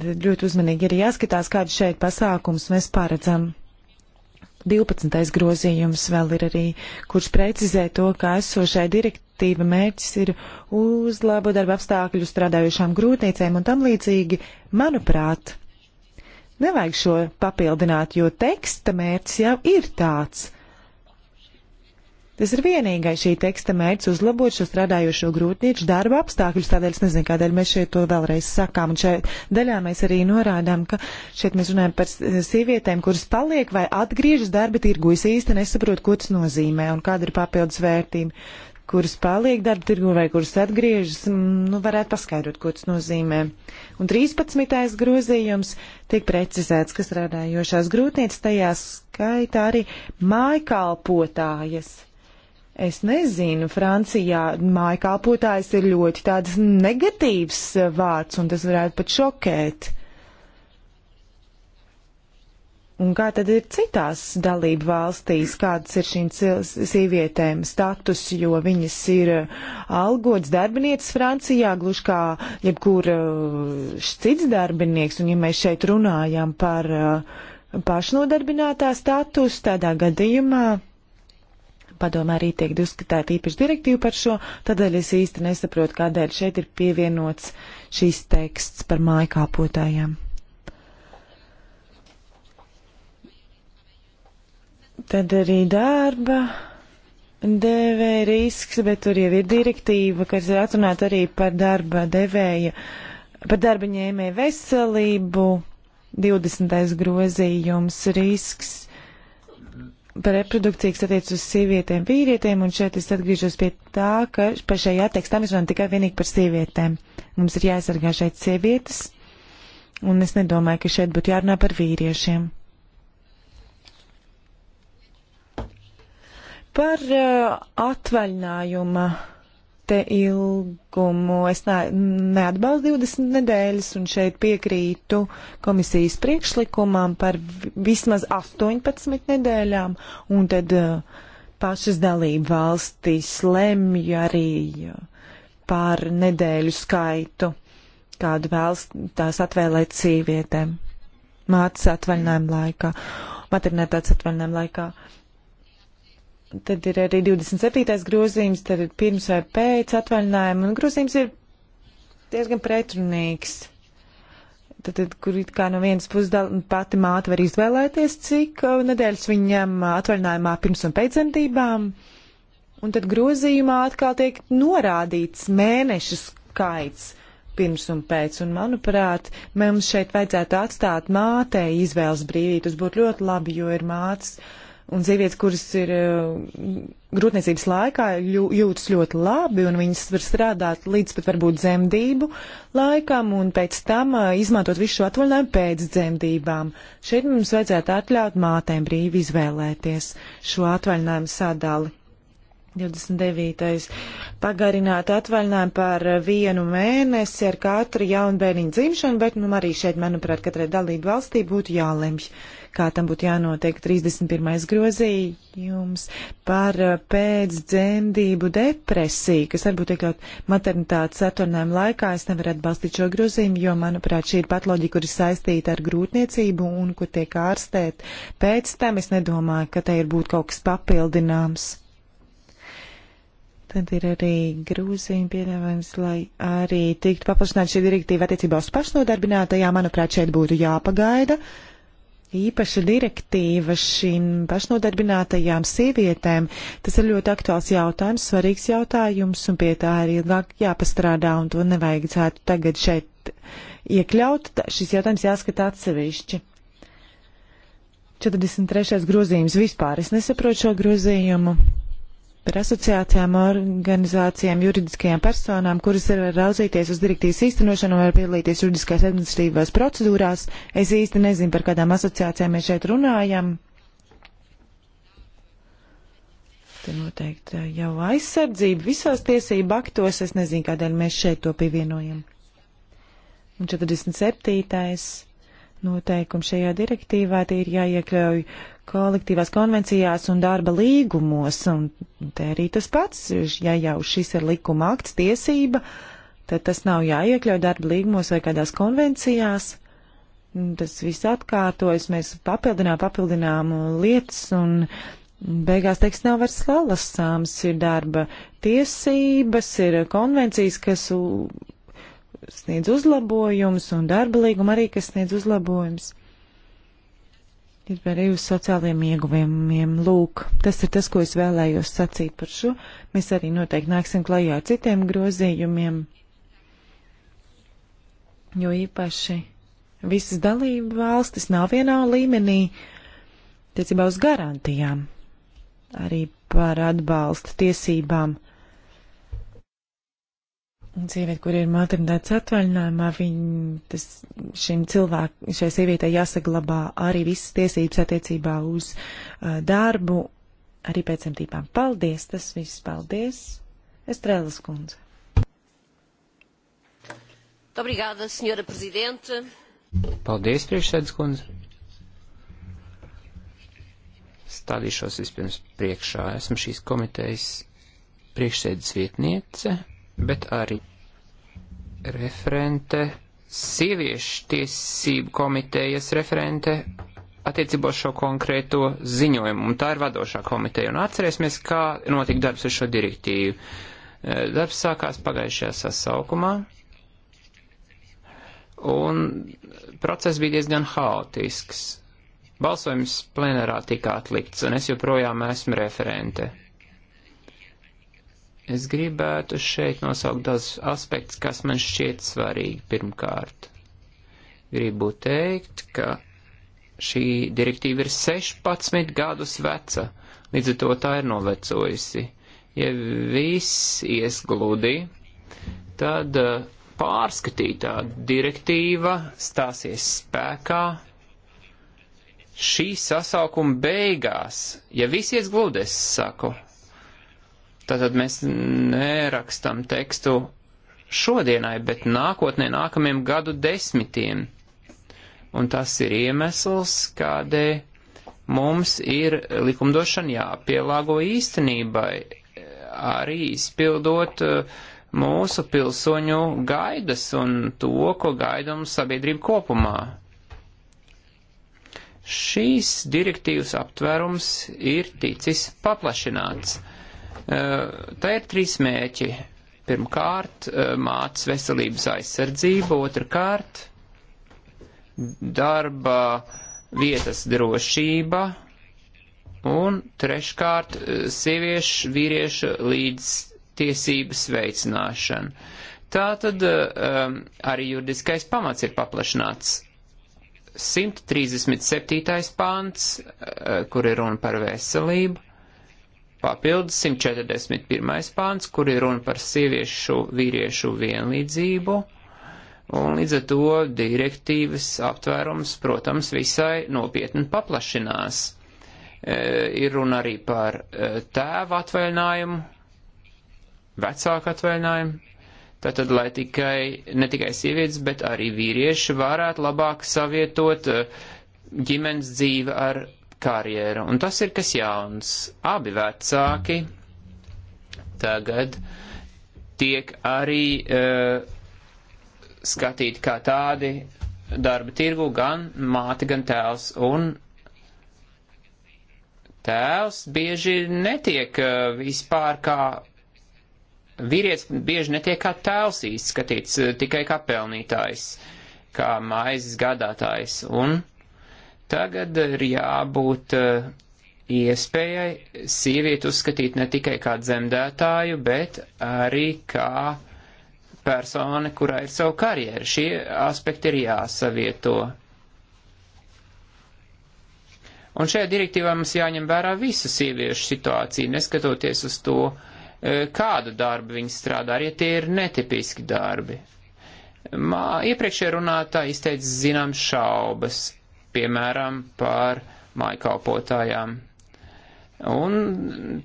Ļoti uzmanīgi ir jāskatās, kādu šeit pasākums mēs paredzam. 12. grozījums vēl ir arī, kurš precizē to, ka esošai direktīva mērķis ir uzlabo darba apstākļu strādājušām grūtniecēm un tam līdzīgi, manuprāt, nevajag šo papildināt, jo teksta mērķis jau ir tāds Tas ir vienīgais šī teksta mērķis - uzlabot šo strādājošo grūtnieču darba apstākļus. Tādēļ es nezinu, kādēļ mēs šeit to vēlreiz sakām. Un šeit daļā mēs arī norādām, ka šeit mēs runājam par sievietēm, kuras paliek vai atgriežas darba tirgu. Es īsti nesaprotu, ko tas nozīmē un kāda ir papildus vērtība kuras paliek darba tirgu vai kuras atgriežas, mm, nu, varētu paskaidrot, ko tas nozīmē. Un 13. grozījums tiek precizēts, kas strādājošās grūtniecības tajā skaitā arī mājkalpotājas Es nezinu, Francijā mājkalpotājs ir ļoti tāds negatīvs vārds, un tas varētu pat šokēt. Un kā tad ir citās dalību valstīs, kādas ir šīm sievietēm status, jo viņas ir uh, algots darbinieces Francijā, gluži kā jebkur uh, cits darbinieks, un ja mēs šeit runājam par uh, pašnodarbinātā status, tādā gadījumā Padomā arī tiek diskutēta īpaši direktīva par šo, tādēļ es īsti nesaprotu, kādēļ šeit ir pievienots šīs teksts par mājkāpotājiem. Tad arī darba devēja risks, bet tur jau ir direktīva, kas ir atrunāta arī par darba devēja, par darba ņēmēja veselību. 20. grozījums risks par reprodukciju, kas attiec uz sievietēm, vīrietēm, un šeit es atgriežos pie tā, ka par šajā tekstā mēs runājam tikai vienīgi par sievietēm. Mums ir jāaizsargā šeit sievietes, un es nedomāju, ka šeit būtu jārunā par vīriešiem. Par uh, atvaļinājuma te ilgumu. Es ne, neatbalstu 20 nedēļas un šeit piekrītu komisijas priekšlikumam par vismaz 18 nedēļām un tad eh, pašas dalību valstis lemj arī eh, par nedēļu skaitu, kādu vēlas tās atvēlēt sīvietēm mātes atvaļinājuma laikā, maternitātes atvaļinājuma laikā. Uh, Tad ir arī 27. grozījums, tad ir pirms vai pēc atvaļinājuma, un grozījums ir diezgan pretrunīgs. Tad, tad kur it kā no vienas puses pati māte var izvēlēties, cik uh, nedēļas viņam uh, atvaļinājumā pirms un pēc dzemdībām, un tad grozījumā atkal tiek norādīts mēnešu skaits pirms un pēc, un manuprāt, mums šeit vajadzētu atstāt mātei izvēles brīvību. Tas būtu ļoti labi, jo ir mātes. Uh, Un sievietes, kuras ir eh, grūtniecības laikā, jūtas ļoti labi, un viņas var strādāt līdz pat varbūt dzemdību laikam, un pēc tam eh, izmantot visu šo atvaļinājumu pēc dzemdībām. Šeit mums vajadzētu atļaut mātēm brīvi izvēlēties šo atvaļinājumu sadali. 29. pagarināt atvaļinājumu par eh, vienu mēnesi ar katru jaunu bērniņu dzimšanu, bet nu, arī šeit, manuprāt, katrai dalību valstī būtu jālemj kā tam būtu jānotiek 31. grozījums par eh, pēcdzemdību depresiju, kas varbūt iekļaut maternitātes atvaļinājumu laikā. Es nevaru atbalstīt šo grozījumu, jo, manuprāt, šī ir patoloģija, kur ir saistīta ar grūtniecību un kur tiek ārstēt. Pēc tam es nedomāju, ka te ir būtu kaut kas papildināms. Tad ir arī grūzīm piedāvājums, lai arī tiktu paplašināta šī direktīva attiecībā uz pašnodarbinātajā. Manuprāt, šeit būtu jāpagaida. Uh, īpaša direktīva šīm pašnodarbinātajām sievietēm. Tas ir ļoti aktuāls jautājums, svarīgs jautājums, un pie tā ir ilgāk jāpastrādā, un to nevajadzētu tagad šeit iekļaut. Tā, šis jautājums jāskata atsevišķi. 43. grozījums vispār. Es nesaprotu šo grozījumu par asociācijām, organizācijām, juridiskajām personām, kuras var raudzīties uz direktīvas īstenošanu un var piedalīties juridiskās administratīvās procedūrās. Es īsti nezinu, par kādām asociācijām mēs šeit runājam. Te noteikti jau aizsardzība visās tiesību aktos. Es nezinu, kādēļ mēs šeit to pievienojam. Un 47. noteikums šajā direktīvā tie ir jāiekļauj. Uh, kolektīvās konvencijās un darba līgumos, un te arī tas pats, ja jau šis ir likuma akts tiesība, tad tas nav jāiekļauj darba līgumos vai kādās konvencijās. Tas viss atkārtojas, mēs papildinām, papildinām lietas, un beigās teksts nav vairs lalasāms, ir darba tiesības, ir konvencijas, kas sniedz uzlabojumus, un darba līguma arī, kas sniedz uzlabojumus ir arī uz sociāliem ieguvumiem. Lūk, tas ir tas, ko es vēlējos sacīt par šo. Mēs arī noteikti nāksim klajā ar citiem grozījumiem, jo īpaši visas dalību valstis nav vienā līmenī, tiecībā uz garantijām, arī par atbalsta tiesībām Sieviete, kur ir maternitātes atvaļinājumā, viņa, tas, šim cilvēkam, šai sievietei jāsaglabā arī visas tiesības attiecībā uz uh, darbu, arī pēc centībām. Paldies, tas viss, paldies. Estrēlas kundze. Obrigada, senhora prezidente. Paldies, priekšsēdus kundze. Stādīšos vispirms priekšā. Esmu šīs komitejas priekšsēdus vietniece bet arī referente, sieviešu tiesību komitejas referente attiecībā šo konkrēto ziņojumu, un tā ir vadošā komiteja. Un atcerēsimies, kā notika darbs ar šo direktīvu. E, darbs sākās pagājušajā sasaukumā, un process bija diezgan haotisks. Balsojums plenārā tika atlikts, un es joprojām esmu referente. Es gribētu šeit nosaukt dažus aspektus, kas man šķiet svarīgi pirmkārt. Gribu teikt, ka šī direktīva ir 16 gadus veca, līdz ar to tā ir novecojusi. Ja viss iesgludi, tad eh, pārskatītā direktīva stāsies spēkā šī sasaukuma beigās, ja visi iesgludi, es saku, Tātad mēs nerakstam tekstu šodienai, bet nākotnē nākamiem gadu desmitiem. Un tas ir iemesls, kādēļ mums ir likumdošana jāpielāgo īstenībai, arī izpildot eh, mūsu pilsoņu gaidas un to, ko gaidām sabiedrību kopumā. Šīs direktīvas aptvērums ir ticis paplašināts Eh, tā ir trīs mēķi. Pirmkārt, eh, mācas veselības aizsardzība, otrkārt, darba vietas drošība un treškārt, eh, sieviešu, vīriešu līdz tiesības veicināšana. Tā tad um, arī juridiskais pamats ir paplašināts. 137. pāns, kur ir runa par veselību, papildus 141. pāns, kur ir runa par sieviešu vīriešu vienlīdzību, un līdz ar to direktīvas aptvērums, protams, visai nopietni paplašinās. E, ir runa arī par e, tēva atvaļinājumu, vecāku atvaļinājumu, tātad, lai tikai, ne tikai sievietes, bet arī vīrieši varētu labāk savietot e, ģimenes dzīve ar karjeru. Un tas ir kas jauns. Abi vecāki tagad tiek arī uh, skatīti kā tādi darba tirgu gan māte, gan tēls. Un tēls bieži netiek uh, vispār kā. Vīrietis bieži netiek kā tēls īsti skatīts, uh, tikai kā pelnītājs, kā maizes gādātājs. Un Tagad ir jābūt eh, iespējai sievieti uzskatīt ne tikai kā dzemdētāju, bet arī kā persona, kurā ir savu karjeru. Šie aspekti ir jāsavieto. Un šajā direktīvā mums jāņem vērā visu sieviešu situāciju, neskatoties uz to, eh, kādu darbu viņi strādā, arī tie ir netipiski darbi. Mā, iepriekšējā runātā izteica zināmas šaubas piemēram, par mājkalpotājām. Un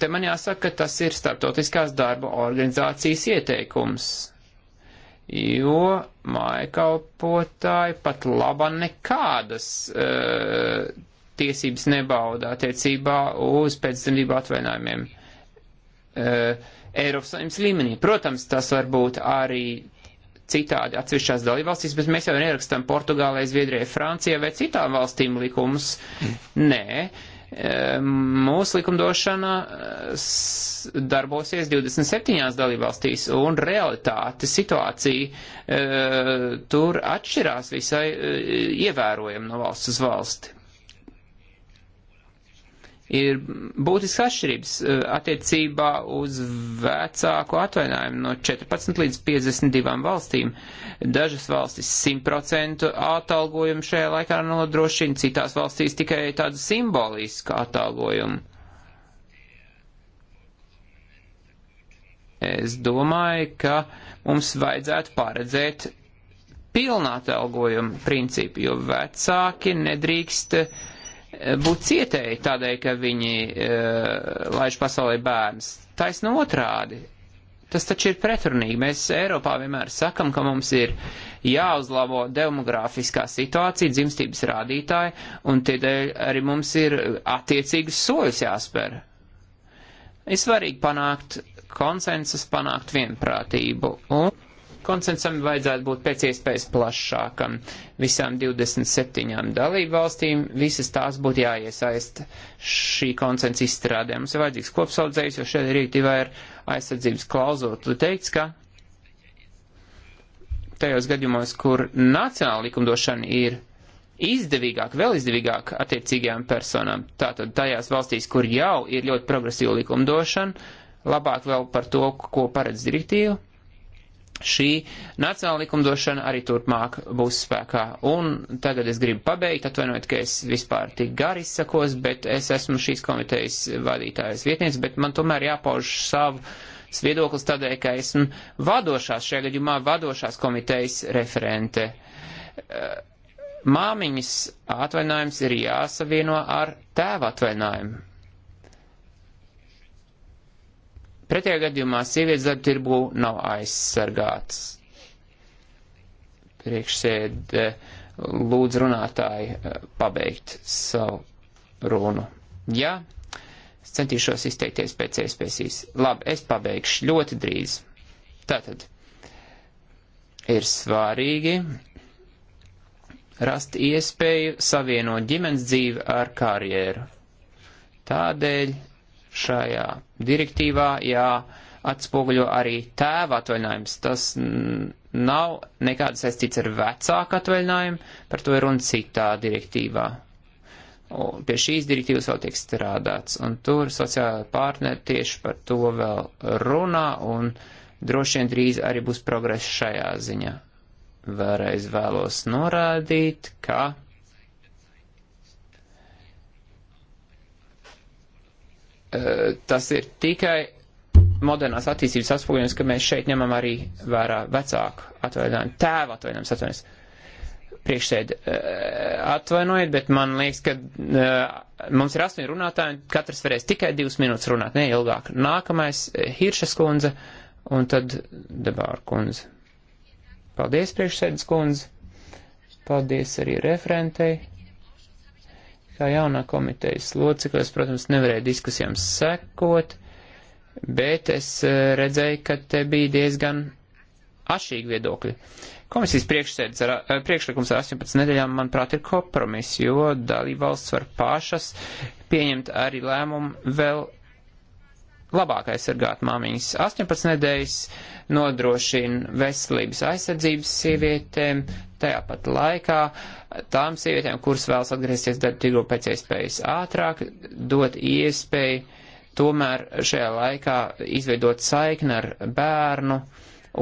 te man jāsaka, ka tas ir starptautiskās darba organizācijas ieteikums, jo mājkalpotāji pat laba nekādas uh, tiesības nebauda attiecībā uz pēcdzemdību atvainājumiem. Uh, Eiropas saimnes līmenī. Protams, tas var būt arī citādi atsevišķās dalībvalstīs, bet mēs jau nerakstam Portugālē, Zviedrijai, Francijai vai citām valstīm likumus. Nē, ehm, mūsu likumdošana eh, darbosies 27 dalībvalstīs, un realitāte, situācija eh, tur atšķirās visai eh, ievērojami no valsts uz valsti ir būtisks atšķirības e, attiecībā uz vecāku atvainājumu no 14 līdz 52 valstīm. Dažas valstis 100% atalgojumu šajā laikā nodrošina, citās valstīs tikai tādu simbolisku atalgojumu. Es domāju, ka mums vajadzētu paredzēt pilnā atalgojuma principu, jo vecāki nedrīkst uh, būt cietēji tādēļ, ka viņi uh, laiž pasaulē bērns. Taisno otrādi. Tas taču ir pretrunīgi. Mēs Eiropā vienmēr sakam, ka mums ir jāuzlabo demografiskā situācija, dzimstības rādītāji, un tādēļ arī mums ir attiecīgas soļus jāspēr. Ir svarīgi panākt konsensus, panākt vienprātību. Un konsensam vajadzētu būt pēc iespējas plašākam. Visām 27 dalību valstīm visas tās būtu jāiesaist šī konsensa izstrādē. Mums ir vajadzīgs kopsaudzējs, jo šeit direktīvā ir aizsardzības klauzula. Tu teici, ka tajos gadījumos, kur nacionāla likumdošana ir izdevīgāk, vēl izdevīgāk attiecīgajām personām. Tātad tajās valstīs, kur jau ir ļoti progresīva likumdošana, labāk vēl par to, ko paredz direktīva šī nacionāla likumdošana arī turpmāk būs spēkā. Un tagad es gribu pabeigt, atvainojiet, ka es vispār tik gari sakos, bet es esmu šīs komitejas vadītājas vietnieks, bet man tomēr jāpauž savu sviedoklis tādēļ, ka esmu vadošās, šajā gadījumā vadošās komitejas referente. Māmiņas atvainājums ir jāsavieno ar tēva atvainājumu Pretējā gadījumā sievietes darba tirgu nav aizsargātas. Priekšsēd eh, lūdz runātāji eh, pabeigt savu runu. Jā, ja? es centīšos izteikties pēc iespējas. Labi, es pabeigšu ļoti drīz. Tātad ir svarīgi rast iespēju savienot ģimenes dzīvi ar karjeru. Tādēļ šajā direktīvā jāatspoguļo arī tēva atvaļinājums. Tas nav nekāds saistīts ar vecāku atvaļinājumu, par to ir runa citā direktīvā. Un pie šīs direktīvas vēl tiek strādāts, un tur sociālā partneri tieši par to vēl runā, un droši vien drīz arī būs progress šajā ziņā. Vēlreiz vēlos norādīt, ka Eh, tas ir tikai modernās attīstības atspoguļojums, ka mēs šeit ņemam arī vērā vecāku atvaļinājumu, tēva atvaļinājums atvaļinājums. Priekšsēd, eh, atvainojiet, bet man liekas, ka eh, mums ir astoņi runātāji, katrs varēs tikai divas minūtes runāt, ne ilgāk. Nākamais Hiršas kundze un tad Debāra kundze. Paldies, priekšsēdas kundze. Paldies arī referentei Kā jaunā komitejas locekla, es, protams, nevarēju diskusijām sekot, bet es eh, redzēju, ka te bija diezgan ašīgi viedokļi. Komisijas ar, eh, priekšlikums ar 18 nedēļām, manuprāt, ir kompromiss, jo dalībvalsts var pašas pieņemt arī lēmumu vēl labāk aizsargāt māmiņas. 18 nedēļas nodrošina veselības aizsardzības sievietēm, tajā pat laikā tām sievietēm, kuras vēlas atgriezties darba tirgu pēc iespējas ātrāk, dot iespēju tomēr šajā laikā izveidot saikni ar bērnu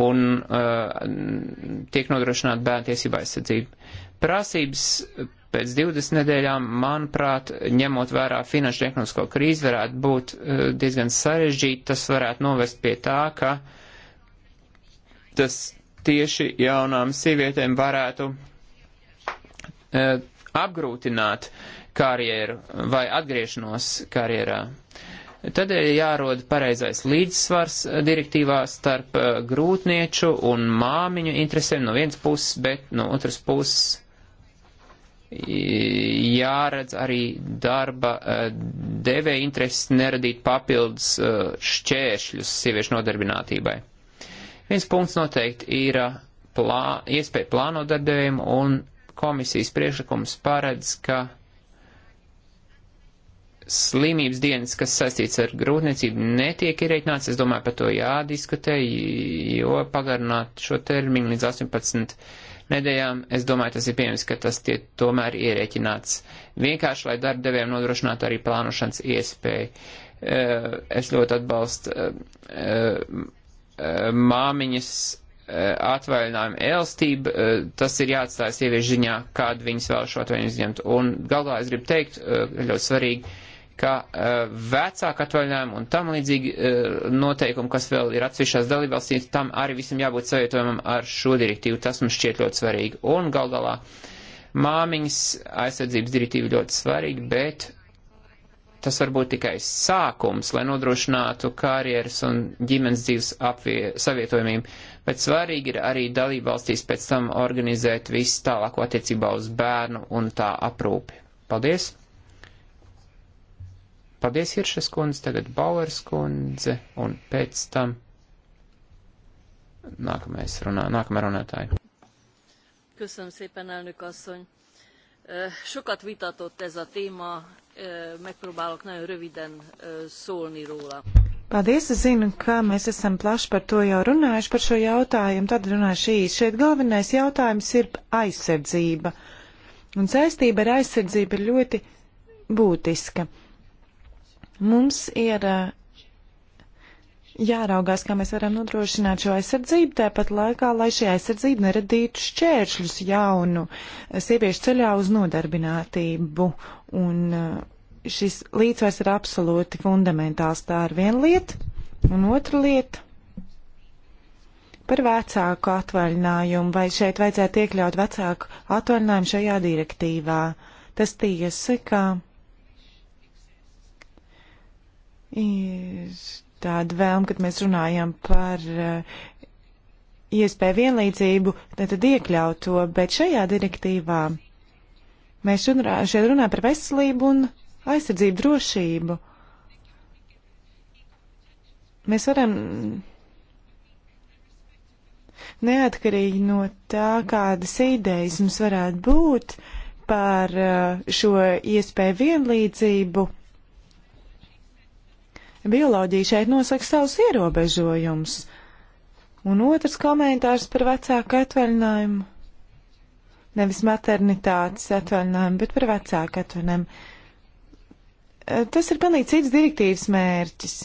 un uh, tiek nodrošināta bērnu tiesība aizsardzība. Prasības Pēc 20 nedēļām, manuprāt, ņemot vērā finanšu un ekonomisko krīzi, varētu būt eh, diezgan sarežģīti. Tas varētu novest pie tā, ka tas tieši jaunām sievietēm varētu eh, apgrūtināt karjeru vai atgriešanos karjerā. Tad ir jāroda pareizais līdzsvars direktīvā starp eh, grūtnieču un māmiņu interesēm no vienas puses, bet no otras puses jāredz arī darba eh, devēja intereses neradīt papildus eh, šķēršļus sieviešu nodarbinātībai. Viens punkts noteikti ir eh, plā, iespēja plānot darbdevējiem un komisijas priekšlikums paredz, ka slimības dienas, kas saistīts ar grūtniecību, netiek ierēķināts. Es domāju, par to jādiskutē, jo pagarināt šo termiņu līdz 18 nedēļām, es domāju, tas ir pieņems, ka tas tiek tomēr ierēķināts. Vienkārši, lai darba devējiem nodrošinātu arī plānošanas iespēju. Eh, es ļoti atbalstu eh, eh, māmiņas atvaļinājumu elstību, tas ir jāatstāj sieviešu ziņā, kādu viņas vēl šo atvaļinājumu izņemt. Un galvā es gribu teikt, ļoti svarīgi, ka uh, eh, vecāka atvaļinājuma un tam līdzīgi uh, eh, noteikumi, kas vēl ir atsevišķās dalībvalstīs, tam arī visam jābūt savietojumam ar šo direktīvu. Tas mums šķiet ļoti svarīgi. Un gal galā māmiņas aizsardzības direktīva ļoti svarīga, bet tas var būt tikai sākums, lai nodrošinātu karjeras un ģimenes dzīves apvie, savietojumību. Bet svarīgi ir arī dalībvalstīs pēc tam organizēt visu tālāko attiecībā uz bērnu un tā aprūpi. Paldies! Paldies, Hiršas kundze, tagad Bauers kundze, un pēc tam nākamais runā, nākamā runātāja. Köszönöm szépen, elnök asszony. Sokat vitatott ez a téma, megpróbálok nagyon röviden szólni róla. Paldies, es zinu, ka mēs esam plaši par to jau runājuši, par šo jautājumu, tad runāšu īsi. Šeit galvenais jautājums ir aizsardzība, un saistība ar aizsardzību ir ļoti būtiska. Mums ir eh, jāraugās, kā mēs varam nodrošināt šo aizsardzību, tāpat laikā, lai šī aizsardzība neradītu šķēršļus jaunu eh, sieviešu ceļā uz nodarbinātību. Un eh, šis līdzsvars ir absolūti fundamentāls. Tā ir viena lieta, un otra lieta par vecāku atvaļinājumu, vai šeit vajadzētu iekļaut vecāku atvaļinājumu šajā direktīvā. Tas tiesa, ka ir tāda vēlme, kad mēs runājam par uh, iespēju vienlīdzību, tad iekļaut to, bet šajā direktīvā mēs runā, šeit runājam par veselību un aizsardzību drošību. Mēs varam neatkarīgi no tā, kādas idejas mums varētu būt par uh, šo iespēju vienlīdzību Bioloģija šeit nosaka savus ierobežojumus. Un otrs komentārs par vecāku atvaļinājumu. Nevis maternitātes atvaļinājumu, bet par vecāku atvaļinājumu. E, tas ir pilnīgi cits direktīvas mērķis.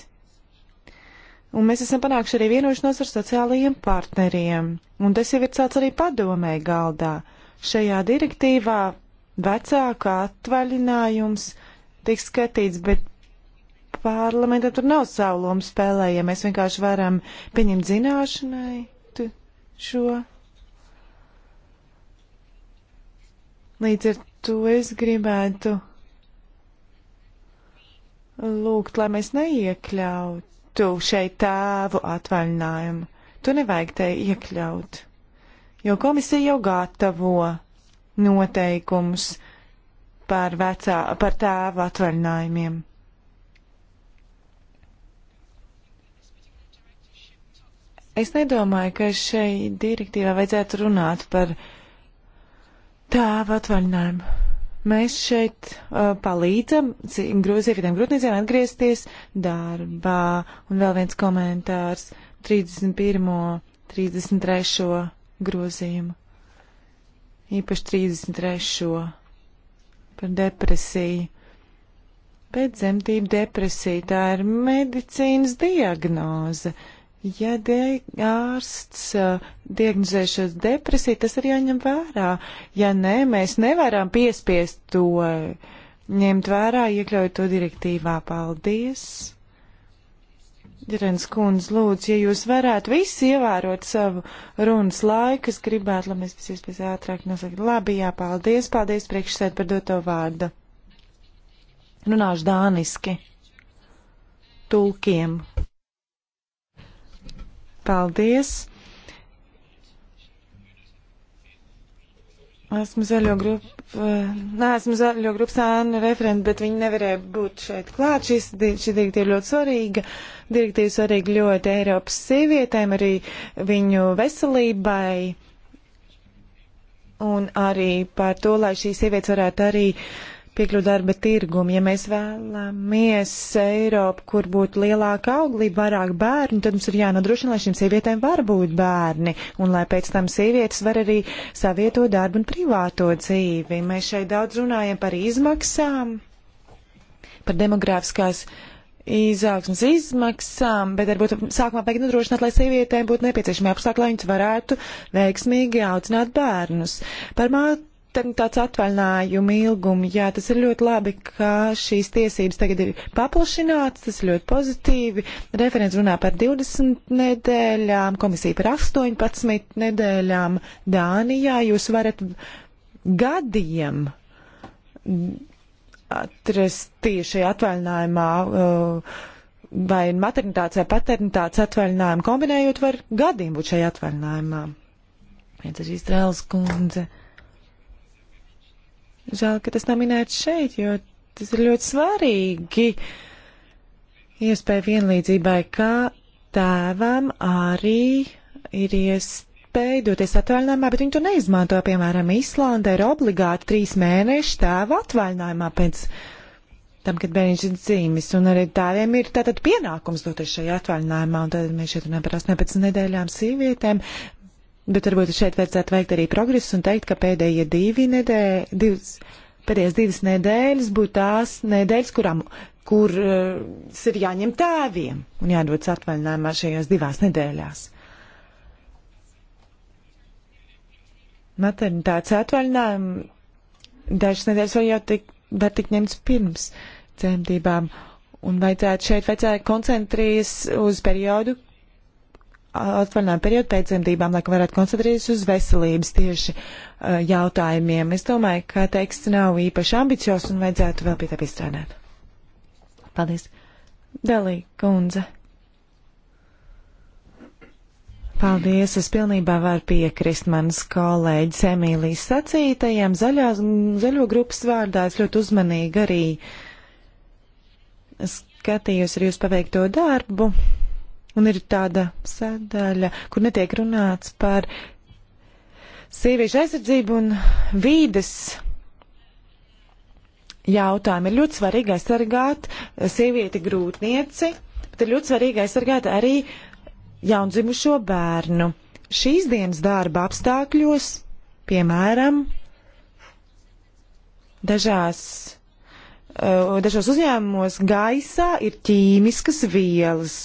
Un mēs esam panākuši arī vienošanos ar sociālajiem partneriem. Un tas jau ir celts arī padomē galdā. Šajā direktīvā vecāka atvaļinājums tiek skatīts, bet parlamentam tur nav savu lomu spēlējama. Mēs vienkārši varam pieņemt zināšanai šo. Līdz ar to es gribētu lūgt, lai mēs neiekļautu šeit tēvu atvaļinājumu. To nevajag te iekļaut, jo komisija jau gatavo noteikumus par, vecā, par tēvu atvaļinājumiem. Es nedomāju, ka šai direktīvā vajadzētu runāt par tēva atvaļinājumu. Mēs šeit uh, palīdzam sievietēm grūtniecēm atgriezties darbā. Un vēl viens komentārs 31. 33. grozījumu. Īpaši 33. par depresiju. Pēc zemtību depresija tā ir medicīnas diagnoze. Uh, Ja die, ārsts uh, eh, diagnozē šo depresiju, tas ir jāņem vērā. Ja nē, mēs nevaram piespiest to uh, ņemt vērā, iekļaut to direktīvā. Paldies! Ģerens kundz, lūdzu, ja jūs varētu visi ievērot savu runas laiku, es gribētu, lai mēs visi pēc ātrāk nosaktu. Labi, jā, paldies, paldies priekšsēd par doto vārdu. Runāšu dāniski. Tulkiem paldies! Esmu zaļo grupu, neesmu zaļo grupu sēnu referenti, bet viņi nevarēja būt šeit klāt. Šis, šī direktīva ir ļoti svarīga. Direktīva svarīga ļoti Eiropas sievietēm, arī viņu veselībai. Un arī par to, lai šīs sievietes varētu arī uh, piekļuvu darba tirgumu. Ja mēs vēlamies Eiropu, kur būtu lielāka auglība, vairāk bērnu, tad mums ir jānodrošina, lai šīm sievietēm var būt bērni un lai pēc tam sievietes var arī savietot darbu un privāto dzīvi. Mēs šeit daudz runājam par izmaksām, par demogrāfiskās izaugsmas izmaksām, bet varbūt sākumā vajag nodrošināt, lai sievietēm būtu nepieciešami apstākļi, lai viņas varētu veiksmīgi audzināt bērnus. Par māti maternitātes nu atvaļinājumu ilgumu. Jā, tas ir ļoti labi, ka šīs tiesības tagad ir paplašinātas, tas ir ļoti pozitīvi. Referents runā par 20 nedēļām, komisija par 18 nedēļām. Dānijā jūs varat gadiem atrasties šajā atvaļinājumā. Uh, Vai maternitātes vai paternitātes atvaļinājumu kombinējot var gadiem būt šajā atvaļinājumā? Viens ir Izraels kundze. Uh, Žēl, ka tas nav minēts šeit, jo tas ir ļoti svarīgi. Iespēja vienlīdzībai, ka tēvam arī ir iespēja doties atvaļinājumā, bet viņi to neizmanto. Piemēram, Īslandē ir obligāti trīs mēneši tēva atvaļinājumā pēc tam, kad bērns ir dzīvis, un arī tādiem ir tātad pienākums doties šajā atvaļinājumā, un tad mēs šeit runājam par 18 nedēļām sīvietēm, Bet varbūt šeit vajadzētu veikt arī progresu un teikt, ka pēdējie divi nedēļ, divas, pēdējās divas nedēļas būtu tās nedēļas, kurām, kur uh, ir jāņem tēviem un jādodas atvaļinājumā šajās divās nedēļās. Maternitātes atvaļinājumu dažas nedēļas vēl jau tik, var tik ņemts pirms dzemdībām. Un vajadzētu šeit vajadzētu koncentrēties uz periodu, atvaļinājumu periodu pēc dzemdībām, lai varētu koncentrēties uz veselības tieši uh, jautājumiem. Es domāju, ka teksts nav īpaši ambiciozs un vajadzētu vēl pie tā piestrādāt. Paldies. Delī, kundze. Paldies, es pilnībā varu piekrist manas kolēģis Emīlijas sacītajiem. Zaļās, zaļo grupas vārdā es ļoti uzmanīgi arī skatījos ar jūs paveikto darbu. Un ir tāda sadaļa, kur netiek runāts par sieviešu aizsardzību un vīdes jautājumu. Ir ļoti svarīgi aizsargāt sievieti grūtnieci, bet ir ļoti svarīgi aizsargāt arī jaundzimušo bērnu. Šīs dienas darba apstākļos, piemēram, dažās Eh, dažos uzņēmumos gaisā ir ķīmiskas vielas,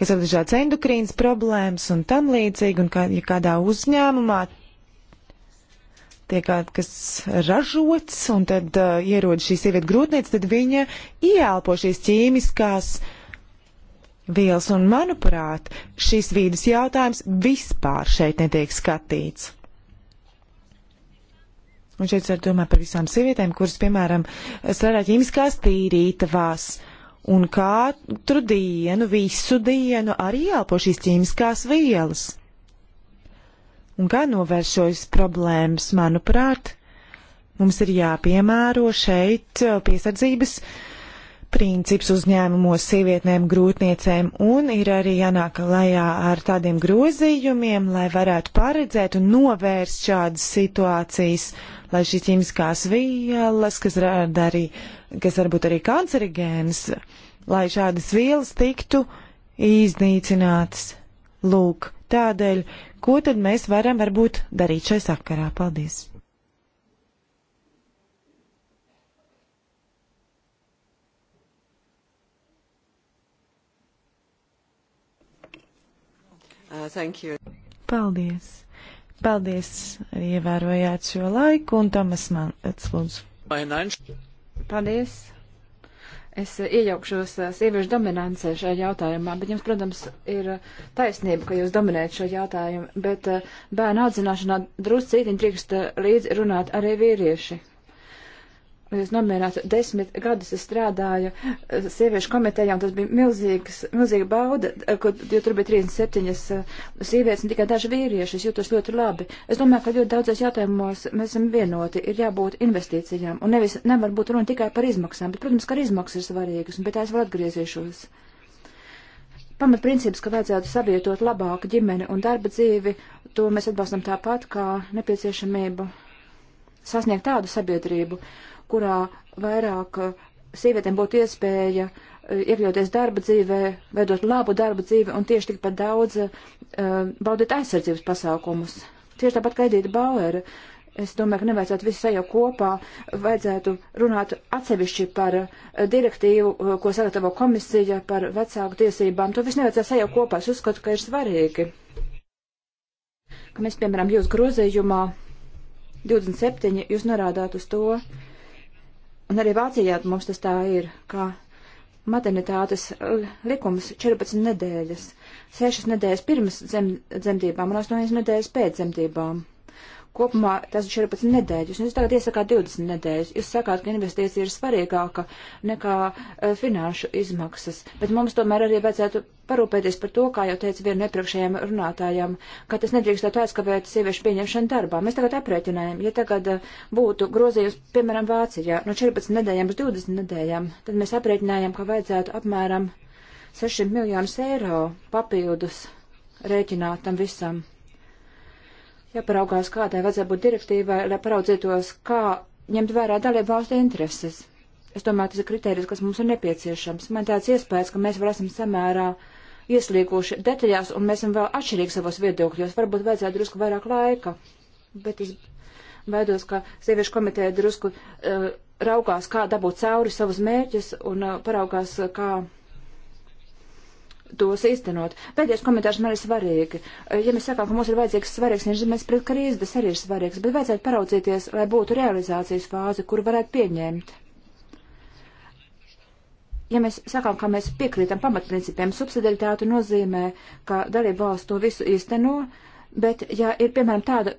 kas rada dažādas endokrīnas problēmas un tam līdzīgi, un kā, ja kādā uzņēmumā tiek kaut kas ražots, un tad uh, eh, ierod šī sieviete grūtniece, tad viņa ieelpo šīs ķīmiskās vielas, un manuprāt, šīs vīdes jautājums vispār šeit netiek skatīts. Un šeit var domāt par visām sievietēm, kuras, piemēram, strādā ķīmiskās tīrītavās. Un katru dienu, visu dienu arī elpo šīs ķīmiskās vielas. Un kā novēršojas problēmas, manuprāt, mums ir jāpiemēro šeit uh, piesardzības princips uzņēmumos sievietēm grūtniecēm un ir arī jānāk lajā ar tādiem grozījumiem, lai varētu paredzēt un novērst šādas situācijas lai šīs ķīmiskās vielas, kas rada arī, kas varbūt arī kancerigēnas, lai šādas vielas tiktu iznīcinātas. Lūk, tādēļ, ko tad mēs varam varbūt darīt šai sakarā? Paldies! Uh, thank you. Paldies! Paldies, ievērojāt šo laiku, un Tomas man atslūdz. Paldies. Es iejaukšos eh, sieviešu dominancē šajā jautājumā, bet jums, protams, ir eh, taisnība, ka jūs dominējat šo jautājumu, bet eh, bērnu audzināšanā drusku cītiņ trīkst līdz runāt arī vīrieši. Es nomierinātu desmit gadus, es strādāju eh, sieviešu komitejām, tas bija milzīgs, milzīga bauda, eh, kur, jo tur bija 37 eh, sievietes un tikai daži vīrieši, es jūtos ļoti labi. Es domāju, ka ļoti daudzos jautājumos mēs esam vienoti, ir jābūt investīcijām, un nevis nevar būt runa tikai par izmaksām, bet, protams, ka arī izmaksas ir svarīgas, un pie tā es vēl atgriezīšos. Pamatprincips, ka vajadzētu savietot labāku ģimeni un darba dzīvi, to mēs atbalstam tāpat kā nepieciešamību sasniegt tādu sabiedrību, uh, kurā vairāk uh, sievietēm būtu iespēja uh, iekļauties darba dzīvē, veidot labu darba dzīvi un tieši tikpat daudz uh, baudīt aizsardzības pasākumus. Tieši tāpat kā Edita Bauer, es domāju, ka nevajadzētu visu sajau kopā, vajadzētu runāt atsevišķi par uh, direktīvu, ko sagatavo komisija par vecāku tiesībām. To viss nevajadzētu sajau kopā, es uzskatu, ka ir svarīgi. Ka mēs, piemēram, jūs grozījumā 27, jūs norādāt uz to, uh, Un arī Vācijā mums tas tā ir, ka maternitātes e, likums 14 nedēļas, 6 nedēļas pirms zem, dzemdībām un 8 nedēļas pēc dzemdībām. Kopumā tas ir 14 nedēļas, un jūs tagad iesakāt 20 nedēļas. Jūs sakāt, ka investīcija ir svarīgāka nekā uh, finanšu izmaksas, bet mums tomēr arī vajadzētu parūpēties par to, kā jau teica viena iepriekšējiem runātājiem, ka tas nedrīkstētu aizskavēt sieviešu pieņemšanu darbā. Mēs tagad aprēķinājam, ja tagad e, būtu grozījums, piemēram, Vācijā no 14 nedēļām uz 20 nedēļām, tad mēs aprēķinājām, ka vajadzētu apmēram 600 miljonus eiro papildus rēķināt tam visam jāparaugās, kādai vajadzētu būt direktīvai, lai paraudzītos, kā ņemt vērā dalību valstu intereses. Es domāju, tas ir kriterijs, kas mums ir nepieciešams. Man tāds iespējas, ka mēs vēl esam samērā ieslīguši detaļās, un mēs esam vēl atšķirīgi savos viedokļos. Varbūt vajadzētu drusku vairāk laika, bet es baidos, ka sieviešu komiteja drusku uh, raugās, kā dabūt cauri savus mērķus un uh, paraugās, kā. Uh, tos īstenot. Pēdējais komentārs man ir svarīgi. Eh, ja mēs sakām, ka mums ir vajadzīgs svarīgs inženieris pret krīzi, tas arī ir svarīgs, bet vajadzētu paraudzīties, lai būtu realizācijas fāze, kuru varētu pieņemt. Ja mēs sakām, ka mēs piekrītam pamatprincipiem, subsidiaritāte nozīmē, ka dalība valsts to visu īsteno, bet ja ir, piemēram, tāda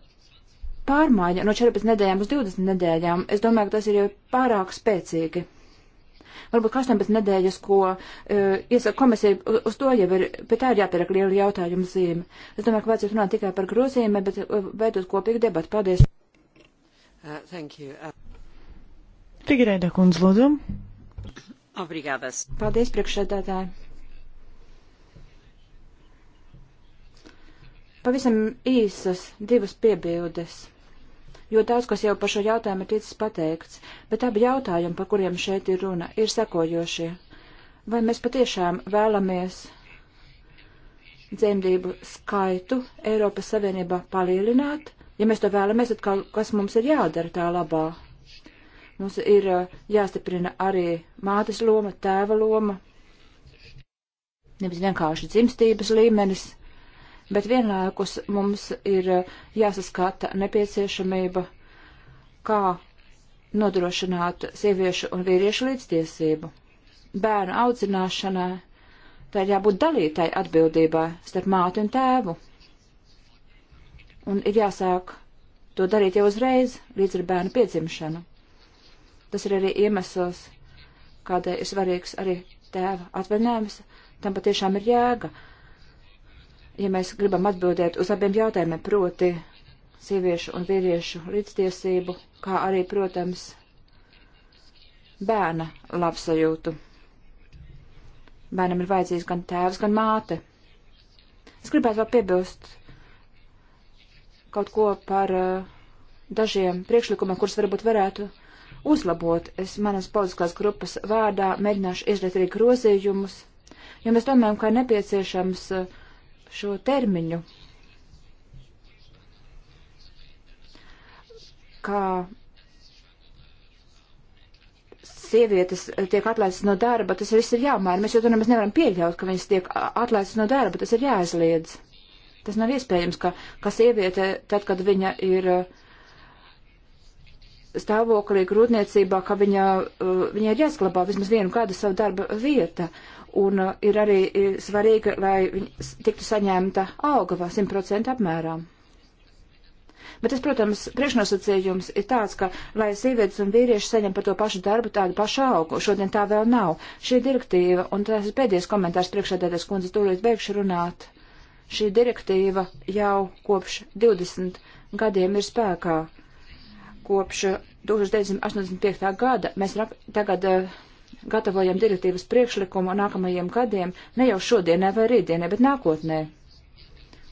pārmaiņa no 14 nedēļām uz 20 nedēļām, es domāju, ka tas ir jau pārāk spēcīgi Varbūt 18 nedēļas, ko uh, e, iesaka komisija, uz to jau ir, pie tā ir jāpieliek liela jautājuma zīme. Es domāju, ka vajadzētu runāt tikai par grozījumiem, bet uh, veidot kopīgu debatu. Paldies! Uh, thank you. Uh... Figurēda kundze, lūdzu. Obrigādas. Paldies, priekšsēdētāji. Pavisam īsas divas piebildes jo daudz, kas jau par šo jautājumu ir ticis pateikts, bet abi jautājumi, par kuriem šeit ir runa, ir sekojošie. Vai mēs patiešām vēlamies dzemdību skaitu Eiropas Savienībā palielināt? Ja mēs to vēlamies, tad kas mums ir jādara tā labā? Mums ir uh, jāstiprina arī mātes loma, tēva loma, nevis vienkārši dzimstības līmenis bet vienlaikus mums ir eh, jāsaskata nepieciešamība, kā nodrošināt sieviešu un vīriešu līdztiesību. Bērnu audzināšanai tā ir jābūt dalītai atbildībai starp māti un tēvu. Un ir jāsāk to darīt jau uzreiz, līdz ar bērnu piedzimšanu. Tas ir arī iemesls, kādēļ ir svarīgs arī tēva atvaļinājums. Tam patiešām ir jēga. Uh, ja mēs gribam atbildēt uz abiem jautājumiem, proti sieviešu un vīriešu līdztiesību, kā arī, protams, bērna labsajūtu. Bērnam ir vajadzīgs gan tēvs, gan māte. Es gribētu vēl piebilst kaut ko par uh, dažiem priekšlikumiem, kurus varbūt varētu uzlabot. Es manas politiskās grupas vārdā mēģināšu izdarīt arī grozījumus, jo mēs domājam, ka ir nepieciešams uh, šo termiņu, kā sievietes tiek atlaistas no darba, tas viss ir jāmaina. Mēs jau to nemaz nevaram pieļaut, ka viņas tiek atlaistas no darba, tas ir jāaizliedz. Tas nav iespējams, ka, ka sieviete, tad, kad viņa ir uh, stāvoklī grūtniecībā, ka viņa, uh, viņa ir jāsklabā vismaz vienu gadu savu darba vieta. Un uh, ir arī svarīgi, lai tiktu saņemta auga vēl 100% apmērā. Bet tas, protams, priekšnosacījums ir tāds, ka, lai sievietes un vīrieši saņem par to pašu darbu tādu pašu augu, šodien tā vēl nav. Šī direktīva, un tas ir pēdējais komentārs priekšādētais kundze, tūlīt beigšu runāt, šī direktīva jau kopš 20 gadiem ir spēkā. Kopš 1985. Eh, gada mēs tagad eh, gatavojam direktīvas priekšlikumu nākamajiem gadiem, ne jau šodienai vai rītdienai, bet nākotnē.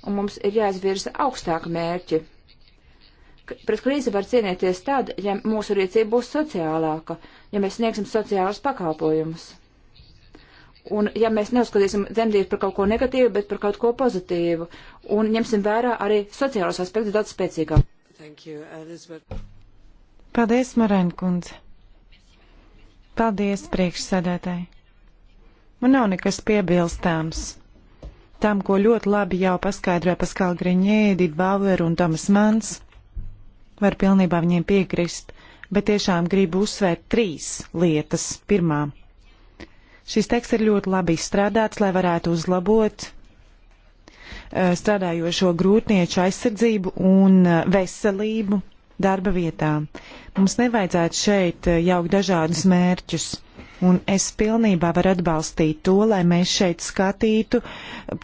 Un mums ir jāizvirza augstāka mērķi. Pret krīzi var cīnīties tad, ja mūsu rīcība būs sociālāka, ja mēs sniegsim sociālus pakalpojumus. Un ja mēs neuzskatīsim dzemdību par kaut ko negatīvu, bet par kaut ko pozitīvu, un ņemsim vērā arī sociālos aspektus daudz spēcīgāk. Thank you, Elizabeth. Paldies, Morēna kundze. Paldies, priekšsēdētāji. Man nav nekas piebilstāms. Tam, ko ļoti labi jau paskaidroja Paskāla Griņēdi, Bauer un Tomas Mans, var pilnībā viņiem piekrist, bet tiešām gribu uzsvērt trīs lietas. Pirmā. Šis teksts ir ļoti labi izstrādāts, lai varētu uzlabot eh, strādājošo grūtnieču aizsardzību un eh, veselību darba vietām. Mums nevajadzētu šeit eh, jaukt dažādus mērķus. Un es pilnībā varu atbalstīt to, lai mēs šeit skatītu eh,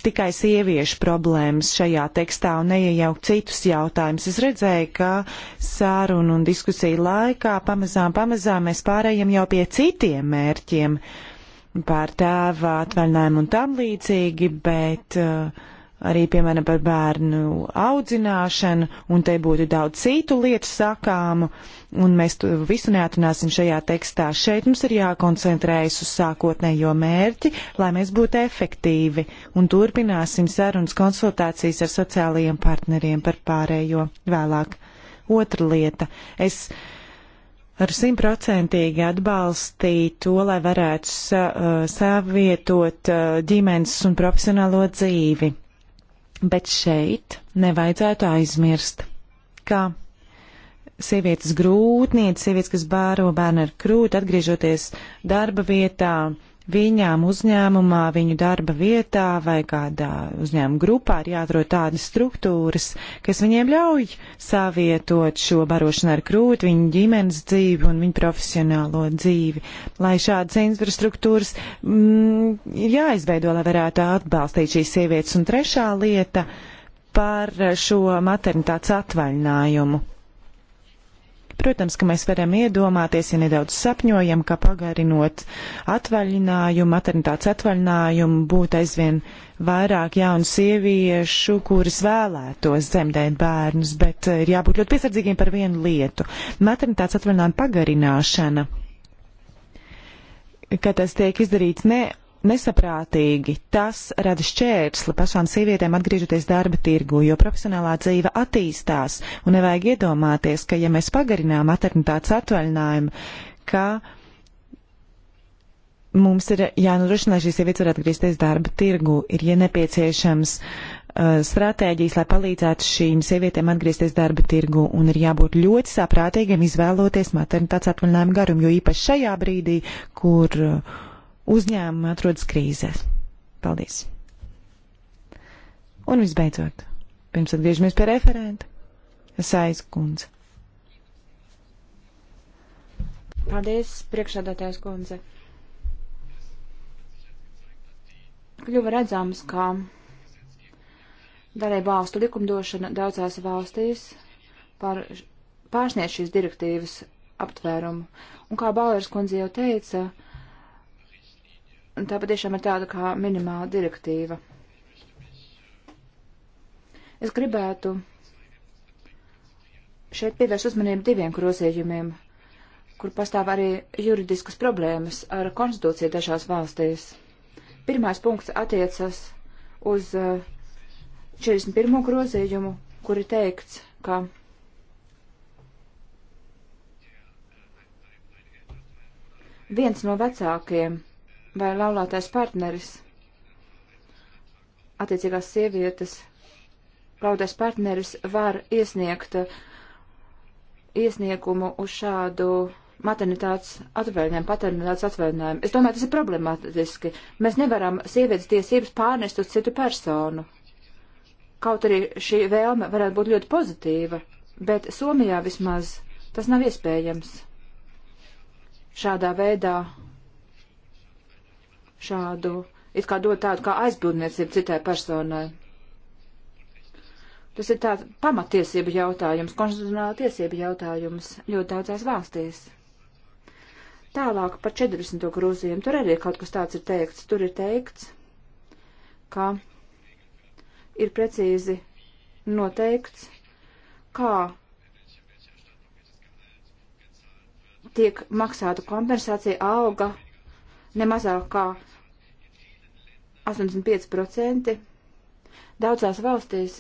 tikai sieviešu problēmas šajā tekstā un neiejaukt citus jautājumus. Es redzēju, ka sārunu un diskusiju laikā pamazām, pamazām mēs pārējām jau pie citiem mērķiem pār tēva atvaļinājumu un tam līdzīgi, bet uh, arī, piemēram, par bērnu audzināšanu, un te būtu daudz citu lietu sakāmu, un mēs to visu neatrunāsim šajā tekstā. Šeit mums ir jākoncentrējas uz sākotnējo mērķi, lai mēs būtu efektīvi, un turpināsim sarunas konsultācijas ar sociālajiem partneriem par pārējo vēlāk. Otra lieta. Es ar simtprocentīgi atbalstīju to, lai varētu sa, uh, savietot uh, ģimenes un profesionālo dzīvi. Bet šeit nevajadzētu aizmirst, ka sievietes grūtniece, sievietes, kas bāro bērnu ar krūti, atgriežoties darba vietā, viņām uzņēmumā, viņu darba vietā vai kādā uzņēmuma grupā ir jāatrod tādas struktūras, kas viņiem ļauj savietot šo barošanu ar krūti, viņu ģimenes dzīvi un viņu profesionālo dzīvi. Lai šādas infrastruktūras mm, ir jāizveido, lai varētu atbalstīt šīs sievietes. Un trešā lieta par šo maternitātes atvaļinājumu Protams, ka mēs varam iedomāties, ja nedaudz sapņojam, ka pagarinot atvaļinājumu, maternitātes atvaļinājumu, būtu aizvien vairāk jaunu sieviešu, kuras vēlētos dzemdēt bērnus, bet eh, ir jābūt ļoti piesardzīgiem par vienu lietu. Maternitātes atvaļinājuma pagarināšana, ka tas tiek izdarīts ne nesaprātīgi. Tas rada šķērsli pašām sievietēm atgriežoties darba tirgu, jo profesionālā dzīve attīstās, un nevajag iedomāties, ka ja mēs pagarinām maternitātes atvaļinājumu, ka mums ir jānodrošina, lai šīs sievietes varētu atgriezties darba tirgu, ir ja nepieciešams uh, stratēģijas, lai palīdzētu šīm sievietēm atgriezties darba tirgu, un ir jābūt ļoti saprātīgiem izvēloties maternitātes atvaļinājumu garumu, jo īpaši šajā brīdī, kur uh, uzņēmumi atrodas krīzēs. Paldies! Un visbeidzot, pirms atgriežamies pie referenta, es aizkundze. Paldies, priekšādātājs kundze. Kļuva redzams, ka darīja valstu likumdošana daudzās valstīs par pārsniedz šīs direktīvas aptvērumu. Un kā Bauers kundze jau teica, uh, Un tā patiešām ir tāda kā minimāla direktīva. Es gribētu šeit pievērst uzmanību diviem grozījumiem, kur pastāv arī juridiskas problēmas ar konstitūciju dažās valstīs. Pirmais punkts attiecas uz 41. Eh, grozījumu, kur ir teikts, ka viens no vecākiem vai laulātais partneris, attiecīgās sievietes, laulātais partneris var iesniegt iesniegumu uz šādu maternitātes atvaļinājumu, paternitātes atvaļinājumu. Es domāju, tas ir problemātiski. Mēs nevaram sievietes tiesības pārnest uz citu personu. Kaut arī šī vēlme varētu būt ļoti pozitīva, bet Somijā vismaz tas nav iespējams. Šādā veidā šādu, it kā dot tādu kā aizbildniecību citai personai. Tas ir tāds pamatiesību jautājums, konstitucionāla tiesība jautājums ļoti daudzās valstīs. Tālāk par 40. grozījumu. Tur arī kaut kas tāds ir teikts. Tur ir teikts, ka ir precīzi noteikts, kā tiek maksāta kompensācija auga nemazāk kā 85%. Daudzās valstīs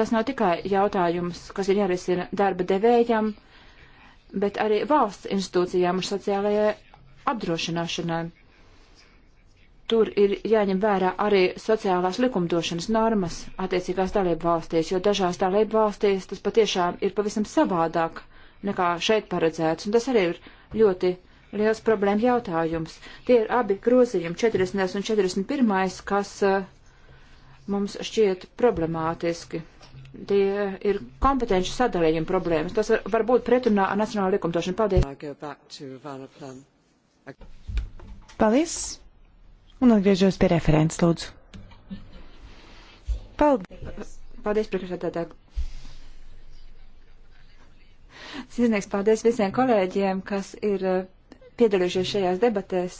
tas nav tikai jautājums, kas ir jārisina darba devējam, bet arī valsts institūcijām un sociālajai apdrošināšanai. Tur ir jāņem vērā arī sociālās likumdošanas normas attiecīgās dalību valstīs, jo dažās dalību valstīs tas patiešām ir pavisam savādāk. Uh, nekā šeit paredzēts, un tas arī ir ļoti liels problēma jautājums. Tie ir abi grozījumi, 40. un 41., kas eh, mums šķiet problemātiski. Tie ir kompetenci sadalījuma problēmas. Tas var, var būt pretrunā ar nacionālu likumdošanu. Paldies. Paldies. Un atgriežos pie referents, lūdzu. Paldies. Paldies, priekšsēdētāji Sirdnieks paldies visiem kolēģiem, kas ir eh, piedalījušies šajās debatēs.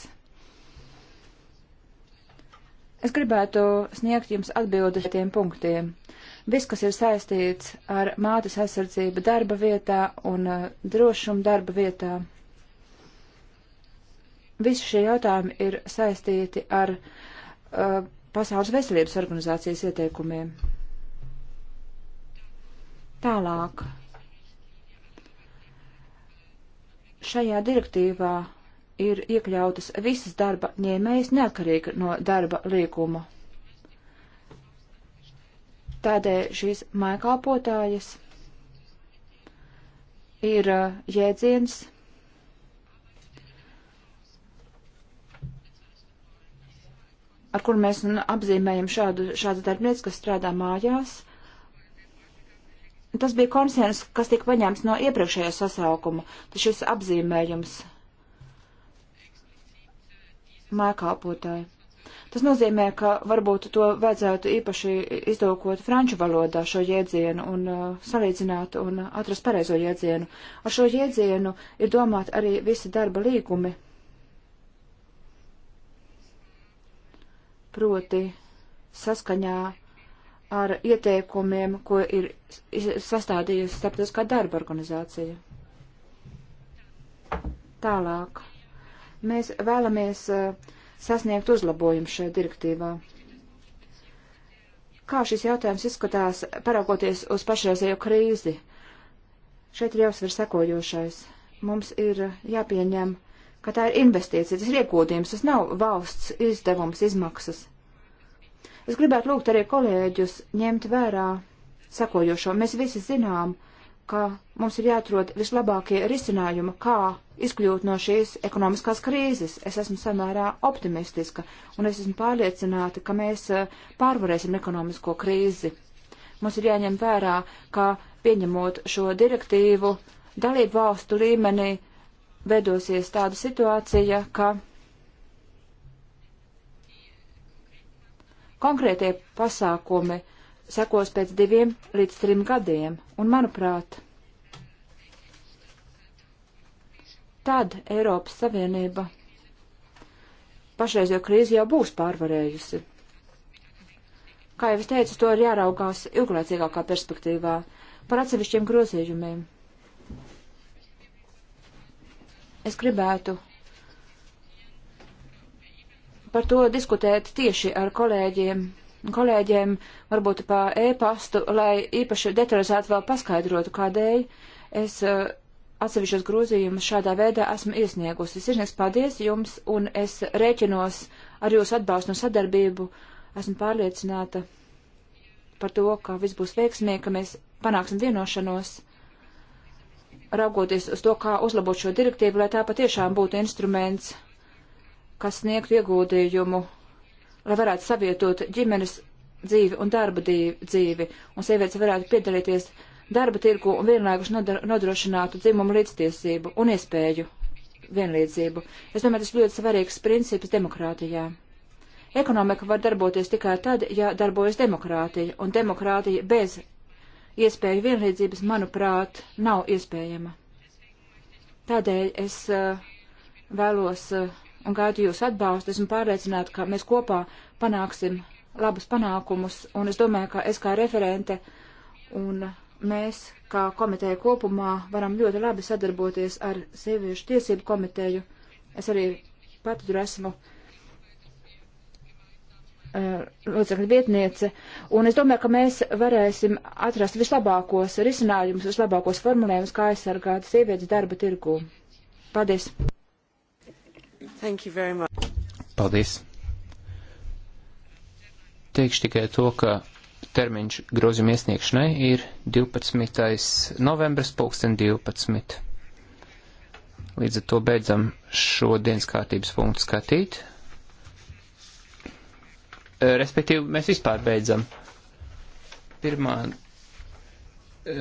Es gribētu sniegt jums atbildi šiem punktiem. Viss, kas ir saistīts ar mātes aizsardzību darba vietā un eh, drošumu darba vietā, visi šie jautājumi ir saistīti ar uh, Pasaules veselības organizācijas ieteikumiem. Tālāk. Šajā direktīvā ir iekļautas visas darba ņēmējas neatkarīgi no darba līguma. Tādēļ šīs mājkalpotājas ir uh, jēdziens. ar kur mēs nu apzīmējam šādu, šādas darbnieces, kas strādā mājās, Tas bija konsens, kas tika paņemts no iepriekšējā sasaukuma, tad šis apzīmējums mājkalpotāji. Tas nozīmē, ka varbūt to vajadzētu īpaši izdokot franču valodā šo jēdzienu un uh, salīdzināt un atrast pareizo jēdzienu. Ar šo jēdzienu ir domāt arī visi darba līgumi. Proti saskaņā ar ieteikumiem, ko ir sastādījusi starptautiskā darba organizācija. Tālāk. Mēs vēlamies eh, sasniegt uzlabojumu šajā direktīvā. Kā šis jautājums izskatās, paraugoties uz pašreizējo krīzi? Šeit ir jāuzsver sekojošais. Mums ir jāpieņem, ka tā ir investīcija, tas ir iegūdījums, tas nav valsts izdevums, izmaksas. Es gribētu lūgt arī kolēģus ņemt vērā sekojošo. Mēs visi zinām, ka mums ir jāatrod vislabākie risinājumi, kā izkļūt no šīs ekonomiskās krīzes. Es esmu samērā optimistiska un es esmu pārliecināta, ka mēs eh, pārvarēsim ekonomisko krīzi. Mums ir jāņem vērā, ka pieņemot šo direktīvu, dalību valstu līmenī veidosies tāda situācija, ka Konkrētie pasākumi sekos pēc diviem līdz trim gadiem, un, manuprāt, tad Eiropas Savienība pašreiz jau krīzi jau būs pārvarējusi. Kā jau es teicu, to ir jāraugās ilglaicīgākā perspektīvā par atsevišķiem grozījumiem. Es gribētu par to diskutēt tieši ar kolēģiem, kolēģiem varbūt pa e-pastu, lai īpaši detalizēti vēl paskaidrotu, kādēļ es uh, atsevišķos grozījumus šādā veidā esmu iesniegusi. Sirsnieks paldies jums, un es rēķinos ar jūsu atbalstu un sadarbību. Esmu pārliecināta par to, ka viss būs veiksmīgi, ka mēs panāksim vienošanos raugoties uz to, kā uzlabot šo direktīvu, lai tā patiešām būtu instruments kas sniegtu ieguldījumu, lai varētu savietot ģimenes dzīvi un darba dzīvi, un sievietes varētu piedalīties darba tirgu un vienlaikus nodrošinātu dzimumu līdztiesību un iespēju vienlīdzību. Es domāju, tas ļoti svarīgs princips demokrātijā. Ekonomika var darboties tikai tad, ja darbojas demokrātija, un demokrātija bez iespēju vienlīdzības, manuprāt, nav iespējama. Tādēļ es uh, vēlos uh, un gaidu jūs atbalstu. Esmu pārliecināta, ka mēs kopā panāksim labus panākumus, un es domāju, ka es kā referente un mēs, kā komiteja kopumā, varam ļoti labi sadarboties ar sieviešu tiesību komiteju. Es arī pat tur esmu uh, locekļu vietniece, un es domāju, ka mēs varēsim atrast vislabākos risinājumus, vislabākos formulējumus, kā aizsargāt sievietes darba tirgū. Paldies! Thank you very much. Paldies. Teikšu tikai to, ka termiņš grozījuma iesniegšanai ir 12. novembris, pulksten 12. Līdz ar to beidzam šo dienas kārtības punktu skatīt. Respektīvi, mēs vispār beidzam. Pirmā